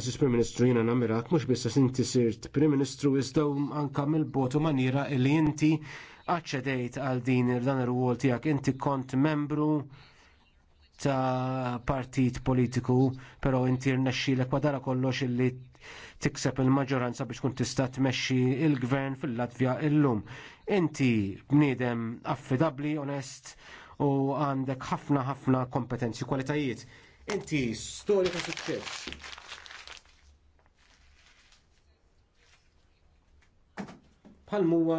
Eżis Prim Ministru jina namirak, mux bissa sinti sirt Prim Ministru izdaw anka mill-botu manira li inti għacċedejt għal din dan ir-ruol tijak, inti kont membru ta' partit politiku, pero inti rnexxi l kwadara kollox illi tikseb il-maġġoranza biex kun tista' tmexxi il-gvern fil-Latvja illum. Inti bniedem affidabli, onest u għandek ħafna ħafna kompetenzi kwalitajiet. Inti storja ta' suċċess. Palmuwa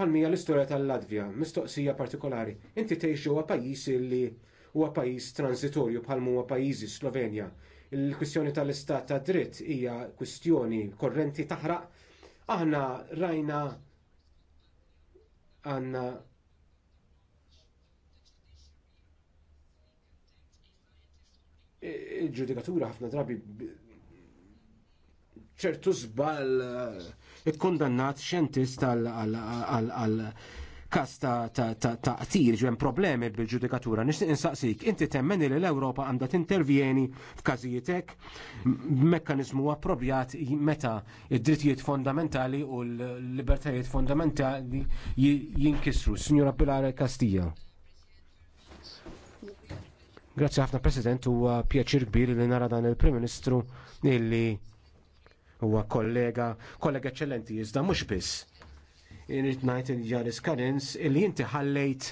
palmija l-istorja tal-Latvja, mistoqsija partikolari. Inti tgħix ġewwa pajjiż li huwa pajjiż transitorju bħal huwa pajjiżi Slovenja. Il-kwistjoni tal-istat ta' dritt hija kwistjoni korrenti taħraq. Aħna rajna għanna il-ġudikatura ħafna drabi ċertu zbal eh, ikkondannat xentist għal kas ta' qtir ġem problemi bil-ġudikatura. Nixtieq insaqsik, inti temmen li l-Ewropa għandha tintervjeni f'każijietek b'mekkaniżmu appropriat meta id-drittijiet fondamentali u l-libertajiet fondamentali jinkisru. Signora Pilare Castilla. Grazzi ħafna President huwa pjaċir kbir li nara dan il-Prim Ministru illi huwa kollega, kollega eċċellenti iżda mhux biss irrid ngħid il-Jaris Karins illi inti ħallejt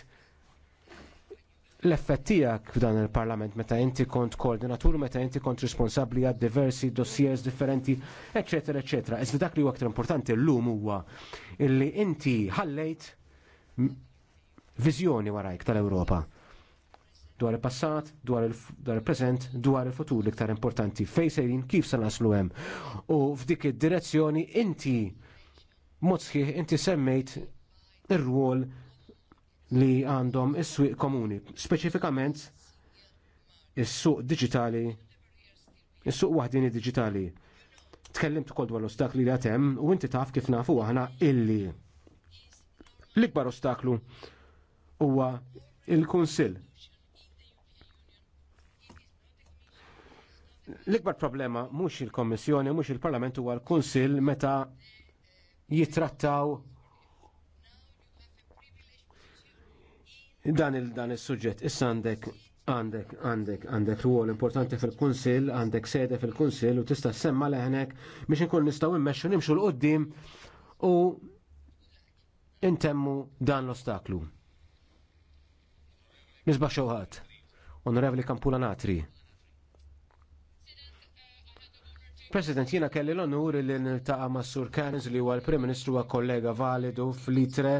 l-effett tiegħek f'dan il-Parlament meta inti kont koordinatur, meta inti kont responsabbli għad diversi dossiers differenti, eċetera, eċetera. Iżda dak li huwa aktar importanti llum huwa illi inti ħallejt viżjoni warajk tal-Ewropa dwar il-passat, dwar il-present, dwar il-futur li ktar importanti. fejsejrin sejrin kif se naslu hemm. U f'dik id-direzzjoni inti mod sħiħ inti semmejt ir-rwol li għandhom is-swieq komuni, speċifikament is-suq digitali, is-suq waħdini digitali. Tkellimt ukoll dwar l-ostakli li għatem u inti taf kif nafu aħna illi. L-ikbar ostaklu huwa il-Kunsill. L-ikbar problema mhux il-Kommissjoni, mhux il-Parlament huwa l-Kunsill meta jitrattaw dan il-dan il-sujġet. Issa għandek għandek għandek għandek ruol importanti fil-kunsil, għandek sede fil-kunsil u tista' semma leħnek biex nkun nistgħu immexxu nimxu l-qoddim u intemmu dan l-ostaklu. Nisbaħ xewħat. Onorevli Kampula Natri. President, jina kelli l-onur li niltaqa ma' Sur Kerns li huwa l-Prim Ministru huwa kollega validu fl Jiena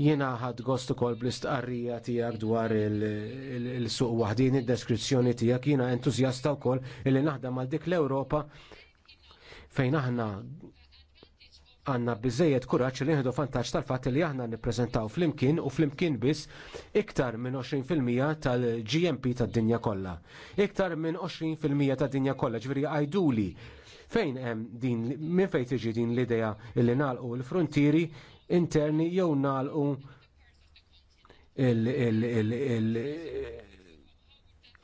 Jina ħad gost ukoll bl-istqarrija tiegħek dwar il-suq waħdin, id-deskrizzjoni tiegħek, jina entużjasta wkoll li naħdem għal dik l-Ewropa fejn aħna għanna biżżejjed kuraġġ li nieħdu vantaġġ tal-fatt li aħna nippreżentaw flimkien u flimkien biss iktar minn 20% tal-GMP tad-dinja kollha. Iktar minn 20% tad-dinja kollha, ġifieri għajduli fejn hemm din minn fejn tiġi din l-idea li nagħlqu l-frontieri interni jew nagħlqu il-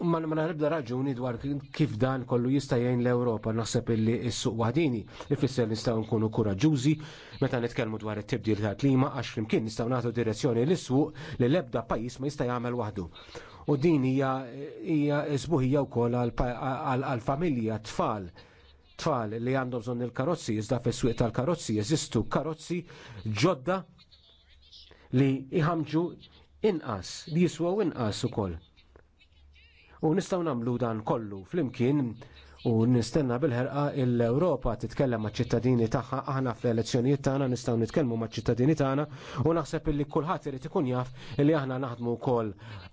Ma nibda raġuni dwar kif dan kollu jista' jgħin l-Ewropa naħseb illi s-suq waħdini ifisser nistgħu nkunu kuraġużi meta nitkellmu dwar it-tibdil tal-klima għax flimkien nistgħu nagħtu direzzjoni l suq li l-ebda pajjiż ma jista' jagħmel waħdu. U din hija hija sbuħija wkoll għall-familja tfal tfal li għandhom bżonn il-karozzi iżda fis-swieq tal-karozzi jeżistu karozzi ġodda li jħamġu inqas, li jiswaw inqas ukoll U nistgħu nagħmlu dan kollu flimkien u nistenna bil-ħerqa l-Ewropa titkellem maċ ċittadini tagħha aħna fl-elezzjonijiet tagħna nistgħu nitkellmu maċ ċittadini tagħna u naħseb illi kulħadd irid ikun jaf li aħna naħdmu wkoll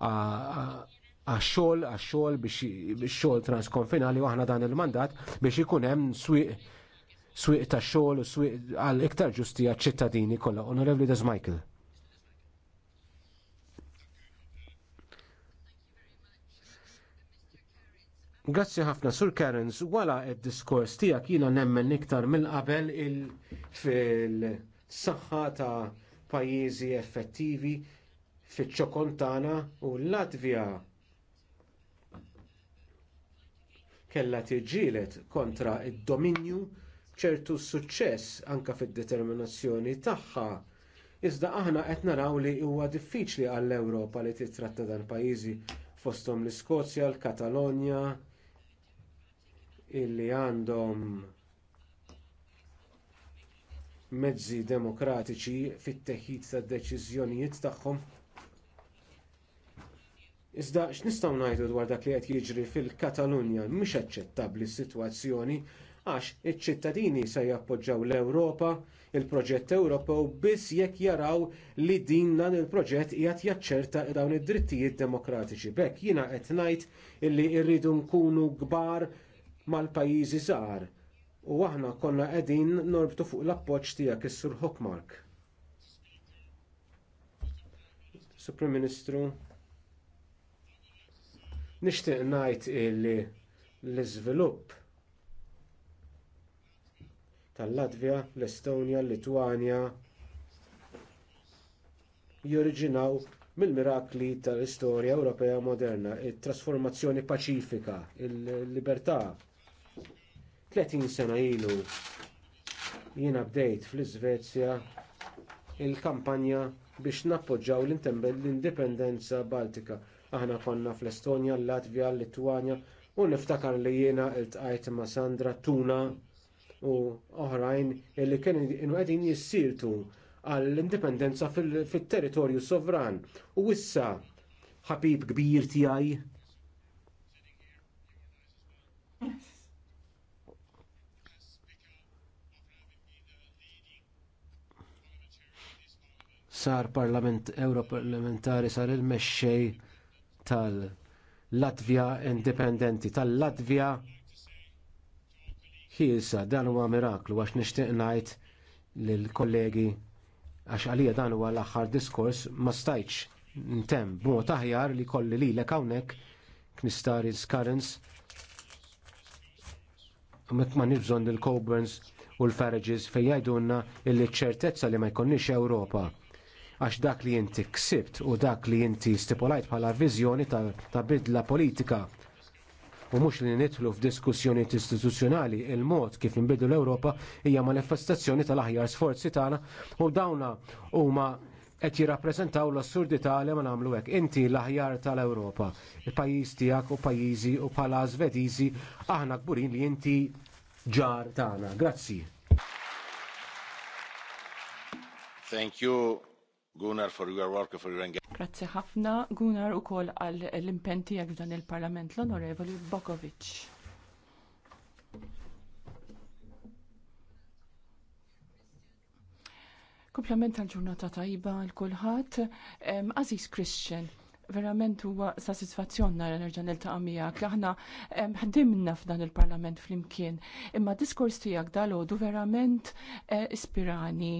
għax-xogħol għax-xogħol biex xogħol transkonfinali u aħna dan il-mandat biex ikun hemm swieq swieq tax-xogħol u swieq għal iktar ġusti għaċ-ċittadini kollha. Onorevli Des Michael. Grazzi ħafna Sur Karens, wala id-diskors tiegħek jiena nemmen iktar mill qabel fil-saħħa ta' pajjiżi effettivi fi ċokontana u l-Latvija kellha tiġilet kontra d dominju ċertu suċċess anke fid-determinazzjoni tagħha. Iżda aħna qed naraw li huwa diffiċli għall-Ewropa li titratta dan pajjiżi fosthom l-Iskozja, l-Katalonja, illi għandhom mezzi demokratiċi fit-teħid tad deċiżjonijiet tagħhom. Iżda x'nistgħu ngħidu dwar dak li qed jiġri fil-Katalunja mhix aċċettabbli s-sitwazzjoni għax iċ-ċittadini se jappoġġjaw l-Ewropa, il-proġett Ewropew biss jekk jaraw li din dan il-proġett qiegħed jaċċerta dawn id-drittijiet demokratiċi. B'hekk jiena qed ngħid illi rridu nkunu kbar mal-pajjiżi żgħar u aħna konna qegħdin norbtu fuq l-appoġġ tiegħek is-Sur Hockmark. Supreme Ministru, nixtieq ngħid illi l-iżvilupp tal-Latvja, l-Estonja, l-Litwanja joriġinaw mill-mirakli tal-istorja Ewropea moderna, it-trasformazzjoni paċifika, il-libertà, 30 sena ilu jiena bdejt fl-Iżvezja il-kampanja biex nappoġġaw l-indipendenza Baltika. Aħna konna fl-Estonja, l-Latvja, l-Litwanja u niftakar li jiena l-tqajt ma' Sandra Tuna u oħrajn illi kienu qegħdin jissirtu għall-indipendenza fit territorju sovran. U issa ħabib kbir tiegħi sar parlament Europarlamentari sar il-mexxej tal-Latvja Indipendenti tal-Latvja ħilsa dan huwa miraklu għax nixtieq ngħid lill-kollegi għax għalija dan huwa l-aħħar diskors ma stajtx ntemm b'mod aħjar li kolli lilek hawnhekk knistari Skarens mek ma nibżon il-Coburns u l-Farages fejn jgħidulna li ċertezza li ma jkollniex Ewropa għax dak li inti ksibt u dak li inti stipulajt bħala viżjoni ta' bidla politika u mhux li nidħlu f'diskussjoni istituzzjonali il-mod kif nbidlu l-Ewropa hija manifestazzjoni tal-aħjar sforzi tagħna u dawna huma qed jirrappreżentaw l-assurdità li ma nagħmlu hekk. Inti l-aħjar tal-Ewropa, il-pajjiż tiegħek u pajjiżi u bħala Svediżi aħna kburin li inti ġar tagħna. Grazzi. Thank you. Gunnar, for your work, for your engagement. Grazie ħafna, Gunnar, ukoll għal l-impenti jak dan il-parlament l-onorevoli Bokovic. Komplement tal ġurnata tajba l-kulħat, Aziz Christian, verament huwa satisfazzjon nara nerġa' niltaqa' miegħek li aħna ħdimna f'dan il-Parlament flimkien. Imma diskors tiegħek dalodu verament eh, ispirani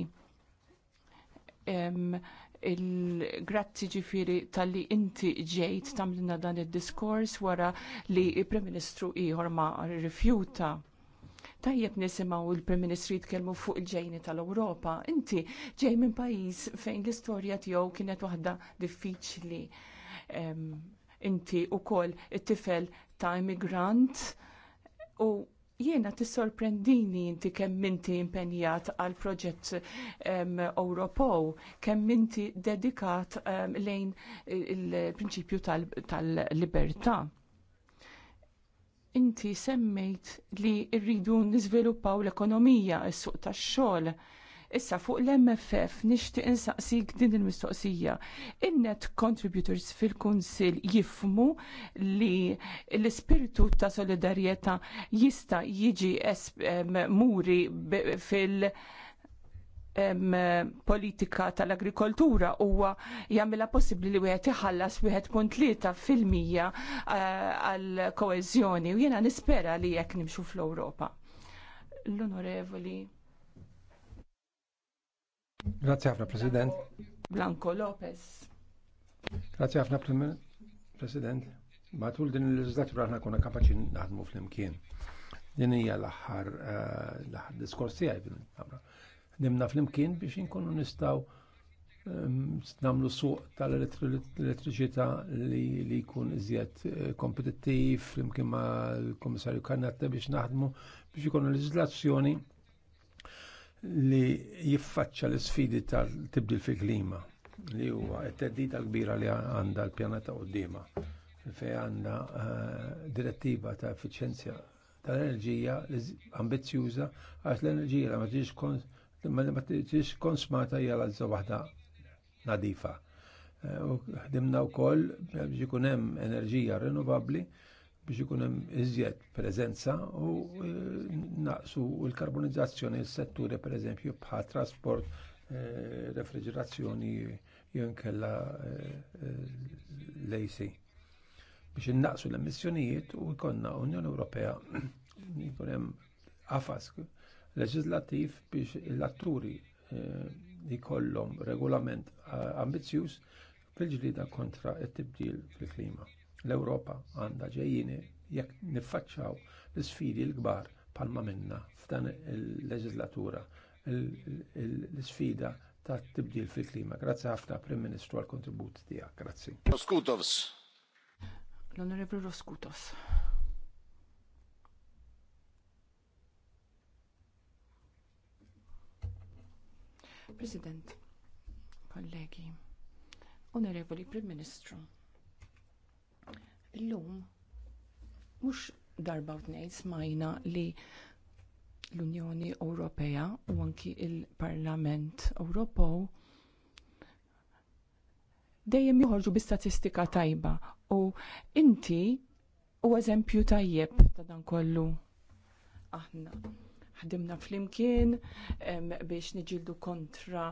il-grazzi ġifiri tal-li inti ġejt tamlina dan il-diskors wara li il-Prim Ministru iħor ma rifjuta. Tajjeb nisimaw il-Prim Ministru jitkellmu fuq il-ġejni tal-Ewropa. Inti ġej minn pajjiż fejn l-istorja tiegħu kienet waħda diffiċli. Inti u koll it-tifel ta' immigrant u Jiena tissorprendini inti kemm inti impenjat għal proġett Ewropew, kemm inti dedikat um, lejn il-prinċipju tal-libertà. Tal inti semmejt li rridu niżviluppaw l-ekonomija, is-suq tax-xogħol, Issa fuq l-MFF nixtieq insaqsik din il-mistoqsija. In-net contributors fil-Kunsill jifmu li l-ispirtu ta' solidarjetà jista' jiġi muri fil- politika tal-agrikoltura huwa jagħmilha possibbli li wieħed iħallas wieħed punt tlieta fil-mija eh, għal koeżjoni u jiena nispera li jekk nimxu fl-Ewropa. L-Onorevoli Grazie ħafna, President. Blanco Lopez. Grazie ħafna, President. Matul din l-leġislatura ħna kuna kapaċi naħdmu fl-imkien. Din hija l-aħħar eh, diskors tiegħi Nimna fl-imkien biex inkunu nistgħu ehm, namlu suq tal-elettriċità li jkun iżjed eh, kompetittiv flimkien ma' l-Komissarju Kannatta biex naħdmu biex ikunu leġislazzjoni li jiffaċċa l-sfidi tal-tibdil fil-klima li huwa t-teddida kbira li għandha l-pjaneta qoddima fej għandha eh, direttiva ta' effiċenzja tal-enerġija ambizzjuża għax l-enerġija ma tiġix konsmata hija l waħda nadifa. Eh, u ħdimna wkoll biex ikun hemm enerġija rinnovabbli biex ikun hemm iżjed preżenza u eh, naqsu l-karbonizzazzjoni s-setturi pereżempju bħal trasport, eh, refrigerazzjoni jew inkella eh, l-AC. Biex innaqsu l-emissjonijiet u jkollna Unjoni Ewropea jkun hemm afask leġislattiv biex l-atturi jkollhom regolament ambizzjuż fil-ġlida kontra t tibdil fil-klima. L-Ewropa għandha ġejjini jekk niffaċċaw l-sfidi l-kbar palma minna f'dan il-leġislatura l-sfida ta' tibdil fil-klima. Grazzi ħafna Prim Ministru għal kontribut tiegħek. Grazzi. Roskutovs. L-Onorevoli Roskutovs. President, kollegi, Onorevoli Prim Ministru, Illum mhux darba u smajna li l-Unjoni Ewropea u anki l parlament Ewropew dejjem joħorġu bi statistika tajba u inti u eżempju tajjeb ta' dan kollu. Aħna ħdimna flimkien biex niġildu kontra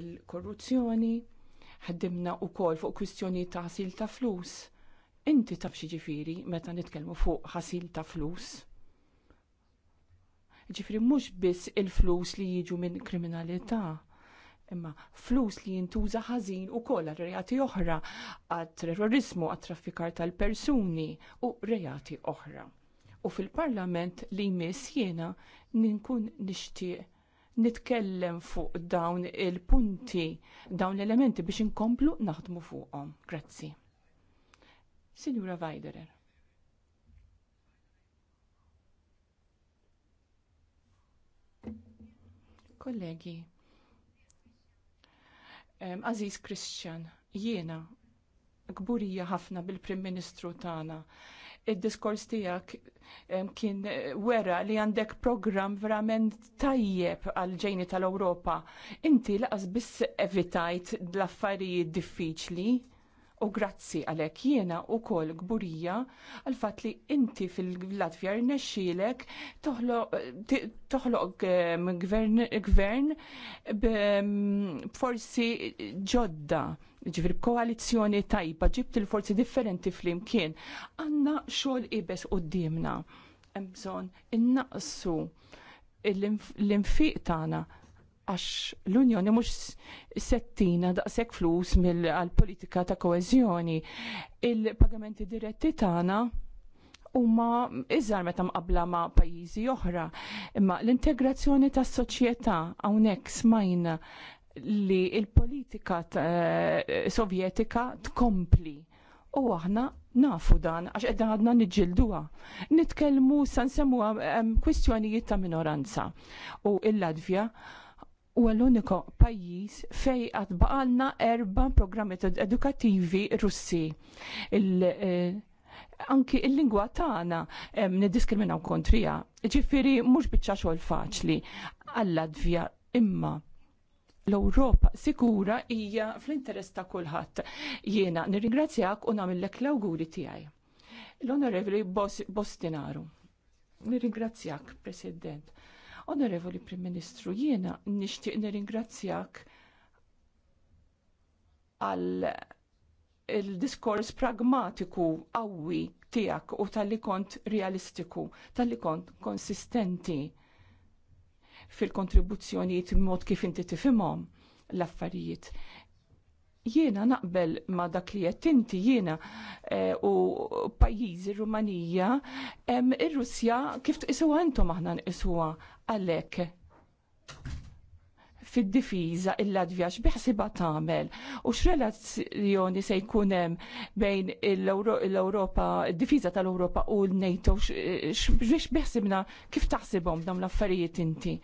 il-korruzzjoni, ħdimna u kol fuq kwistjoni ta' sil ta' flus Inti taf ġifiri meta nitkellmu fuq ħasil ta' flus. Ġifiri mhux biss il-flus li jiġu minn kriminalità, imma flus li jintuża ħażin u koll reati oħra għal terrorismu għat traffikar tal-persuni u reati oħra. U fil-parlament li jmiss jiena ninkun nixtieq nitkellem fuq dawn il-punti, dawn l-elementi biex inkomplu naħdmu fuqhom. Grazzi. Signora Weiderer. Kollegi, um, Aziz Christian, jiena kburija ħafna bil-Prim Ministru tagħna. Id-diskors tiegħek kien eh, wera li għandek programm verament tajjeb għal ġejni tal-Ewropa. Inti laqas biss evitajt l-affarijiet diffiċli U grazzi għalek jiena u kol gburija għal fat li inti fil-Latvja rnexxilek toħloq ehm, gvern ehm, forsi ġodda ġifir koalizjoni tajba ġibt il-forzi differenti fl-imkien. Għanna xol ibes u d-dimna. Mbżon, innaqsu l-infiq tana għax l-Unjoni mhux settina daqshekk flus mill-politika ta' koeżjoni. Il-pagamenti diretti tagħna huma iżgħar meta mqabbla ma' pajjiżi oħra. Imma l-integrazzjoni tas-soċjetà hawnhekk smajna li l politika eh, sovjetika tkompli. U aħna nafu dan, għax edda għadna nġilduwa. Nitkelmu san semmu kwistjonijiet ta' minoranza. U il-Latvja u l-uniku pajjiż fej baqalna erba programmi edukattivi russi. Il, eh, anki il-lingwa tagħna eh, niddiskriminaw kontrija. Ġifieri mhux biċċa xogħol faċli għall-Latvja imma l-Ewropa sikura hija fl-interess ta' kulħadd. Jiena nirringrazzjak u nagħmellek l-awguri tiegħi. L-Onorevoli Bostinaru. Nirringrazzjak, President. Onorevoli Prim Ministru, jiena nixtieq nirringrazzjak għal il-diskors pragmatiku qawwi tiegħek u tal-li kont realistiku, tal-li kont konsistenti fil-kontribuzzjonijiet mod kif inti tifhimhom l-affarijiet jiena naqbel ma dak li qed inti jiena e, u pajjiżi Rumanija, ir-Russja kif tqisuha intom aħna nqisuha għalhekk fid-difiża il-Latvja x'biħsiba tagħmel u x'relazzjoni se jkun hemm bejn l-Ewropa, id-difiża tal-Ewropa u l-NATO x'biex kif taħsibhom dawn l-affarijiet inti.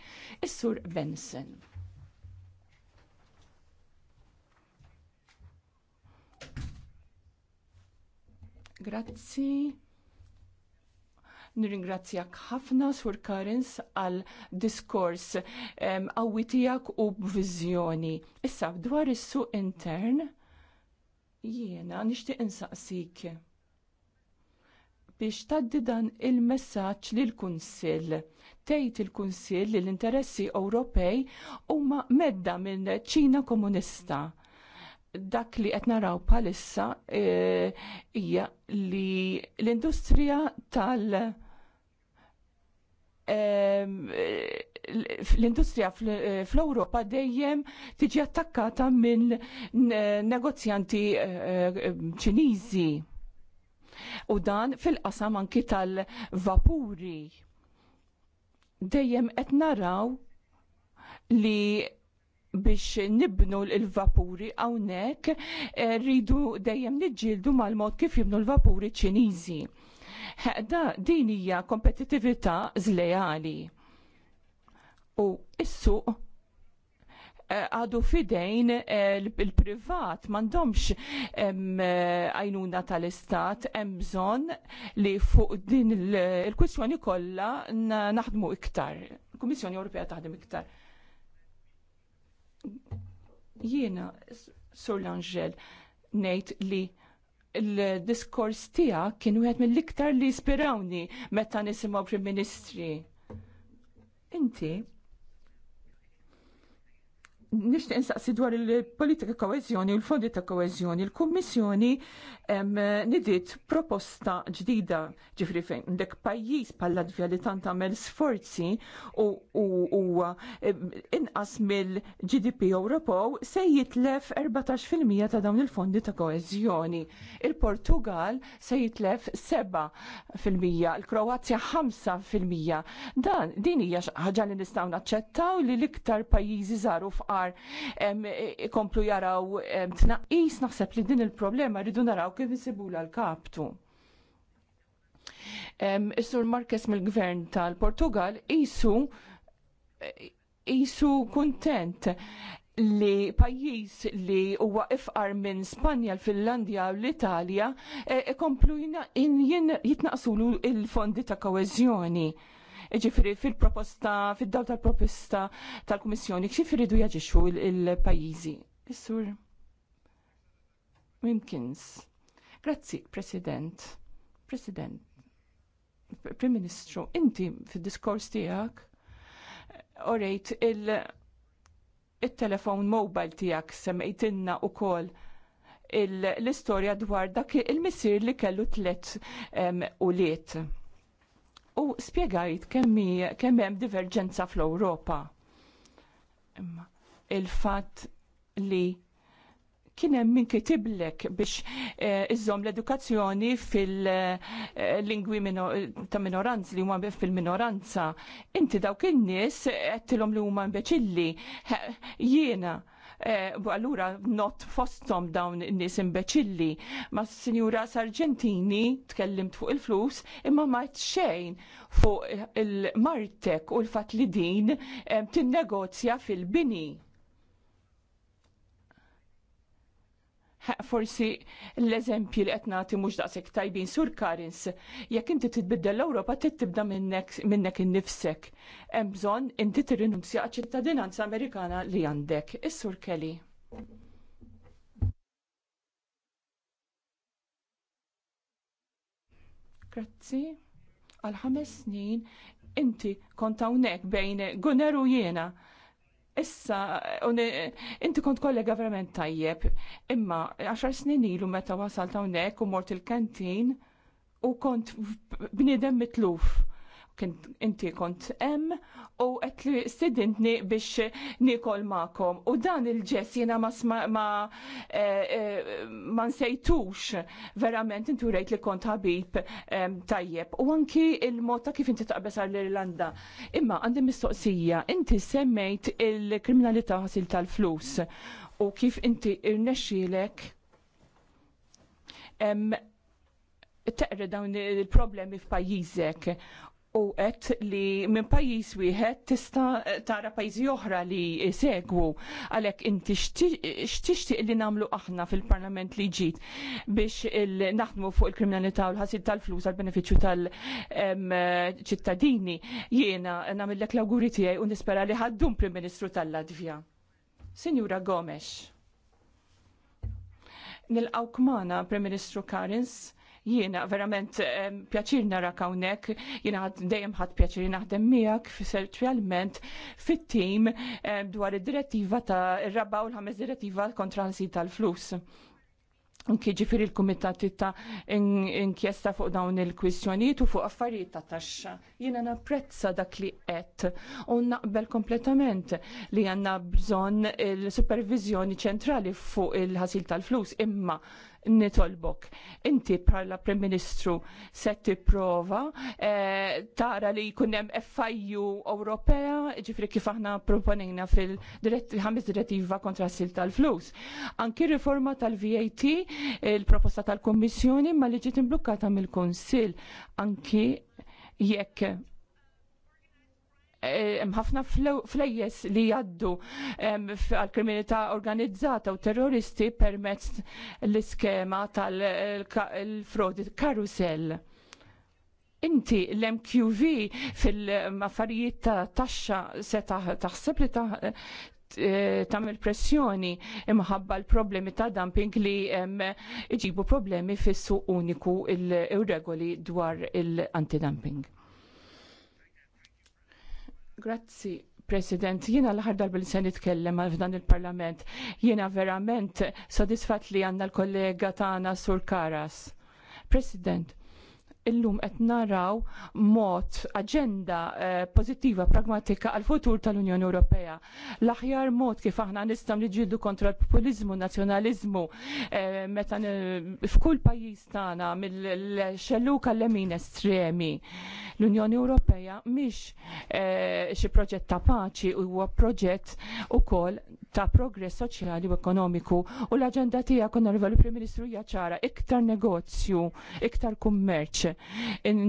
Is-Sur Benson. Grazzi. Nirringrazzjak ħafna sur Karens għal diskors qawwi tiegħek u b'viżjoni. Issa dwar is-suq intern jiena nixtieq insaqsik biex taddi dan il-messaġġ l kunsill tgħid il-kunsill li l-interessi Ewropej huma medda minn Ċina Komunista dak li qed naraw bħalissa eh, hija e, li l-industrija tal e, l-industrija eh, fl-Ewropa dejjem tiġi attakkata minn negozjanti ċiniżi. U dan fil-qasam anki tal-vapuri. Dejjem qed naraw li biex nibnu l-vapuri hawnhekk eh, rridu dejjem niġġieldu mal-mod kif jibnu l-vapuri ċiniżi. Da din hija kompetittività żlejali. U is-suq eh, għadu fidejn il-privat eh, mandomx għajnuna tal-istat emżon li fuq din il-kwistjoni kollha naħdmu iktar. Il-Kummissjoni Ewropea taħdem iktar. Jiena, Sur l-Angel ngħid li l-diskors tija kien wieħed mill-iktar li jispirawni meta nisimgħu Prim Ministri. Inti nishtiq insaqsi dwar il-politika koezjoni u l-fondi ta' koezjoni. Il-Kummissjoni nidiet proposta ġdida ġifri fejn dek pajjiż pal latvja li tant għamel sforzi u inqas mill-GDP Ewropew se jitlef 14% ta' dawn il-fondi ta' koezjoni. Il-Portugal se jitlef 7%, il-Kroazja 5%. Dan din hija ħaġa li nistgħu naċċettaw li l-iktar pajjiżi żaru f'qar fl-aħħar ikomplu jaraw tnaqqis naħseb li din il-problema rridu naraw kif isibula l-kaptu. Is-Sur Marques mill-Gvern tal-Portugal isu isu kuntent li pajjiż li huwa ifqar minn Spanja, l-Finlandja u l-Italja e, ikomplu jitnaqsulu l-fondi ta' koeżjoni ġifri fil-proposta, fil-daw tal-proposta tal-Komissjoni, kif iridu jaġixxu il-pajjiżi. Is-sur Mimkins. Grazzi, President. President. Prim Ministru, inti fil-diskors tijak, orejt il-telefon mobile tijak semmejtinna u kol l-istoria dwar dak il-missir li kellu tlet u liet u spiegajt kemm kemm hemm diverġenza fl-Ewropa. il-fatt li kien hemm min kitiblek biex eh, iżżomm l-edukazzjoni fil-lingwi eh, ta' minoranz li huma fil-minoranza. Inti dawk in-nies tilhom li huma imbeċilli. Jiena Eh, allura not fostom dawn in-nies imbeċilli. Ma s-Sinjura Sargentini tkellimt fuq il-flus imma ma xejn fuq il-martek u l-fat li din eh, tinnegozja fil-bini forsi l-eżempji li qed nagħti mhux daqshekk tajbin sur Karins, jekk inti titbiddel l-Ewropa trid tibda minnek innifsek. Hemm bżonn inti tirrinunzja ċittadinanza Amerikana li għandek. Is-Sur Kelly. Grazzi. Għal ħames snin inti kont hawnhekk bejn Gunner u jiena Issa, inti kont kollega verament tajjeb, imma għaxar snin ilu meta wasalt hawnhekk u mort il-kantin u kont bniedem mitluf inti kont hemm u qed li sidintni biex nikol ma'kom. U dan il-ġess jiena ma ma eh, eh, ma nsejtux verament intu rejt li kont ħabib tajjeb. U anki il-mod ta' kif inti taqbes għall-Irlanda. Imma għandi mistoqsija, inti semmejt il-kriminalità ħasil tal-flus u kif inti irnexxielek teqra dawn il-problemi f'pajjiżek u qed li minn pajjiż wieħed tista' tara pajjiżi oħra li segwu għalhekk inti x'tixtieq li nagħmlu aħna fil-Parlament li ġid biex naħdmu fuq il-kriminalità u l-ħasil tal-flus għal benefiċċju tal-ċittadini jiena nagħmellek l-awguri tiegħi u nispera li ħaddum Prim Ministru tal latvija Sinjura Gomes. Nilqawk magħna Prim Ministru Karins Jiena verament pjaċir nara kawnek, jiena dejjem ħadd pjaċir naħdem miegħek realment fit-tim dwar id-direttiva ta' ir-raba u l-ħames direttiva kontra l tal-flus. Anki ġifieri l-komitati ta' inkjesta fuq dawn il-kwistjonijiet u fuq affarijiet ta' taxxa. Jiena napprezza dak li qed u naqbel kompletament li għandna bżonn il-supervizjoni ċentrali fuq il-ħasil tal-flus imma nitolbok. Inti parla Prim Ministru se tipprova eh, tara li jkun hemm Ewropea, ġifri kif aħna proponina fil-ħames direttiva kontra s-sil tal-flus. Anki riforma tal-VAT, il-proposta tal-Kommissjoni ma li ġiet imblukkata mill-Kunsill. Anki jekk hemm ħafna flejjes li jaddu għal kriminalità organizzata u terroristi permezz l-iskema tal-frodi karusell. Inti l-MQV fil maffarijiet ta' taxxa se taħseb li tagħmel pressjoni imħabba l-problemi ta' dumping li iġibu problemi fis-suq uniku il-regoli dwar il-antidumping. Grazzi. President, jiena l-ħar darba li se nitkellem f'dan il-Parlament, jiena verament sodisfat li għandna l-kollega tagħna Sur Karas. President, illum qed naraw mod aġenda eh, pożittiva pragmatika għal futur tal-Unjoni Ewropea. L-aħjar mod kif aħna nistgħu niġġieldu kontra l populiżmu nazzjonaliżmu eh, meta f'kull pajjiż tagħna mill-xelluka l emin estremi. L-Unjoni Ewropea mhix eh, xi proġett ta' paċi huwa proġett ukoll ta' progress soċjali u ekonomiku u l-aġenda tija konna rivalu Prim Ministru ċara iktar negozju, iktar kummerċ,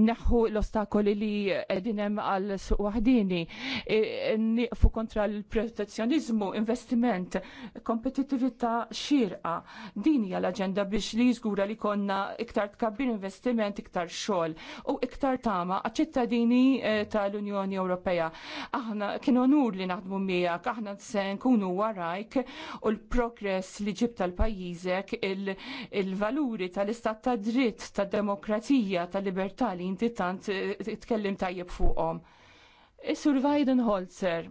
neħu l-ostakoli li edinem għal suq wahdini, e, niqfu kontra l-protezzjonizmu, investiment, kompetitivita xirqa. Din hija l-aġenda biex li jżgura li konna iktar tkabbir investiment, iktar xogħol u iktar tama għaċ-ċittadini e, tal-Unjoni Ewropea. Aħna kien onur li naħdmu miegħek, aħna se nkunu wara warajk u l-progress li ġib tal-pajjiżek, il-valuri tal-istat ta' dritt, ta' demokrazija, ta' libertà li inti tant eh, tkellim tajjeb fuqhom. Is-Sur eh, Weidenholzer,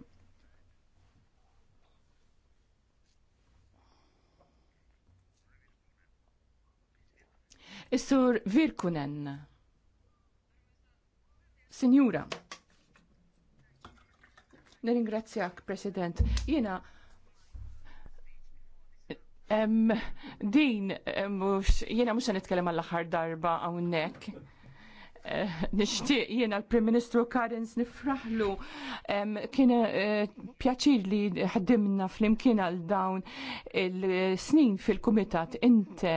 Is-sur eh, Virkunen. Sinjura. Neringrazzjak, President. Jiena din mux, jena mux nitkellem għall-axar darba għawnek. Eh, nishtiq jiena l-Prim Ministru Karens nifraħlu kien eh, pjaċir li ħdimna fl-imkien għal dawn il-snin fil-Kumitat inte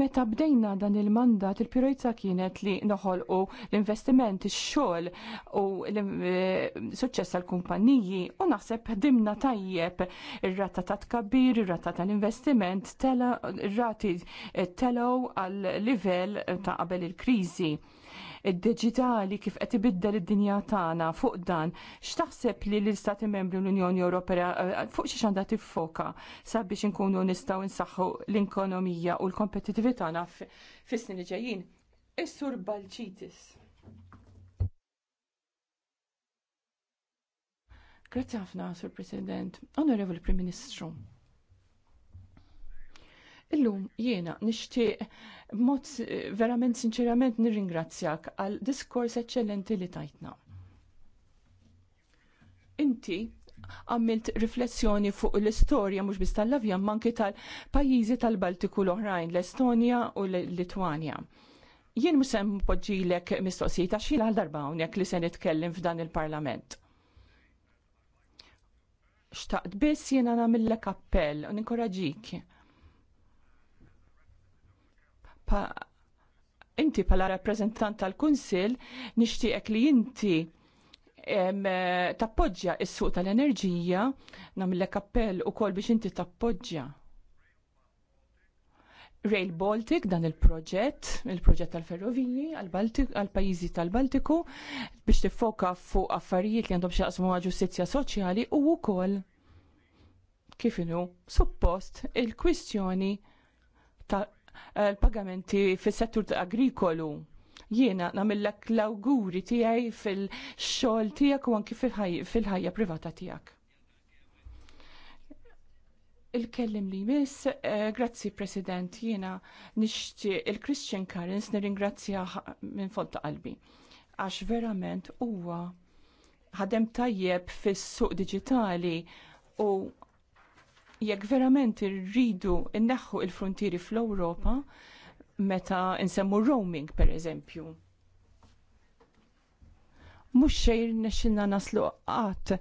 meta bdejna dan il-mandat il-pirojza kienet li noħolqu l-investiment, il xogħol u l eh, suċċess għal-kumpaniji u naħseb ħdimna tajjeb ir-rata ta' tkabbir, ir-rata tal-investiment, tela rati telew għal livell ta' qabel il-kriżi id-digitali kif qed ibiddel id-dinja tagħna fuq dan, x'taħseb li l-Istati Membri l-Unjoni Ewropea eh, fuq xi għandha tiffoka sabiex inkunu nistgħu nsaħħu l-ekonomija u l-kompetittività tagħna fis-snin li ġejjin. Is-Sur Balċitis. Grazie ħafna, Sur President. Onorevoli Prim Ministru. Illum jiena nixtieq mod eh, verament sinċerament nirringrazzjak għal diskors eċċellenti li tajtna. Inti għamilt riflessjoni fuq l-istorja mhux biss tal-Lavjan manki tal-pajjiżi tal-Baltiku l-oħrajn, l-Estonja u l-Litwanja. Jien mhux sem poġġilek mistoqsijiet għax għal darba hawnhekk li se nitkellem f'dan il-Parlament. Xtaqt biss jiena nagħmillek appell u ninkoraġik pa, inti pala rappresentant tal-Kunsil nixtieqek li inti tappoġġja is-suq tal-enerġija nagħmlek appell ukoll biex inti tappoġġja Rail Baltic, dan il-proġett, il-proġett tal-ferroviji, għal-pajizi tal-Baltiku, biex tiffoka fuq affarijiet li għandhom xaqsmu ġustizzja soċjali u wkoll kif inhu suppost il-kwistjoni ta' Eh, l-pagamenti fis-settur agrikolu jiena namillak l-auguri tijaj fil-xol tijak u anki fil-ħajja privata tijak. Il-kellim li miss, eh, grazzi President, jiena nishti il-Christian Karens nir-ingrazzja minn fond qalbi. Għax verament huwa ħadem tajjeb fis-suq digitali u jekk verament irridu inneħħu il-frontieri fl-Ewropa, meta nsemmu roaming per eżempju. Mux xejr nexxinna naslu qatt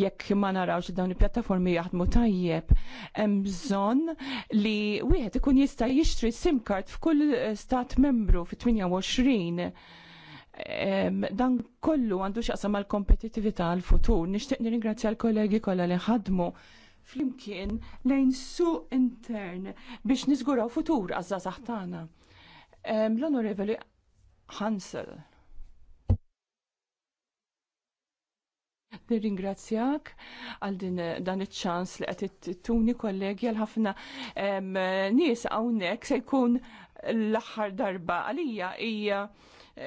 jekk ma narawx dawn il-pjattaformi jaħdmu tajjeb. Hemm bżonn li wieħed ikun jista' jixtri sim card f'kull eh, stat membru fit-28 dan kollu għandu xaqsam għal kompetitività għal futur. Nishtiq nirringrazzja l-kollegi kollha li ħadmu flimkien lejn suq intern biex niżguraw futur għazza tagħna. L-Onorevoli Hansel. Nirringrazzjak għal din dan iċ-ċans li qed tuni kollegi għal ħafna nies hawnhekk se jkun l-aħħar darba għalija hija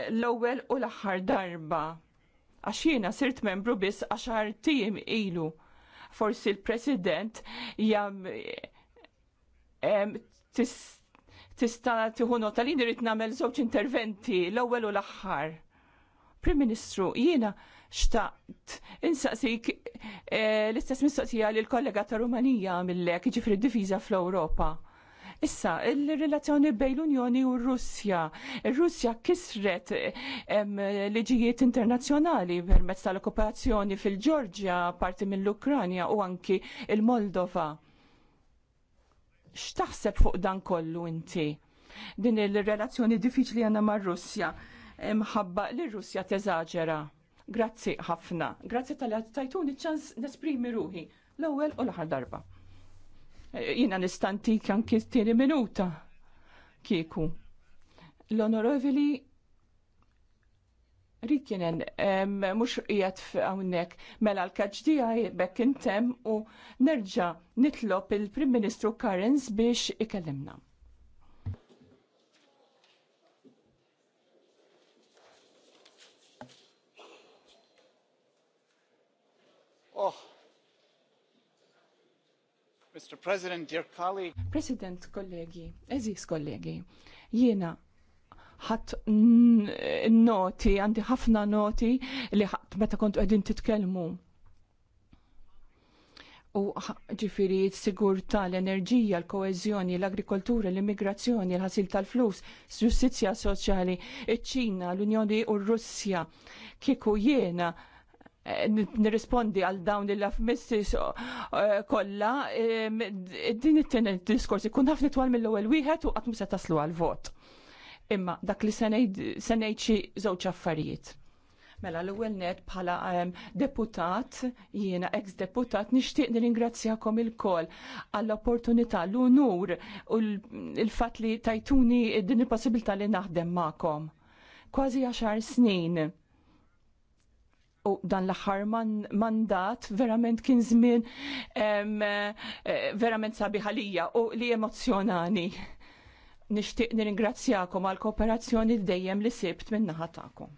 l-ewwel u l-aħħar darba. Għax jiena sirt membru biss għaxar tim ilu forsi l-President jam tista tiħu nota li nirrit nagħmel żewġ interventi l-ewwel u l-aħħar. Prim Ministru, jiena xtaqt insaqsik eh, l-istess mistoqsija li l-kollega ta' Rumanija għamillek ġifri d difiża fl-Ewropa Issa, il-relazzjoni bejn l-Unjoni u Russja. Russja kisret liġijiet internazzjonali permezz tal-okkupazzjoni fil-Ġorġja, parti mill-Ukranja u anki il-Moldova. X'taħseb fuq dan kollu inti? Din il-relazzjoni diffiċli għandna mar-Russja. Mħabba li Russja teżaġera. Grazzi ħafna. Grazzi tal-għattajtuni ċans nesprimi ruħi l-ewwel u l-aħħar darba jina nistantik anki tieni minuta kieku. l onorovili Rikjenen, mux jgħat f'għawnek, mela l-kaġdijaj bekk intem u nerġa nitlob il-Prim Ministru Karens biex ikellimna. Oh. Mr. President, dear colleague. President, kollegi, eżis kollegi, jiena ħat noti, għandi ħafna noti li ħat meta kont għedin titkelmu. U ġifiri sigurta l-enerġija, l-koezjoni, l-agrikoltura, l-immigrazzjoni, l-ħasil tal-flus, ġustizja soċjali, iċ-Ċina, l-Unjoni u r-Russja. Kiku jiena Eh, nirrispondi għal dawn il missis eh, kolla, eh, din it-tini diskors ikun ħafna twal mill-ewwel wieħed u qatt se taslu għal vot. Imma dak li senejt xi żewġ affarijiet. Mela l-ewwel net bħala ehm, deputat, jiena ex-deputat, nixtieq nirringrazzjakom ilkoll għall-opportunità, l-unur u l-fatt li tajtuni din il-possibilità li naħdem magħkom. Kważi għaxar snin u dan l-aħħar mandat verament kien żmien eh, verament sabiħalija u li emozjonani. Nixtieq nirringrazzjakom għal kooperazzjoni dejjem li sibt minn naħa tagħkom.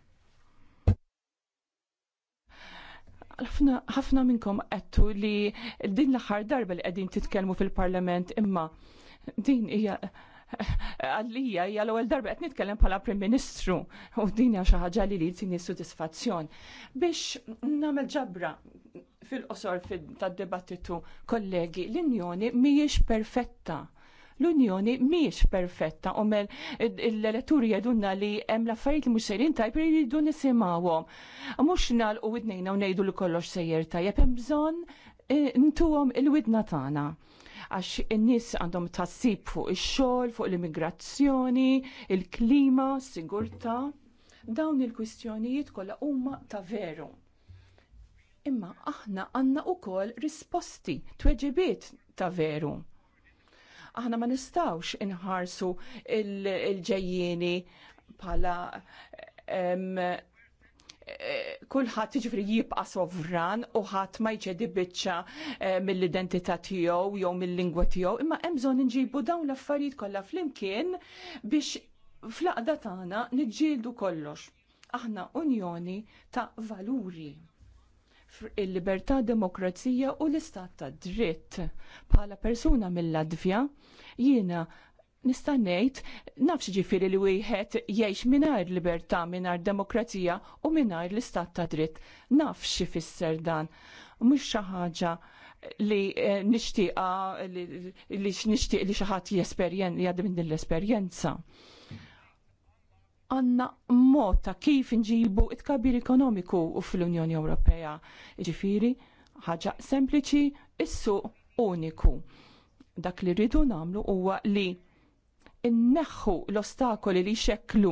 Ħafna minnkom għettu li din l-aħħar darba li qegħdin titkellmu fil-Parlament imma din hija għallija hija l-ewwel darba qed nitkellem bħala Prim Ministru u din hija xi ħaġa li li sodisfazzjon biex nagħmel ġabra fil-qosor tad-dibattitu kollegi l-Unjoni mhijiex perfetta. L-Unjoni mhijiex perfetta u mel l elettur jedunna li hemm l-affarijiet li mhux sejrin tajb jridu nisimgħuhom. Mhux nagħlqu widnejna u ngħidu li kollox sejjer tajjeb hemm bżonn intuhom eh, il-widna tagħna għax in-nies għandhom tassib fuq ix-xogħol, fuq l-immigrazzjoni, il-klima, sigurtà. Dawn il-kwistjonijiet kollha huma ta' veru. Imma aħna għandna wkoll risposti, tweġibiet ta' veru aħna ma nistawx inħarsu il-ġejjieni il pala um, Eh, kulħadd jiġifieri jibqa' sovran u ħadd ma jċedi biċċa eh, mill-identità tiegħu jew mill-lingwa tiegħu, imma hemm bżonn inġibu dawn l-affarijiet kollha flimkien biex fl-aqda tagħna niġġieldu kollox. Aħna unjoni ta' valuri il-libertà, demokrazija u l-istat ta' dritt. Bħala persuna mill-Latvja, jiena nista' ngħid nafx ġifieri li wieħed jgħix mingħajr libertà, mingħajr demokrazija u mingħajr l-istat ta' dritt. nafx xi fisser dan. Mhux xi ħaġa li eh, nixtieqa li nixtieq li xi ħadd jgħaddi minn din l-esperjenza. Għanna mod ta' kif nġibu it-kabir ekonomiku fl-Unjoni Ewropea. Ġifiri, ħaġa sempliċi, is-suq uniku dak li rridu namlu huwa li inneħħu l-ostakoli li xeklu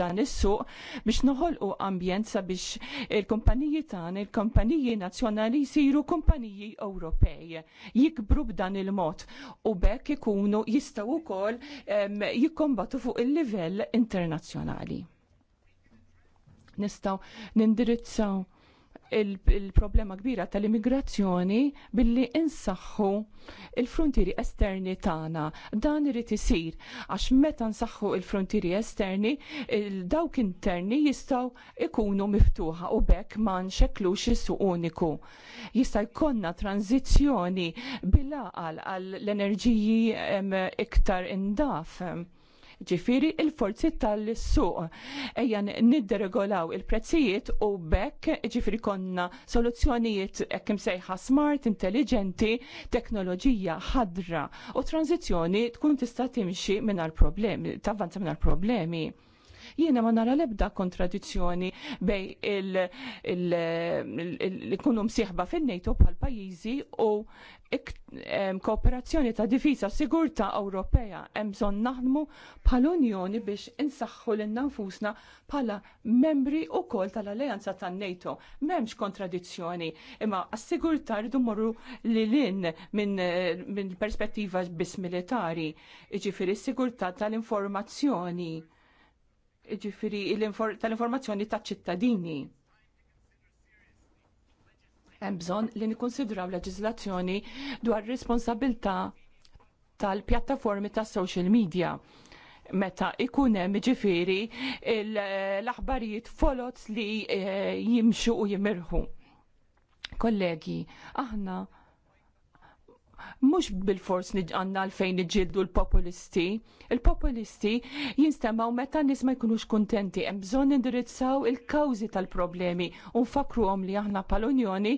dan is-suq biex noħolqu ambjent sabiex il-kumpaniji tagħna, il-kumpaniji nazzjonali jsiru kumpaniji Ewropej jikbru b'dan il-mod u bekk ikunu jistgħu wkoll jikkombatu fuq il-livell internazzjonali. Nistgħu nindirizzaw il-problema kbira tal-immigrazzjoni billi insaħħu il-frontieri esterni tagħna. Dan irid isir għax meta nsaħħu il-frontieri esterni, il dawk interni jistgħu ikunu miftuħa u bekk ma nxekklux is-suq uniku. Jista' jkollna tranzizzjoni bil-aqal għall-enerġiji iktar indaf ġifiri il-forzi tal-suq. Ejjan nidderegolaw il-prezzijiet u bekk ġifiri konna soluzzjonijiet ekkim sejħa smart, intelligenti, teknoloġija ħadra u tranzizjoni tkun tista' timxi minn problemi tavvanza minn problemi Jiena ma nara lebda kontradizzjoni bej il kunum msieħba fin-NATO bħal pajjiżi u kooperazzjoni ta' difiża sigurta Ewropea hemm bżonn naħdmu bħal Unjoni biex insaħħu lil nafusna bħala membri wkoll tal-Alleanza tan-NATO. M'hemmx kontradizzjoni, imma assigurta rridu morru lilin minn min perspettiva biss militari, jiġifieri s-sigurtà tal-informazzjoni ġifiri tal-informazzjoni ta' ċittadini. Hemm bżonn li nikkonsidraw leġiżlazzjoni dwar responsabilità tal-pjattaformi tas social media meta ikun hemm ġifiri l-aħbarijiet folot li eh, jimxu u jimirħu. Kollegi, aħna mux bil-fors għanna għalfejn iġildu l-populisti. Il-populisti jinstemaw meta nis ma jkunux kontenti, hemm bżonn indirizzaw il-kawzi tal-problemi u nfakru għom li aħna pal-Unjoni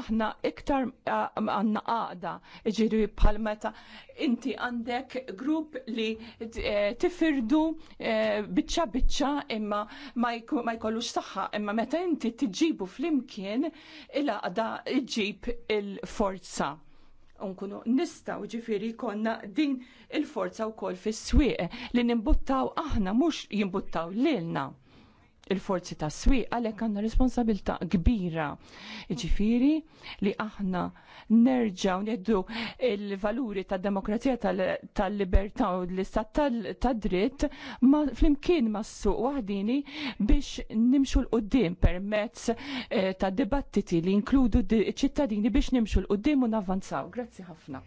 aħna iktar għanna għada iġiri pal meta inti għandek grupp li eh, tifirdu eh, bicċa bicċa imma ma jkollux saħħa imma meta inti tiġibu fl-imkien il-għada iġib il-forza unkunu nistaw ġifiri konna din il-forza u kol fis-swieq li nimbuttaw aħna mux jimbuttaw lilna il-forzi ta' swieq għalhekk għandna responsabilità kbira. Ġifiri li aħna nerġaw neddu il-valuri tad demokrazija tal-libertà u l-istat tad-dritt ma flimkien ma' suq waħdini biex nimxu l-qoddim permezz eh, ta' dibattiti li inkludu ċittadini biex nimxu l-qoddim u navvanzaw. Grazzi ħafna.